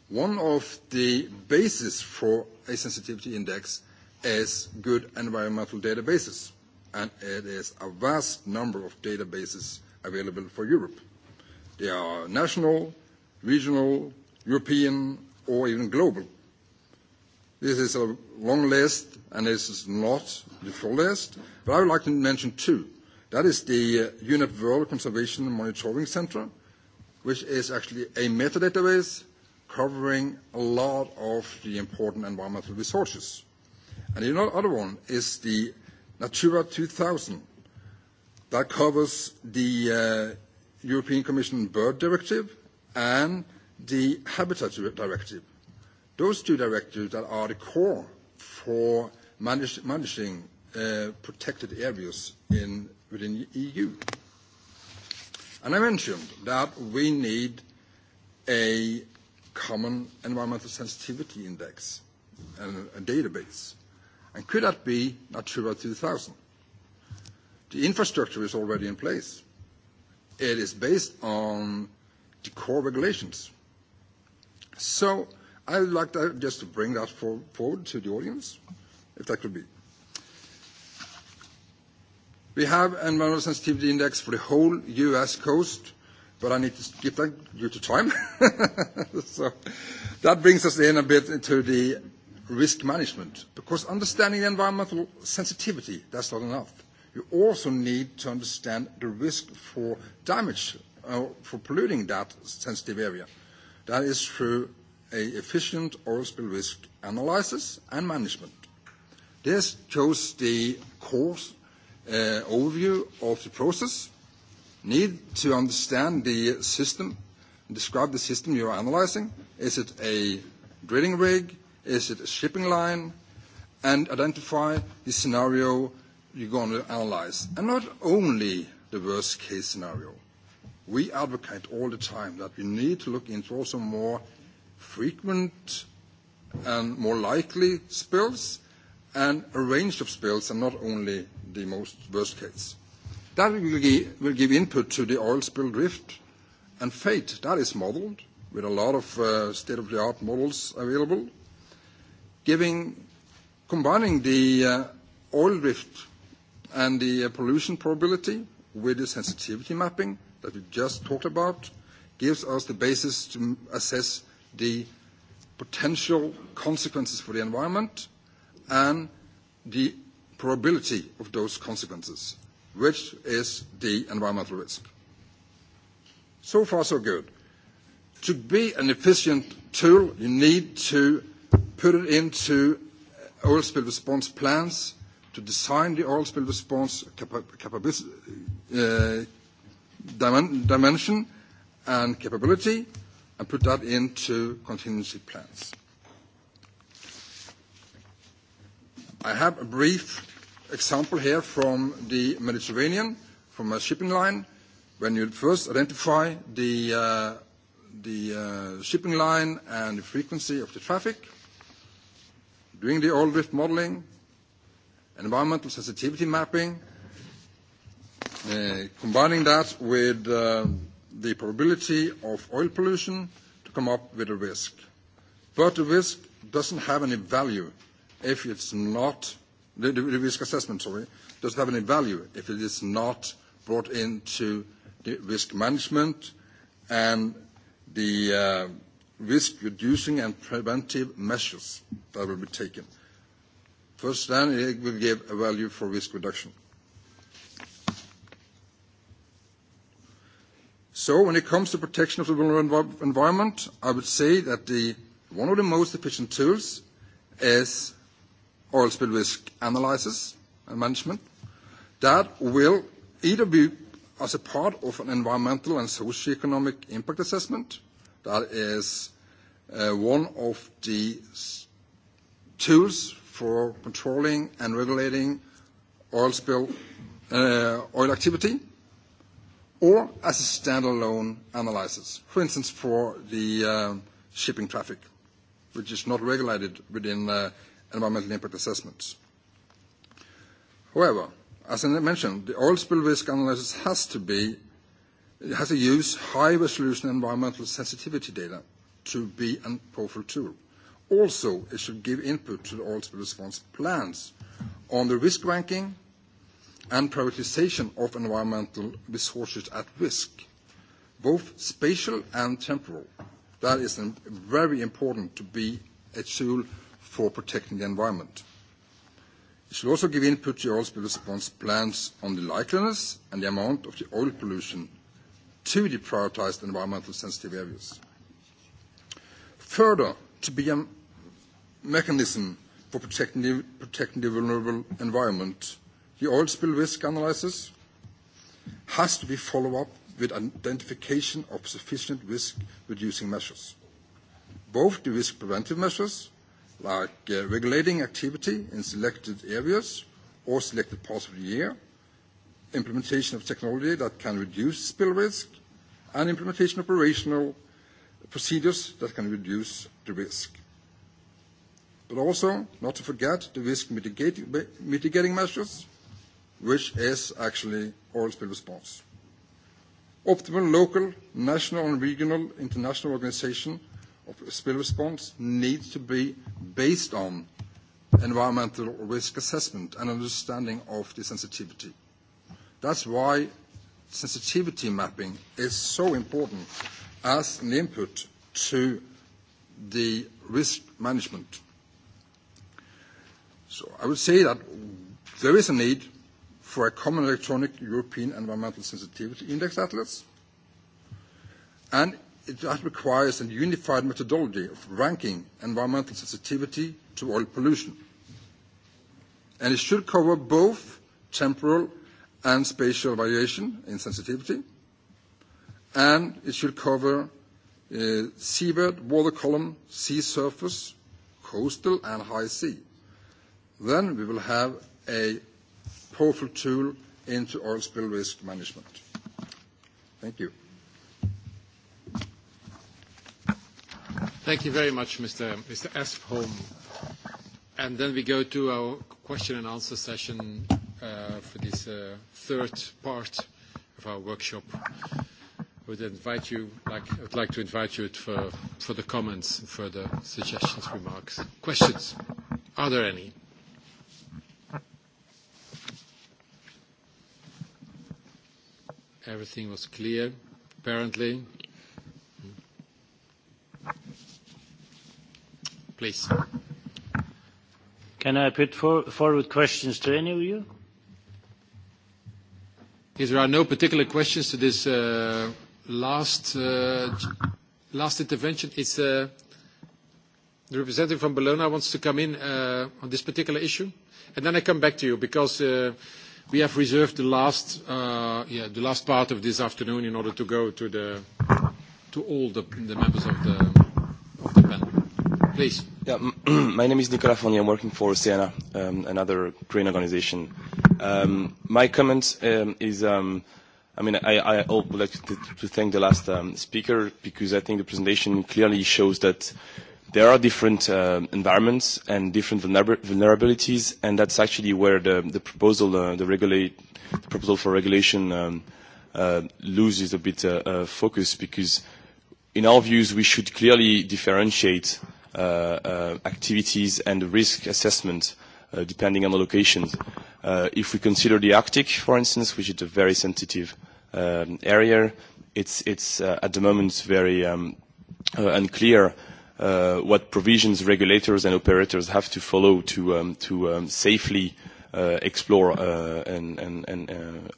One of the bases for a sensitivity index is good environmental databases, and it is a vast number of databases available for Europe. They are national, regional, European, or even global. This is a long list, and this is not the full list, but I would like to mention two. That is the UNEP World Conservation Monitoring Center, which is actually a metadatabase covering a lot of the important environmental resources. And the other one is the Natura 2000, that covers the European Commission Bird Directive and the Habitat Directive. Those two directives that are the core for managing protected areas within the EU. And I mentioned that we need a common environmental sensitivity index and a database. And could that be Natura 2000? The infrastructure is already in place. It is based on the core regulations. So I would like to just to bring that forward to the audience, if that could be. We have an environmental sensitivity index for the whole U.S. coast, but I need to skip that due to time. So that brings us in a bit into the risk management, because understanding the environmental sensitivity, that's not enough you also need to understand the risk for damage for polluting that sensitive area. That is through an efficient oil spill risk analysis and management. This shows the course overview of the process, need to understand the system, describe the system you are analyzing. Is it a drilling rig? Is it a shipping line? And identify the scenario you're going to analyze. And not only the worst case scenario. We advocate all the time that we need to look into also more frequent and more likely spills and a range of spills and not only the most worst case. That will give input to the oil spill drift and fate. That is modeled with a lot of state-of-the-art models available. Giving, combining the oil drift and the pollution probability with the sensitivity mapping that we just talked about gives us the basis to assess the potential consequences for the environment and the probability of those consequences, which is the environmental risk. So far, so good. To be an efficient tool, you need to put it into oil spill response plans to design the oil spill response dimension and capability and put that into contingency plans. I have a brief example here from the Mediterranean, from a shipping line. When you first identify the shipping line and the frequency of the traffic, doing the oil drift modeling, environmental sensitivity mapping, combining that with the probability of oil pollution to come up with a risk. But the risk doesn't have any value if it's not, the risk assessment, sorry, doesn't have any value if it is not brought into the risk management and the risk reducing and preventive measures that will be taken. First, then it will give a value for risk reduction. So when it comes to protection of the vulnerable environment, I would say that one of the most efficient tools is oil spill risk analysis and management. That will either be as a part of an environmental and socioeconomic impact assessment. That is one of the tools for controlling and regulating oil spill oil activity, or as a standalone analysis, for instance, for the shipping traffic, which is not regulated within environmental impact assessments. However, as I mentioned, the oil spill risk analysis has to be has to use high resolution environmental sensitivity data to be a powerful tool. Also, it should give input to the oil spill response plans on the risk ranking and prioritisation of environmental resources at risk, both spatial and temporal. That is very important to be a tool for protecting the environment. It should also give input to the oil spill response plans on the likeliness and the amount of the oil pollution to the prioritised environmental sensitive areas. Further, to be mechanism for protecting the vulnerable environment. The oil spill risk analysis has to be followed up with identification of sufficient risk-reducing measures. Both the risk preventive measures, like regulating activity in selected areas or selected parts of the year, implementation of technology that can reduce spill risk, and implementation of operational procedures that can reduce the risk but also not to forget the risk mitigating measures, which is actually oil spill response. Optimal local, national and regional international organisation of spill response needs to be based on environmental risk assessment and understanding of the sensitivity. That's why sensitivity mapping is so important as an input to the risk management. So I would say that there is a need for a common electronic European environmental sensitivity index atlas, and that requires a unified methodology of ranking environmental sensitivity to oil pollution. And it should cover both temporal and spatial variation in sensitivity, and it should cover seabed, water column, sea surface, coastal and high sea. Then we will have a powerful tool into oil spill risk management. Thank you. Thank you very much, Mr. Espholm. And then we go to our question and answer session for this third part of our workshop. I would invite you, like, I'd like to invite you for the comments and further suggestions, remarks. Questions? Are there any? Everything was clear, apparently. Please. Can I put forward questions to any of you? If there are no particular questions to this last last intervention, it's the representative from Bologna wants to come in on this particular issue. And then I come back to you because We have reserved the last the last part of this afternoon in order to go to the, to all the members of the panel. Please. My name is Nicolas Fournier. I'm working for Oceana, another Green organization. My comment is, I mean, I would like to thank the last speaker because I think the presentation clearly shows that there are different environments and different vulnerabilities, and that's actually where the, the proposal, the, regulate, the proposal for regulation loses a bit of focus because, in our views, we should clearly differentiate activities and risk assessment depending on the locations. If we consider the Arctic, for instance, which is a very sensitive area, it's, it's at the moment very unclear what provisions regulators and operators have to follow to safely explore and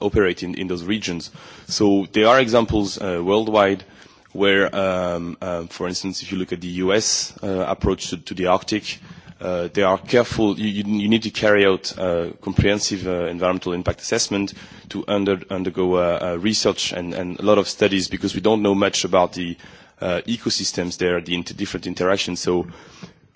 operate in those regions. So there are examples worldwide where, for instance, if you look at the U.S. approach to the Arctic, they are careful. You need to carry out comprehensive environmental impact assessment to undergo research and a lot of studies because we don't know much about the ecosystems there, the different interactions. So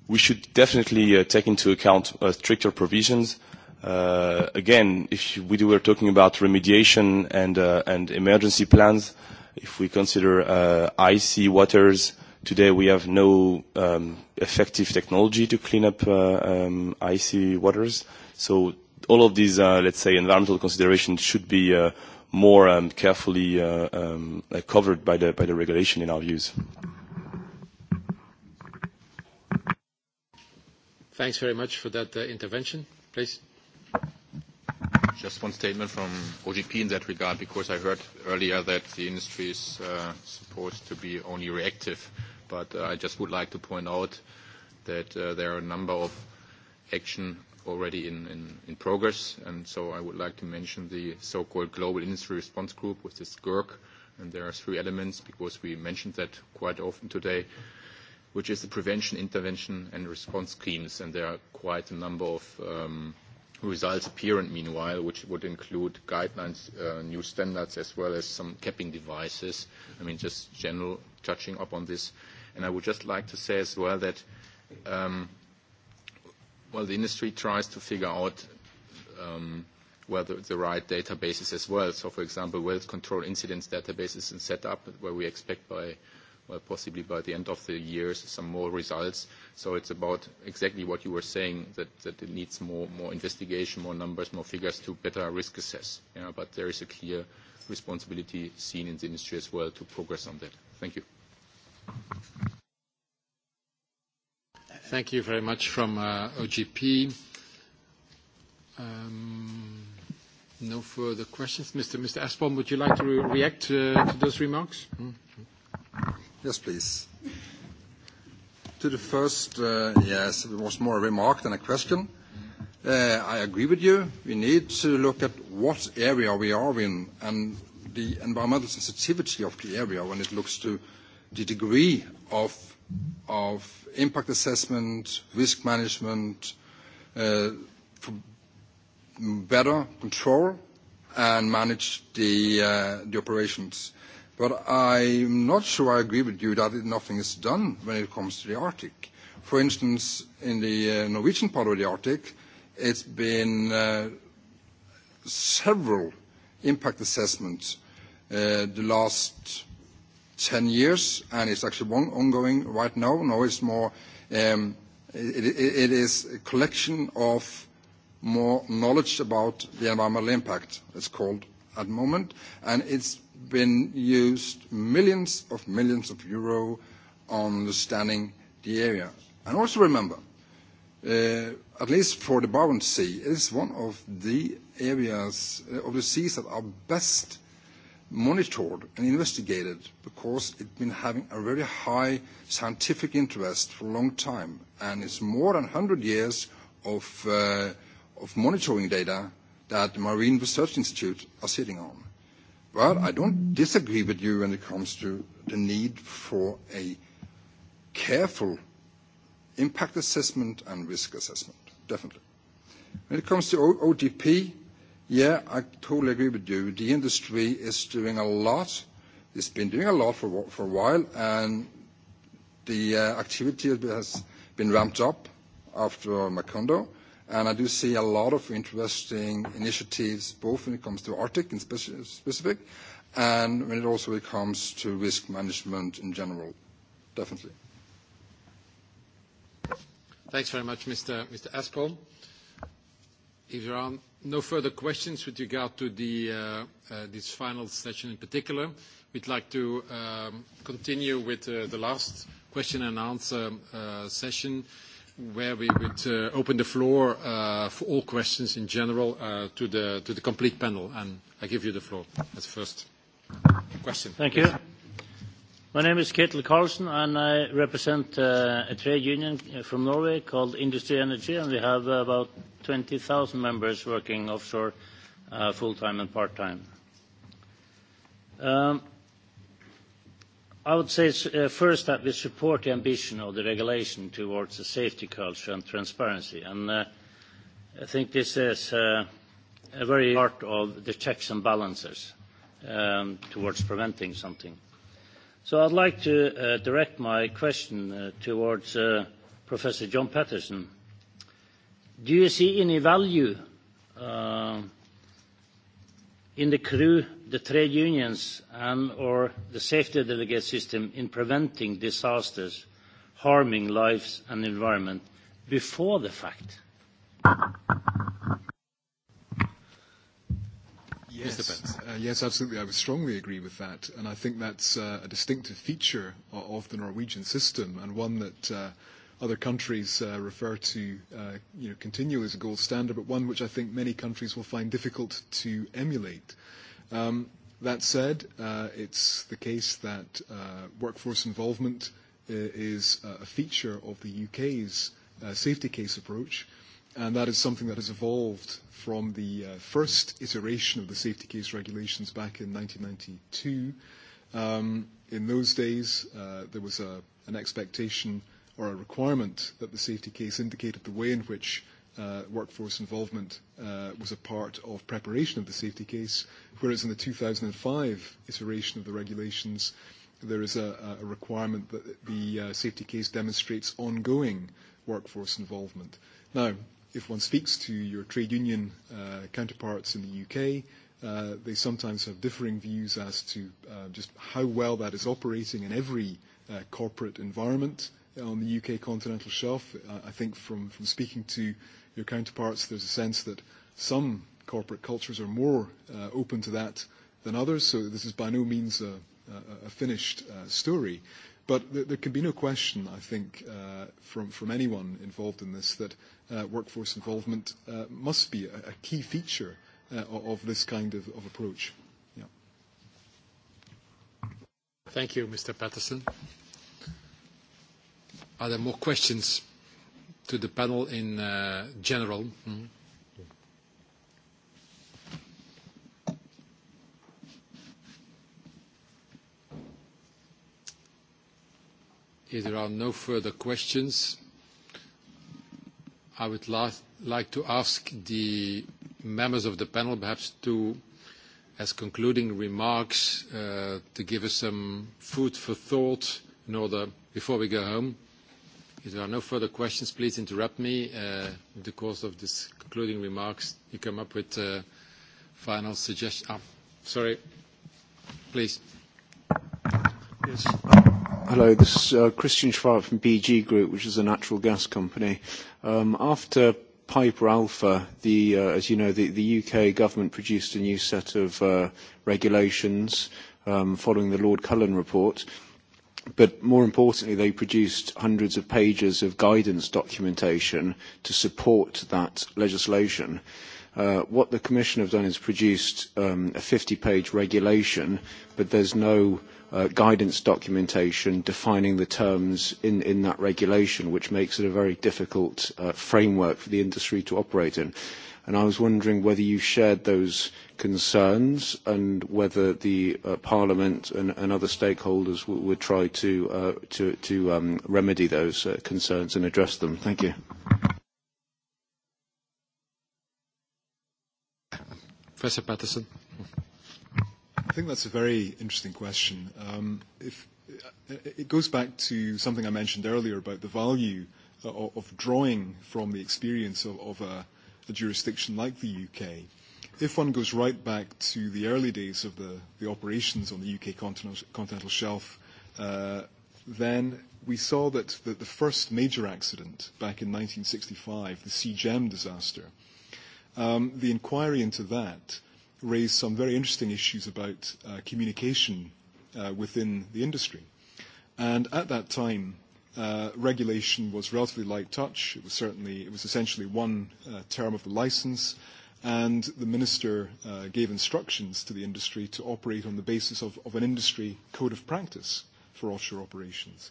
we should definitely take into account stricter provisions. Again, if we were talking about remediation and emergency plans, if we consider icy waters, today we have no effective technology to clean up icy waters. So all of these, let's say, environmental considerations should be more carefully covered by the by the regulation in our views. Thanks very much for that intervention. Please. Just one statement from OGP in that regard, because I heard earlier that the industry is supposed to be only reactive. But I just would like to point out that there are a number of action already in progress, and so I would like to mention the so-called Global Industry Response Group, which is GIRC, and there are three elements because we mentioned that quite often today, which is the prevention, intervention, and response schemes, and there are quite a number of results apparent meanwhile, which would include guidelines, new standards, as well as some capping devices. I mean, just general touching up on this. And I would just like to say as well that well, the industry tries to figure out whether the right databases as well. So, for example, wealth control incidents databases and set up where we expect by, well, possibly by the end of the year some more results. So it's about exactly what you were saying, that, that it needs more, more investigation, more numbers, more figures to better risk assess. but there is a clear responsibility seen in the industry as well to progress on that. Thank you. Thank you very much from OGP. No further questions. Mr. Aspon, would you like to react to those remarks? Yes, please. To the first, yes, it was more a remark than a question. I agree with you. We need to look at what area we are in and the environmental sensitivity of the area when it looks to the degree of of impact assessment, risk management, for better control and manage the operations. But I'm not sure I agree with you that nothing is done when it comes to the Arctic. For instance, in the Norwegian part of the Arctic, it's been several impact assessments the last 10 years, and it's actually one ongoing right now. Now it's more, it is a collection of more knowledge about the environmental impact, it's called at the moment, and it's been used millions of millions of euro on understanding the area. And also remember, at least for the Barents Sea, it is one of the areas of the seas that are best monitored and investigated because it's been having a very high scientific interest for a long time and it's more than 100 years of monitoring data that the Marine Research Institute are sitting on. Well, I don't disagree with you when it comes to the need for a careful impact assessment and risk assessment, definitely. When it comes to OTP, Yeah, I totally agree with you. The industry is doing a lot. It's been doing a lot for a while, and the activity has been ramped up after Macondo, and I do see a lot of interesting initiatives, both when it comes to Arctic in specific, and when it also comes to risk management in general. Definitely. Thanks very much, Mr. Aspel. If No further questions with regard to this final session in particular. We'd like to continue with the last question and answer session, where we would open the floor for all questions in general to the complete panel. And I give you the floor as first question. Thank you. My name is Ketil Carlson and I represent a trade union from Norway called Industry Energy, and we have about 20,000 members working offshore full-time and part-time. I would say first that we support the ambition of the regulation towards a safety culture and transparency, and I think this is a very part of the checks and balances towards preventing something. So I'd like to direct my question towards Professor John Patterson. Do you see any value in the crew, the trade unions and or the safety delegate system in preventing disasters, harming lives and environment before the fact? Yes, yes, absolutely. I would strongly agree with that, and I think that's a distinctive feature of the Norwegian system, and one that other countries refer to, you know, continue as a gold standard, but one which I think many countries will find difficult to emulate. That said, it's the case that workforce involvement is a feature of the UK's safety case approach and that is something that has evolved from the first iteration of the safety case regulations back in 1992. In those days, there was an expectation or a requirement that the safety case indicated the way in which workforce involvement was a part of preparation of the safety case, whereas in the 2005 iteration of the regulations, there is a requirement that the safety case demonstrates ongoing workforce involvement. Now, if one speaks to your trade union counterparts in the UK, they sometimes have differing views as to just how well that is operating in every corporate environment on the UK continental shelf. I think from speaking to your counterparts, there's a sense that some corporate cultures are more open to that than others, so this is by no means a finished story. But there can be no question, I think, from anyone involved in this, that workforce involvement must be a key feature of this kind of approach. Thank you, Mr. Patterson. Are there more questions to the panel in general? If there are no further questions, I would like to ask the members of the panel perhaps to, as concluding remarks, to give us some food for thought in order before we go home. If there are no further questions, please interrupt me. In the course of these concluding remarks, you come up with final suggestions. Sorry. Please. Yes. Hello, this is Christian Schwab from BG Group, which is a natural gas company. After Piper Alpha, as you know, the UK government produced a new set of regulations following the Lord Cullen report. But more importantly, they produced hundreds of pages of guidance documentation to support that legislation. What the Commission have done is produced a 50-page regulation, but there's no guidance documentation defining the terms in that regulation, which makes it a very difficult framework for the industry to operate in. And I was wondering whether you shared those concerns and whether the Parliament and other stakeholders would try to remedy those concerns and address them. Thank you. Professor Patterson. I think that's a very interesting question. It goes back to something I mentioned earlier about the value of drawing from the experience of a jurisdiction like the UK. If one goes right back to the early days of the operations on the UK continental shelf, then we saw that the first major accident back in 1965, the Sea Gem disaster, the inquiry into that raised some very interesting issues about communication within the industry. And at that time, regulation was relatively light touch. It was certainly, it was essentially one term of the license, and the minister gave instructions to the industry to operate on the basis of an industry code of practice for offshore operations.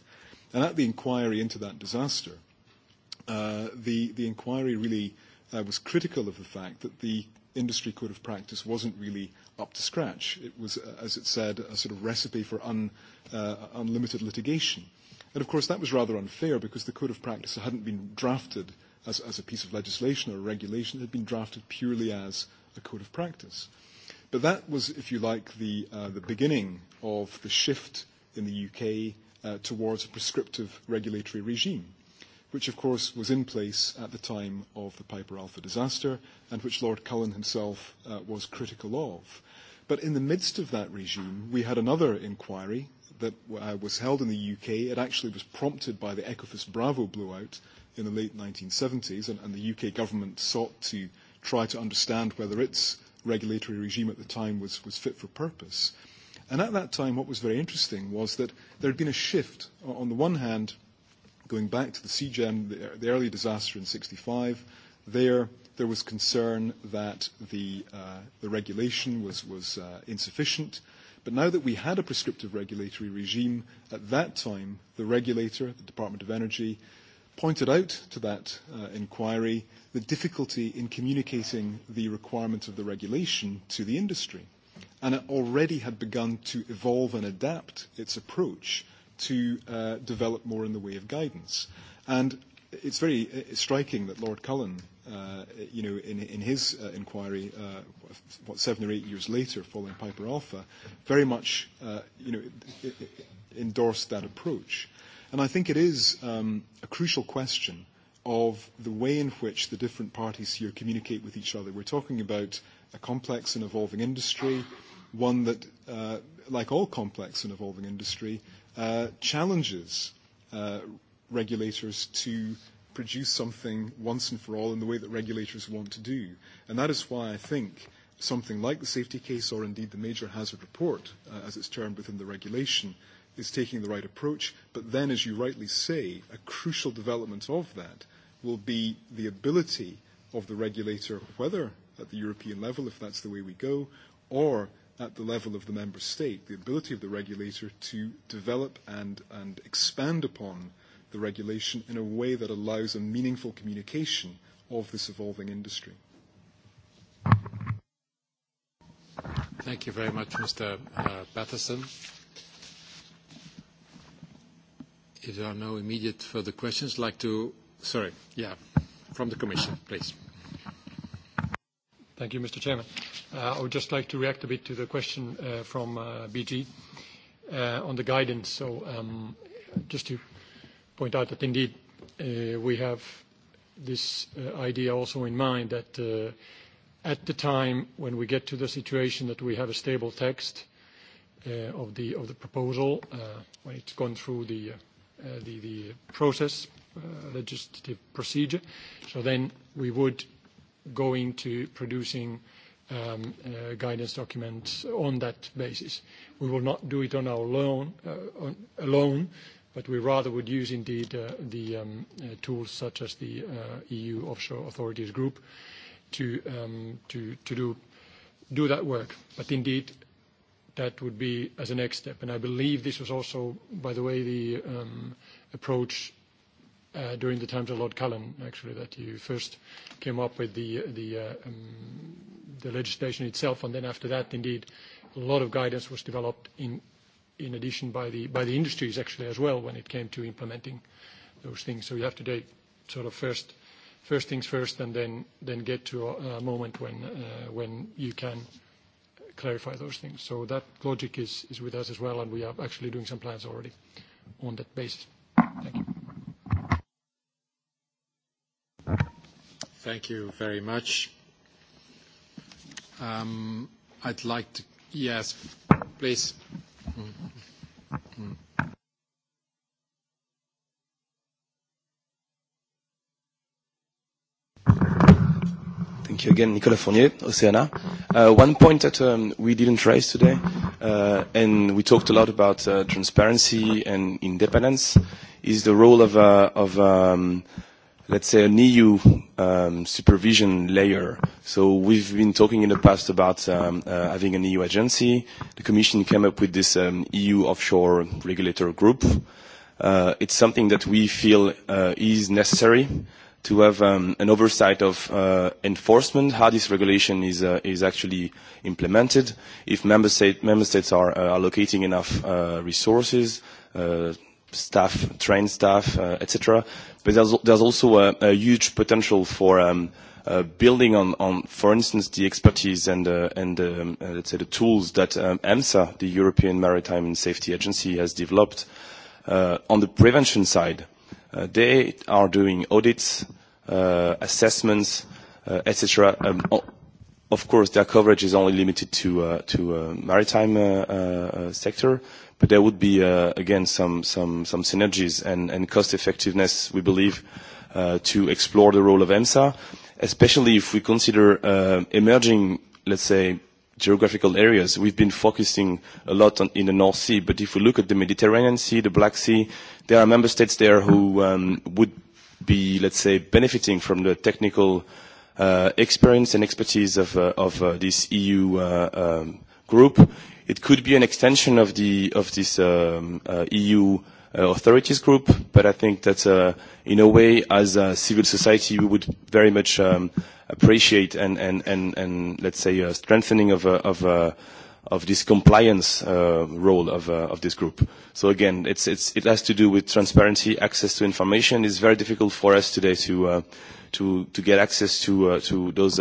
And at the inquiry into that disaster, the inquiry really was critical of the fact that the industry code of practice wasn't really up to scratch. It was, as it said, a sort of recipe for unlimited litigation. And of course that was rather unfair because the code of practice hadn't been drafted as, as a piece of legislation or regulation. It had been drafted purely as a code of practice. But that was, if you like, the, the beginning of the shift in the UK towards a prescriptive regulatory regime which of course was in place at the time of the Piper Alpha disaster and which Lord Cullen himself was critical of. But in the midst of that regime, we had another inquiry that was held in the UK. It actually was prompted by the Ecofis Bravo blowout in the late 1970s, and the UK government sought to try to understand whether its regulatory regime at the time was fit for purpose. And at that time, what was very interesting was that there had been a shift. On the one hand, Going back to the CGM, the early disaster in 65, there there was concern that the regulation was insufficient. But now that we had a prescriptive regulatory regime, at that time, the regulator, the Department of Energy, pointed out to that inquiry the difficulty in communicating the requirement of the regulation to the industry. And it already had begun to evolve and adapt its approach to develop more in the way of guidance. And it's very striking that Lord Cullen, you know, in his inquiry, what, seven or eight years later, following Piper Alpha, very much, you know, endorsed that approach. And I think it is a crucial question of the way in which the different parties here communicate with each other. We're talking about a complex and evolving industry, one that, like all complex and evolving industry, challenges regulators to produce something once and for all in the way that regulators want to do. And that is why I think something like the safety case or indeed the major hazard report, as it's termed within the regulation, is taking the right approach. But then, as you rightly say, a crucial development of that will be the ability of the regulator, whether at the European level, if that's the way we go, or at the level of the member state, the ability of the regulator to develop and expand upon the regulation in a way that allows a meaningful communication of this evolving industry. Thank you very much, Mr. Patterson. If there are no immediate further questions, I'd like to... Sorry, yeah, from the Commission, please. Thank you, Mr. Chairman. I would just like to react a bit to the question from BG on the guidance. So just to point out that indeed we have this idea also in mind that at the time when we get to the situation that we have a stable text of the proposal, when it's gone through the process, legislative procedure, so then we would going to producing guidance documents on that basis. We will not do it on our own alone, but we rather would use indeed the tools such as the EU Offshore Authorities Group to do that work. But indeed, that would be as a next step. And I believe this was also, by the way, the approach during the times of Lord Cullen, actually, that you first came up with the the legislation itself, and then after that, indeed, a lot of guidance was developed in addition by the by the industries actually as well when it came to implementing those things. So you have to take sort of first first things first, and then then get to a moment when when you can clarify those things. So that logic is is with us as well, and we are actually doing some plans already on that basis. Thank you very much. I'd like to... Yes, please. Thank you again, Nicolas Fournier, Oceana. One point that we didn't raise today, and we talked a lot about transparency and independence, is the role of let's say, an EU supervision layer. So we've been talking in the past about having an EU agency. The Commission came up with this EU offshore regulator group. It's something that we feel is necessary to have an oversight of enforcement, how this regulation is actually implemented, if member states are allocating enough resources, staff, trained staff, etc. But there's also a huge potential for building on, for instance, the expertise and, let's say, the tools that EMSA, the European Maritime and Safety Agency, has developed on the prevention side. They are doing audits, assessments, etc. Of course, their coverage is only limited to maritime sector, But there would be, again, some synergies and cost effectiveness, we believe, to explore the role of EMSA, especially if we consider emerging, let's say, geographical areas. We've been focusing a lot in the North Sea, but if we look at the Mediterranean Sea, the Black Sea, there are member states there who would be, let's say, benefiting from the technical experience and expertise of this EU group It could be an extension of the of this EU authorities group, but I think that in a way, as a civil society, we would very much appreciate and and and let's say a strengthening of of of this compliance role of this group. So again, it has to do with transparency, access to information. It's very difficult for us today to get access to those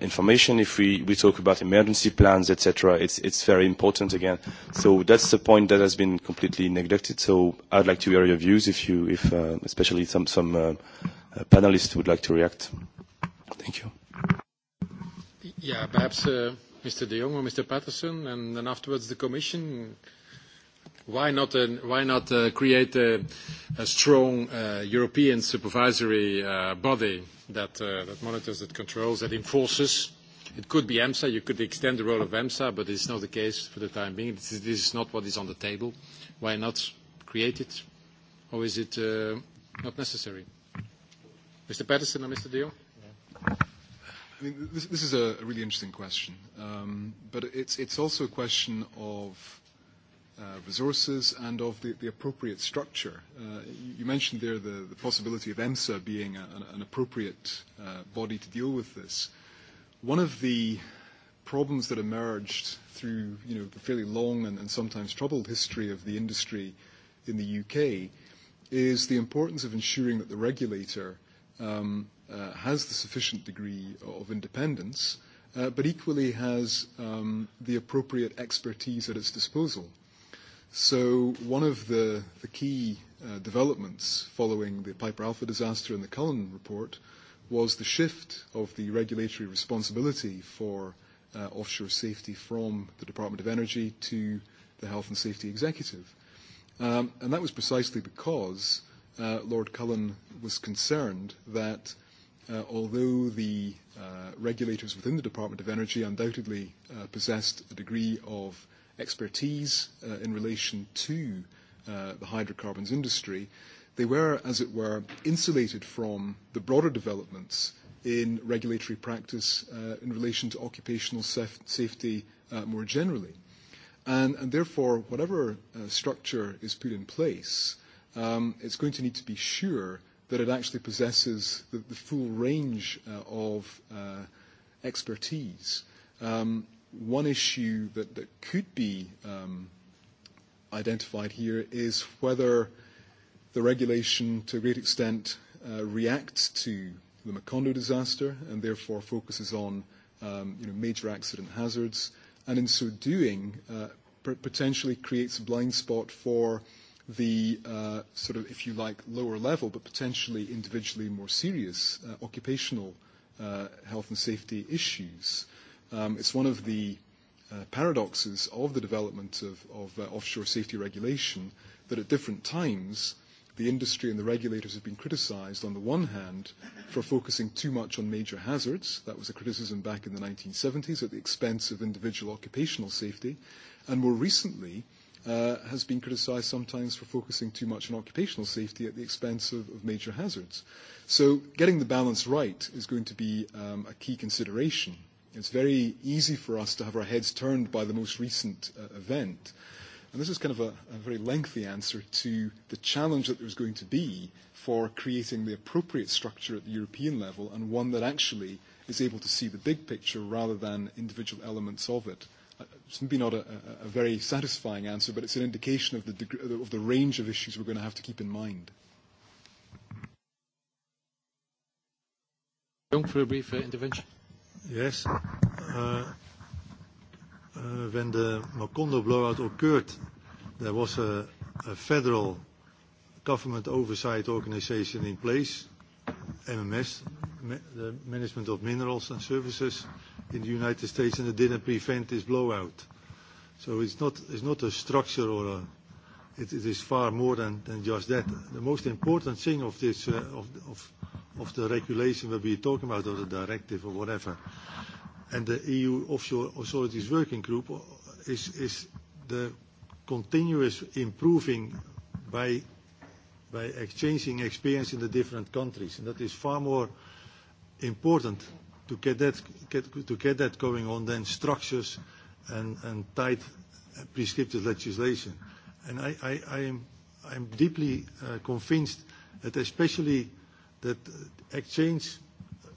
information. If we talk about emergency plans, etc., it's very important again. So that's the point that has been completely neglected. So I'd like to hear your views, if you, if especially some panelists would like to react. Thank you. Yeah, perhaps Mr. De Jong or Mr. Patterson, and then afterwards the Commission. Why not create a strong European supervisory body that monitors, that controls, that enforces? It could be EMSA. You could extend the role of EMSA, but it's not the case for the time being. This is not what is on the table. Why not create it? Or is it not necessary? Mr. Patterson or Mr. De Jong? this, this is a, really interesting question, um, but it's, it's also a question of uh, resources and of the, the appropriate structure. Uh, you, mentioned there the, the possibility of EMSA being an, an appropriate uh, body to deal with this. One of the problems that emerged through you know, the fairly long and, and sometimes troubled history of the industry in the UK is the importance of ensuring that the regulator um, has the sufficient degree of independence, but equally has the appropriate expertise at its disposal. So one of the key developments following the Piper Alpha disaster and the Cullen report was the shift of the regulatory responsibility for offshore safety from the Department of Energy to the Health and Safety Executive. And that was precisely because Lord Cullen was concerned that although the regulators within the Department of Energy undoubtedly possessed a degree of expertise in relation to the hydrocarbons industry, they were, as it were, insulated from the broader developments in regulatory practice in relation to occupational safety more generally. And therefore, whatever structure is put in place, it's going to need to be sure that it actually possesses the full range of expertise. One issue that could be identified here is whether the regulation, to a great extent, reacts to the Macondo disaster and therefore focuses on major accident hazards, and in so doing potentially creates a blind spot for the sort of, if you like, lower level, but potentially individually more serious occupational health and safety issues. It's one of the paradoxes of the development of offshore safety regulation that at different times the industry and the regulators have been criticized on the one hand for focusing too much on major hazards. That was a criticism back in the 1970s at the expense of individual occupational safety. And more recently, has been criticised sometimes for focusing too much on occupational safety at the expense of major hazards. So getting the balance right is going to be a key consideration. It's very easy for us to have our heads turned by the most recent event. And this is kind of a very lengthy answer to the challenge that there's going to be for creating the appropriate structure at the European level and one that actually is able to see the big picture rather than individual elements of it. It's maybe not a very satisfying answer, but it's an indication of the range of issues we're going to have to keep in mind. for a brief intervention. Yes. When the Macondo blowout occurred, there was a federal government oversight organization in place, MMS, the management of minerals and services in the United States, and it didn't prevent this blowout. So it's not a structure or a it is far more than just that. The most important thing of this of the regulation that we talking about, or the directive or whatever, and the EU Offshore Authorities Working Group is is the continuous improving by by exchanging experience in the different countries. And that is far more important to get that going on then structures and tight prescriptive legislation. And I am deeply convinced that especially that exchange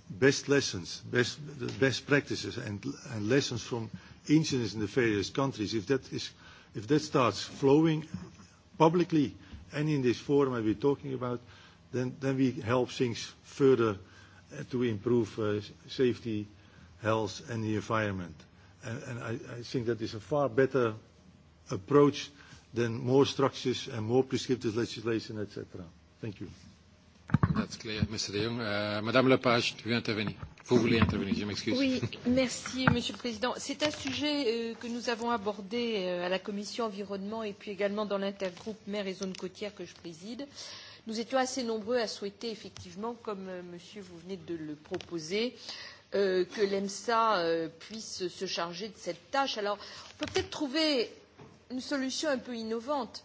best lessons, best practices and lessons from incidents in the various countries, if that is if that starts flowing publicly and in this forum I've been talking about, then we help things further to improve safety, health and the environment. And and I I think that is a far better approach than more structures and more prescriptive legislation, etc. Thank you. That's clear, Mr. De Jong. Madame Lepage, tu veux intervenir. Vous voulez intervenir, je m'excuse. Oui, merci, Monsieur le Président. C'est un sujet que nous avons abordé à la Commission environnement et puis également dans l'intergroupe mer et zones côtières que je préside Nous étions assez nombreux à souhaiter effectivement, comme monsieur vous venez de le proposer, que l'EMSA puisse se charger de cette tâche. Alors, on peut peut-être trouver une solution un peu innovante.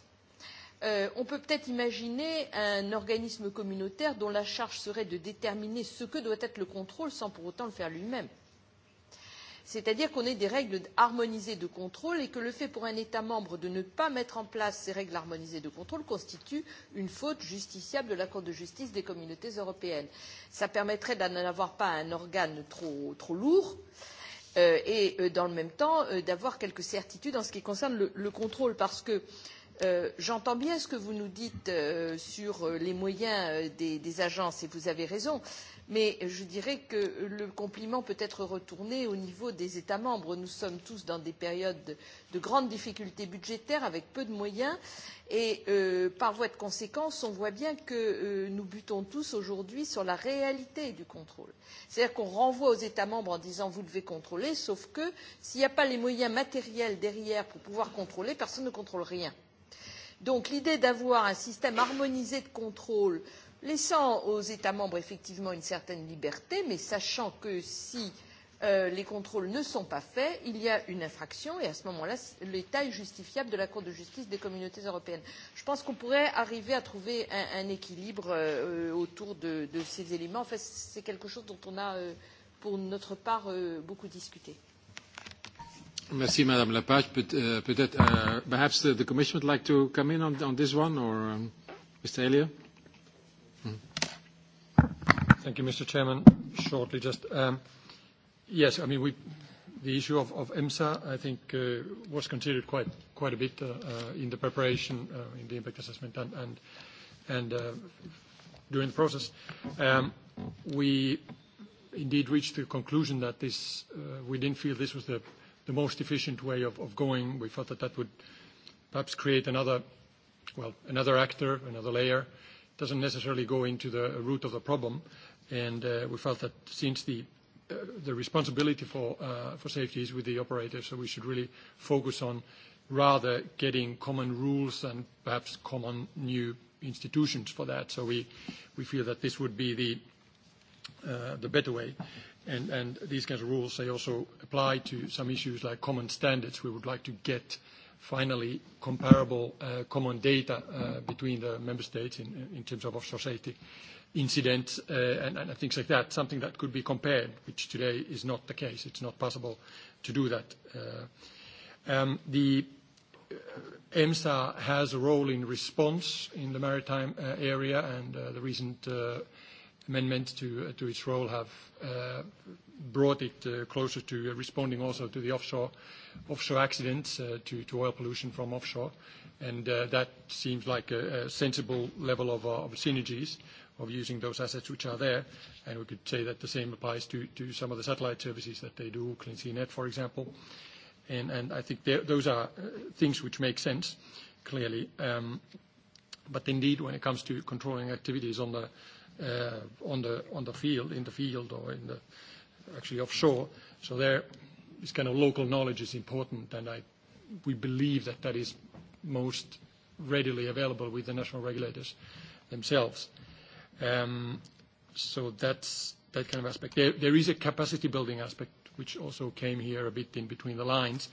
On peut peut-être imaginer un organisme communautaire dont la charge serait de déterminer ce que doit être le contrôle sans pour autant le faire lui-même c'est-à-dire qu'on ait des règles harmonisées de contrôle et que le fait pour un État membre de ne pas mettre en place ces règles harmonisées de contrôle constitue une faute justiciable de la Cour de justice des communautés européennes. Cela permettrait d'en avoir pas un organe trop lourd et, dans le même temps, d'avoir quelques certitudes en ce qui concerne le contrôle, parce que j'entends bien ce que vous nous dites sur les moyens des agences et vous avez raison mais je dirais que le compliment peut être retourné au niveau des états membres nous sommes tous dans des périodes de grandes difficultés budgétaires avec peu de moyens et par voie de conséquence on voit bien que nous butons tous aujourd'hui sur la réalité du contrôle c'est à dire qu'on renvoie aux états membres en disant vous devez contrôler sauf que s'il n'y a pas les moyens matériels derrière pour pouvoir contrôler personne ne contrôle rien. donc l'idée d'avoir un système harmonisé de contrôle laissant aux États membres effectivement une certaine liberté, mais sachant que si les contrôles ne sont pas faits, il y a une infraction et à ce moment-là, l'État est justifiable de la Cour de justice des communautés européennes. Je pense qu'on pourrait arriver à trouver un équilibre autour de ces éléments. En fait c'est quelque chose dont on a, pour notre part, beaucoup discuté. Merci, Madame Lepage. Perhaps the Commission would like to come in on this one, or Thank you, Mr. Chairman. Shortly, just, yes, I mean, we, the issue of EMSA, I think, was considered quite quite a bit in the preparation, in the impact assessment and and during the process. We indeed reached the conclusion that this, we didn't feel this was the the most efficient way of going. We felt that that would perhaps create another, well, another actor, another layer, doesn't necessarily go into the root of the problem. And we felt that since the the responsibility for for safety is with the operators, so we should really focus on rather getting common rules and perhaps common new institutions for that. So we we feel that this would be the the better way. And these kinds of rules, they also apply to some issues like common standards we would like to get finally comparable common data between the member states in terms of offshore safety incidents and things like that, something that could be compared, which today is not the case. It's not possible to do that. The EMSA has a role in response in the maritime area, and the recent amendment to its role have brought it closer to responding also to the offshore accidents, to oil pollution from offshore. And that seems like a sensible level of synergies of using those assets which are there. And we could say that the same applies to some of the satellite services that they do, Clean Sea Net, for example. And I think those are things which make sense, clearly. But indeed, when it comes to controlling activities on the on the field, in the field or in the actually offshore. So there, this kind of local knowledge is important, and I we believe that that is most readily available with the national regulators themselves. So that's that kind of aspect. There is a capacity building aspect which also came here a bit in between the lines,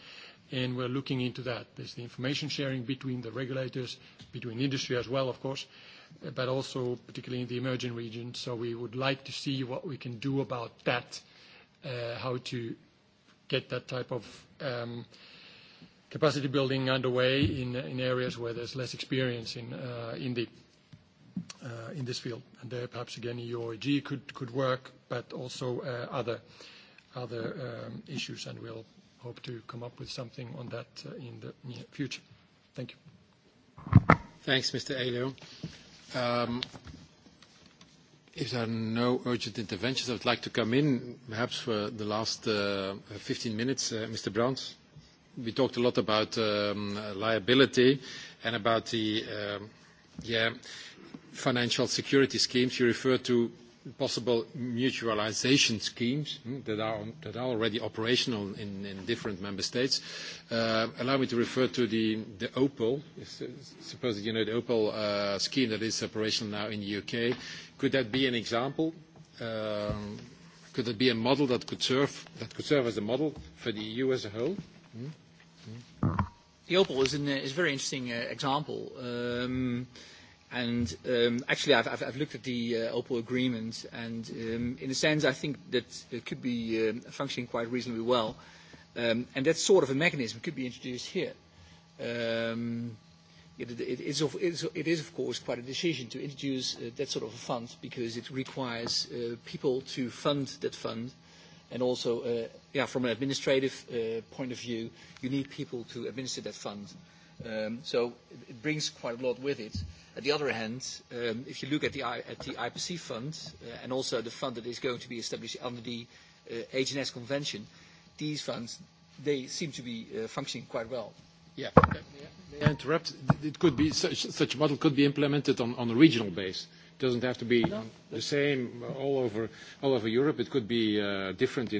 and we're looking into that. There's the information sharing between the regulators, between industry as well, of course, but also particularly in the emerging regions. So we would like to see what we can do about that, how to get that type of capacity building underway in areas where there's less experience in this field. And there perhaps again EOIG could work, but also other issues, and we'll hope to come up with something on that in the near future. Thank you. Thanks, Mr. Alio. If there are no urgent interventions, I would like to come in perhaps for the last 15 minutes. Mr. Brown, we talked a lot about liability and about the financial security schemes. You referred to possible mutualization schemes that are already operational in different member states. Allow me to refer to the OPAL. Suppose you know the OPAL scheme that is operational now in the U.K. Could that be an example? Could that be a model that could serve as a model for the EU as a whole? The OPAL is a very interesting example And actually, I've I've looked at the Opal agreement, and in a sense, I think that it could be functioning quite reasonably well. And that sort of a mechanism could be introduced here. It is, of course, quite a decision to introduce that sort of a fund because it requires people to fund that fund. And also, yeah, from an administrative point of view, you need people to administer that fund. So it brings quite a lot with it On the other hand, if you look at the IPC fund and also the fund that is going to be established under the HNS Convention, these funds, they seem to be functioning quite well. Yeah. May I interrupt? It could be such a model could be implemented on a regional base. It doesn't have to be the same all over Europe. It could be different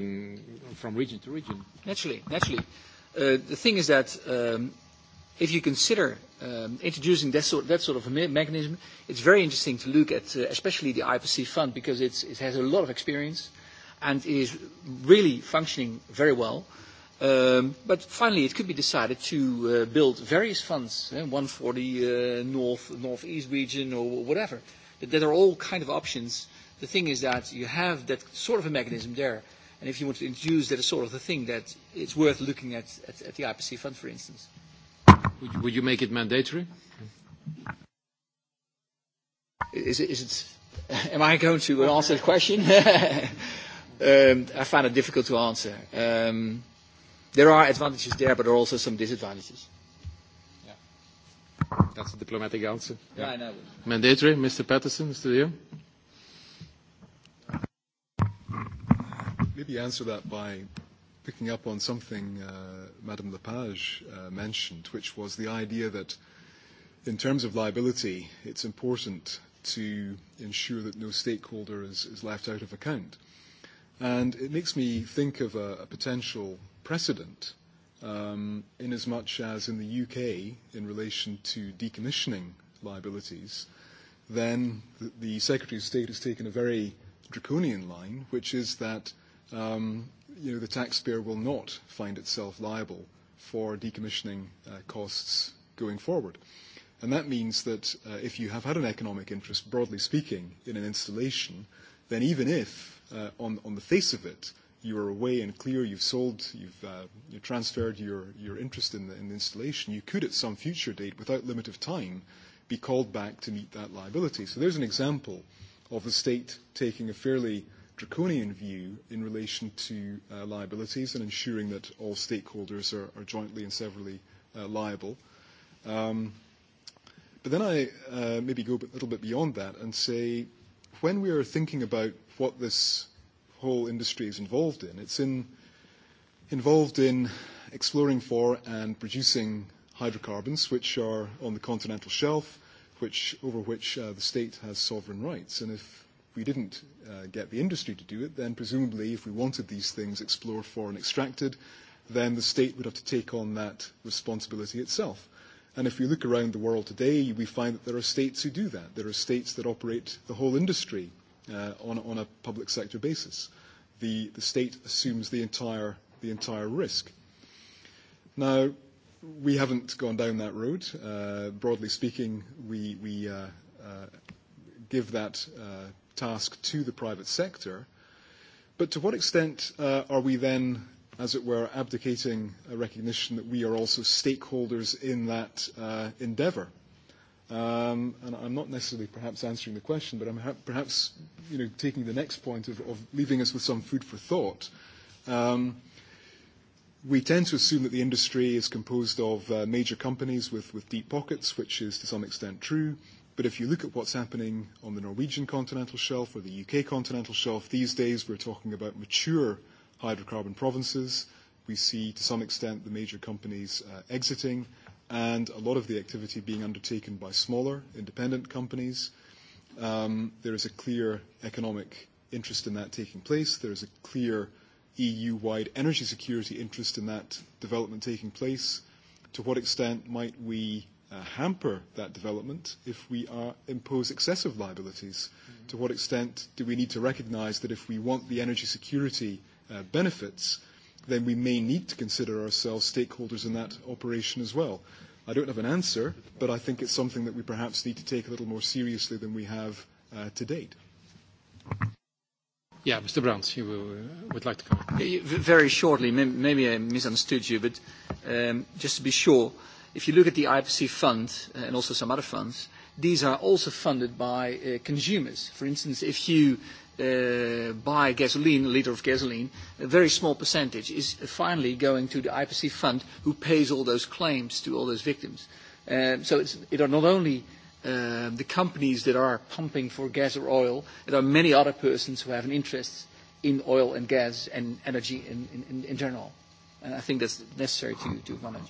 from region to region. Naturally, naturally. The thing is that if you consider introducing that sort of a mechanism, it's very interesting to look at especially the IPC fund because it has a lot of experience and is really functioning very well. But finally, it could be decided to build various funds, one for the north, northeast region or whatever. That are all kind of options. The thing is that you have that sort of a mechanism there, and if you want to introduce that sort of a thing, that it's worth looking at at the IPC fund, for instance. Would you make it mandatory? Is it? Am I going to answer the question? I find it difficult to answer. There are advantages there, but there are also some disadvantages. That's a diplomatic answer. Yeah, I Mandatory, Mr. Patterson, Mr. De Maybe answer that by picking up on something Madame Lepage mentioned, which was the idea that in terms of liability, it's important to ensure that no stakeholder is left out of account. And it makes me think of a potential precedent in as much as in the UK, in relation to decommissioning liabilities, then the Secretary of State has taken a very draconian line, which is that you know, the taxpayer will not find itself liable for decommissioning costs going forward. And that means that if you have had an economic interest, broadly speaking, in an installation, then even if, on the face of it, you are away and clear, you've sold, you've transferred your interest in the installation, you could at some future date, without limit of time, be called back to meet that liability. So there's an example of the state taking a fairly draconian view in relation to liabilities and ensuring that all stakeholders are jointly and severally liable. But then I maybe go a little bit beyond that and say when we are thinking about what this whole industry is involved in, it's in involved in exploring for and producing hydrocarbons which are on the continental shelf, which over which the state has sovereign rights. And if we didn't get the industry to do it, then presumably if we wanted these things explored for and extracted, then the state would have to take on that responsibility itself. And if you look around the world today, we find that there are states who do that. There are states that operate the whole industry on a public sector basis. The state assumes the entire the entire risk. Now, we haven't gone down that road. Broadly speaking, we give that task to the private sector. But to what extent are we then, as it were, abdicating a recognition that we are also stakeholders in that endeavour? And I'm not necessarily perhaps answering the question, but I'm perhaps taking the next point of leaving us with some food for thought. We tend to assume that the industry is composed of major companies with deep pockets, which is to some extent true. But if you look at what's happening on the Norwegian continental shelf or the UK continental shelf, these days we're talking about mature hydrocarbon provinces. We see, to some extent, the major companies exiting and a lot of the activity being undertaken by smaller, independent companies. There is a clear economic interest in that taking place. There is a clear EU-wide energy security interest in that development taking place. To what extent might we hamper that development if we are impose excessive liabilities? To what extent do we need to recognize that if we want the energy security benefits, then we may need to consider ourselves stakeholders in that operation as well? I don't have an answer, but I think it's something that we perhaps need to take a little more seriously than we have to date. Yeah, Mr. Brands, you would like to Very shortly, maybe I misunderstood you, but just to be sure. If you look at the IPC fund and also some other funds, these are also funded by consumers. For instance, if you buy gasoline, a liter of gasoline, a very small percentage is finally going to the IPC fund who pays all those claims to all those victims. So it are not only the companies that are pumping for gas or oil, there are many other persons who have an interest in oil and gas and energy in general. And I think that's necessary to acknowledge.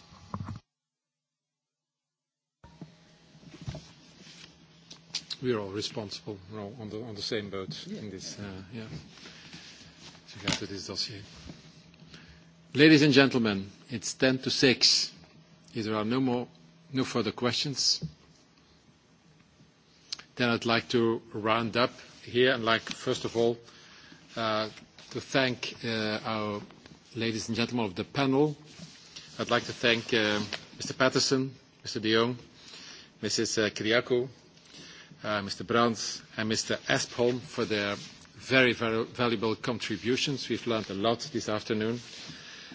we are all responsible. We're all on the, on the same boat in this, uh, yeah, to this dossier. Ladies and gentlemen, it's 10 to 6. If there are no more, no further questions, then I'd like to round up here and like, first of all, uh, to thank uh, our ladies and gentlemen of the panel. I'd like to thank uh, Mr. Patterson, Mr. De Mrs. Kiriakou, Mr. Brands and Mr. Espholm for their very very valuable contributions. We've learned a lot this afternoon.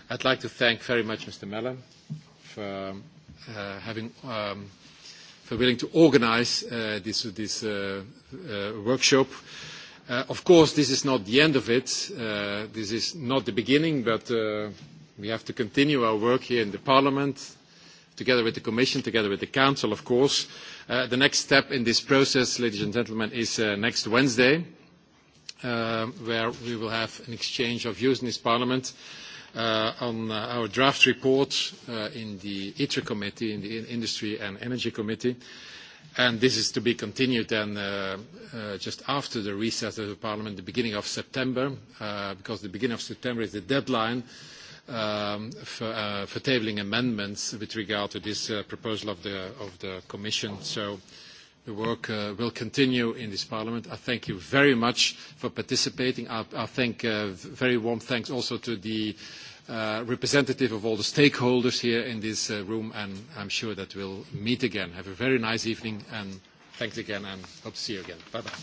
I'd like to thank very much Mr. Mellon for for willing to organize this workshop. Of course, this is not the end of it. This is not the beginning, but we have to continue our work here in the Parliament together with the Commission, together with the Council, of course. The next step in this process, ladies and gentlemen, is next Wednesday, where we will have an exchange of views in this Parliament on our draft report in the ITRE Committee, in the Industry and Energy Committee. And this is to be continued then just after the recess of the Parliament, the beginning of September, because the beginning of September is the deadline for tabling amendments with regard to this proposal of the Commission. So the work will continue in this Parliament. I thank you very much for participating. I thank very warm thanks also to the representative of all the stakeholders here in this room, and I'm sure that we'll meet again. Have a very nice evening, and thanks again, and hope to see you again. Bye-bye.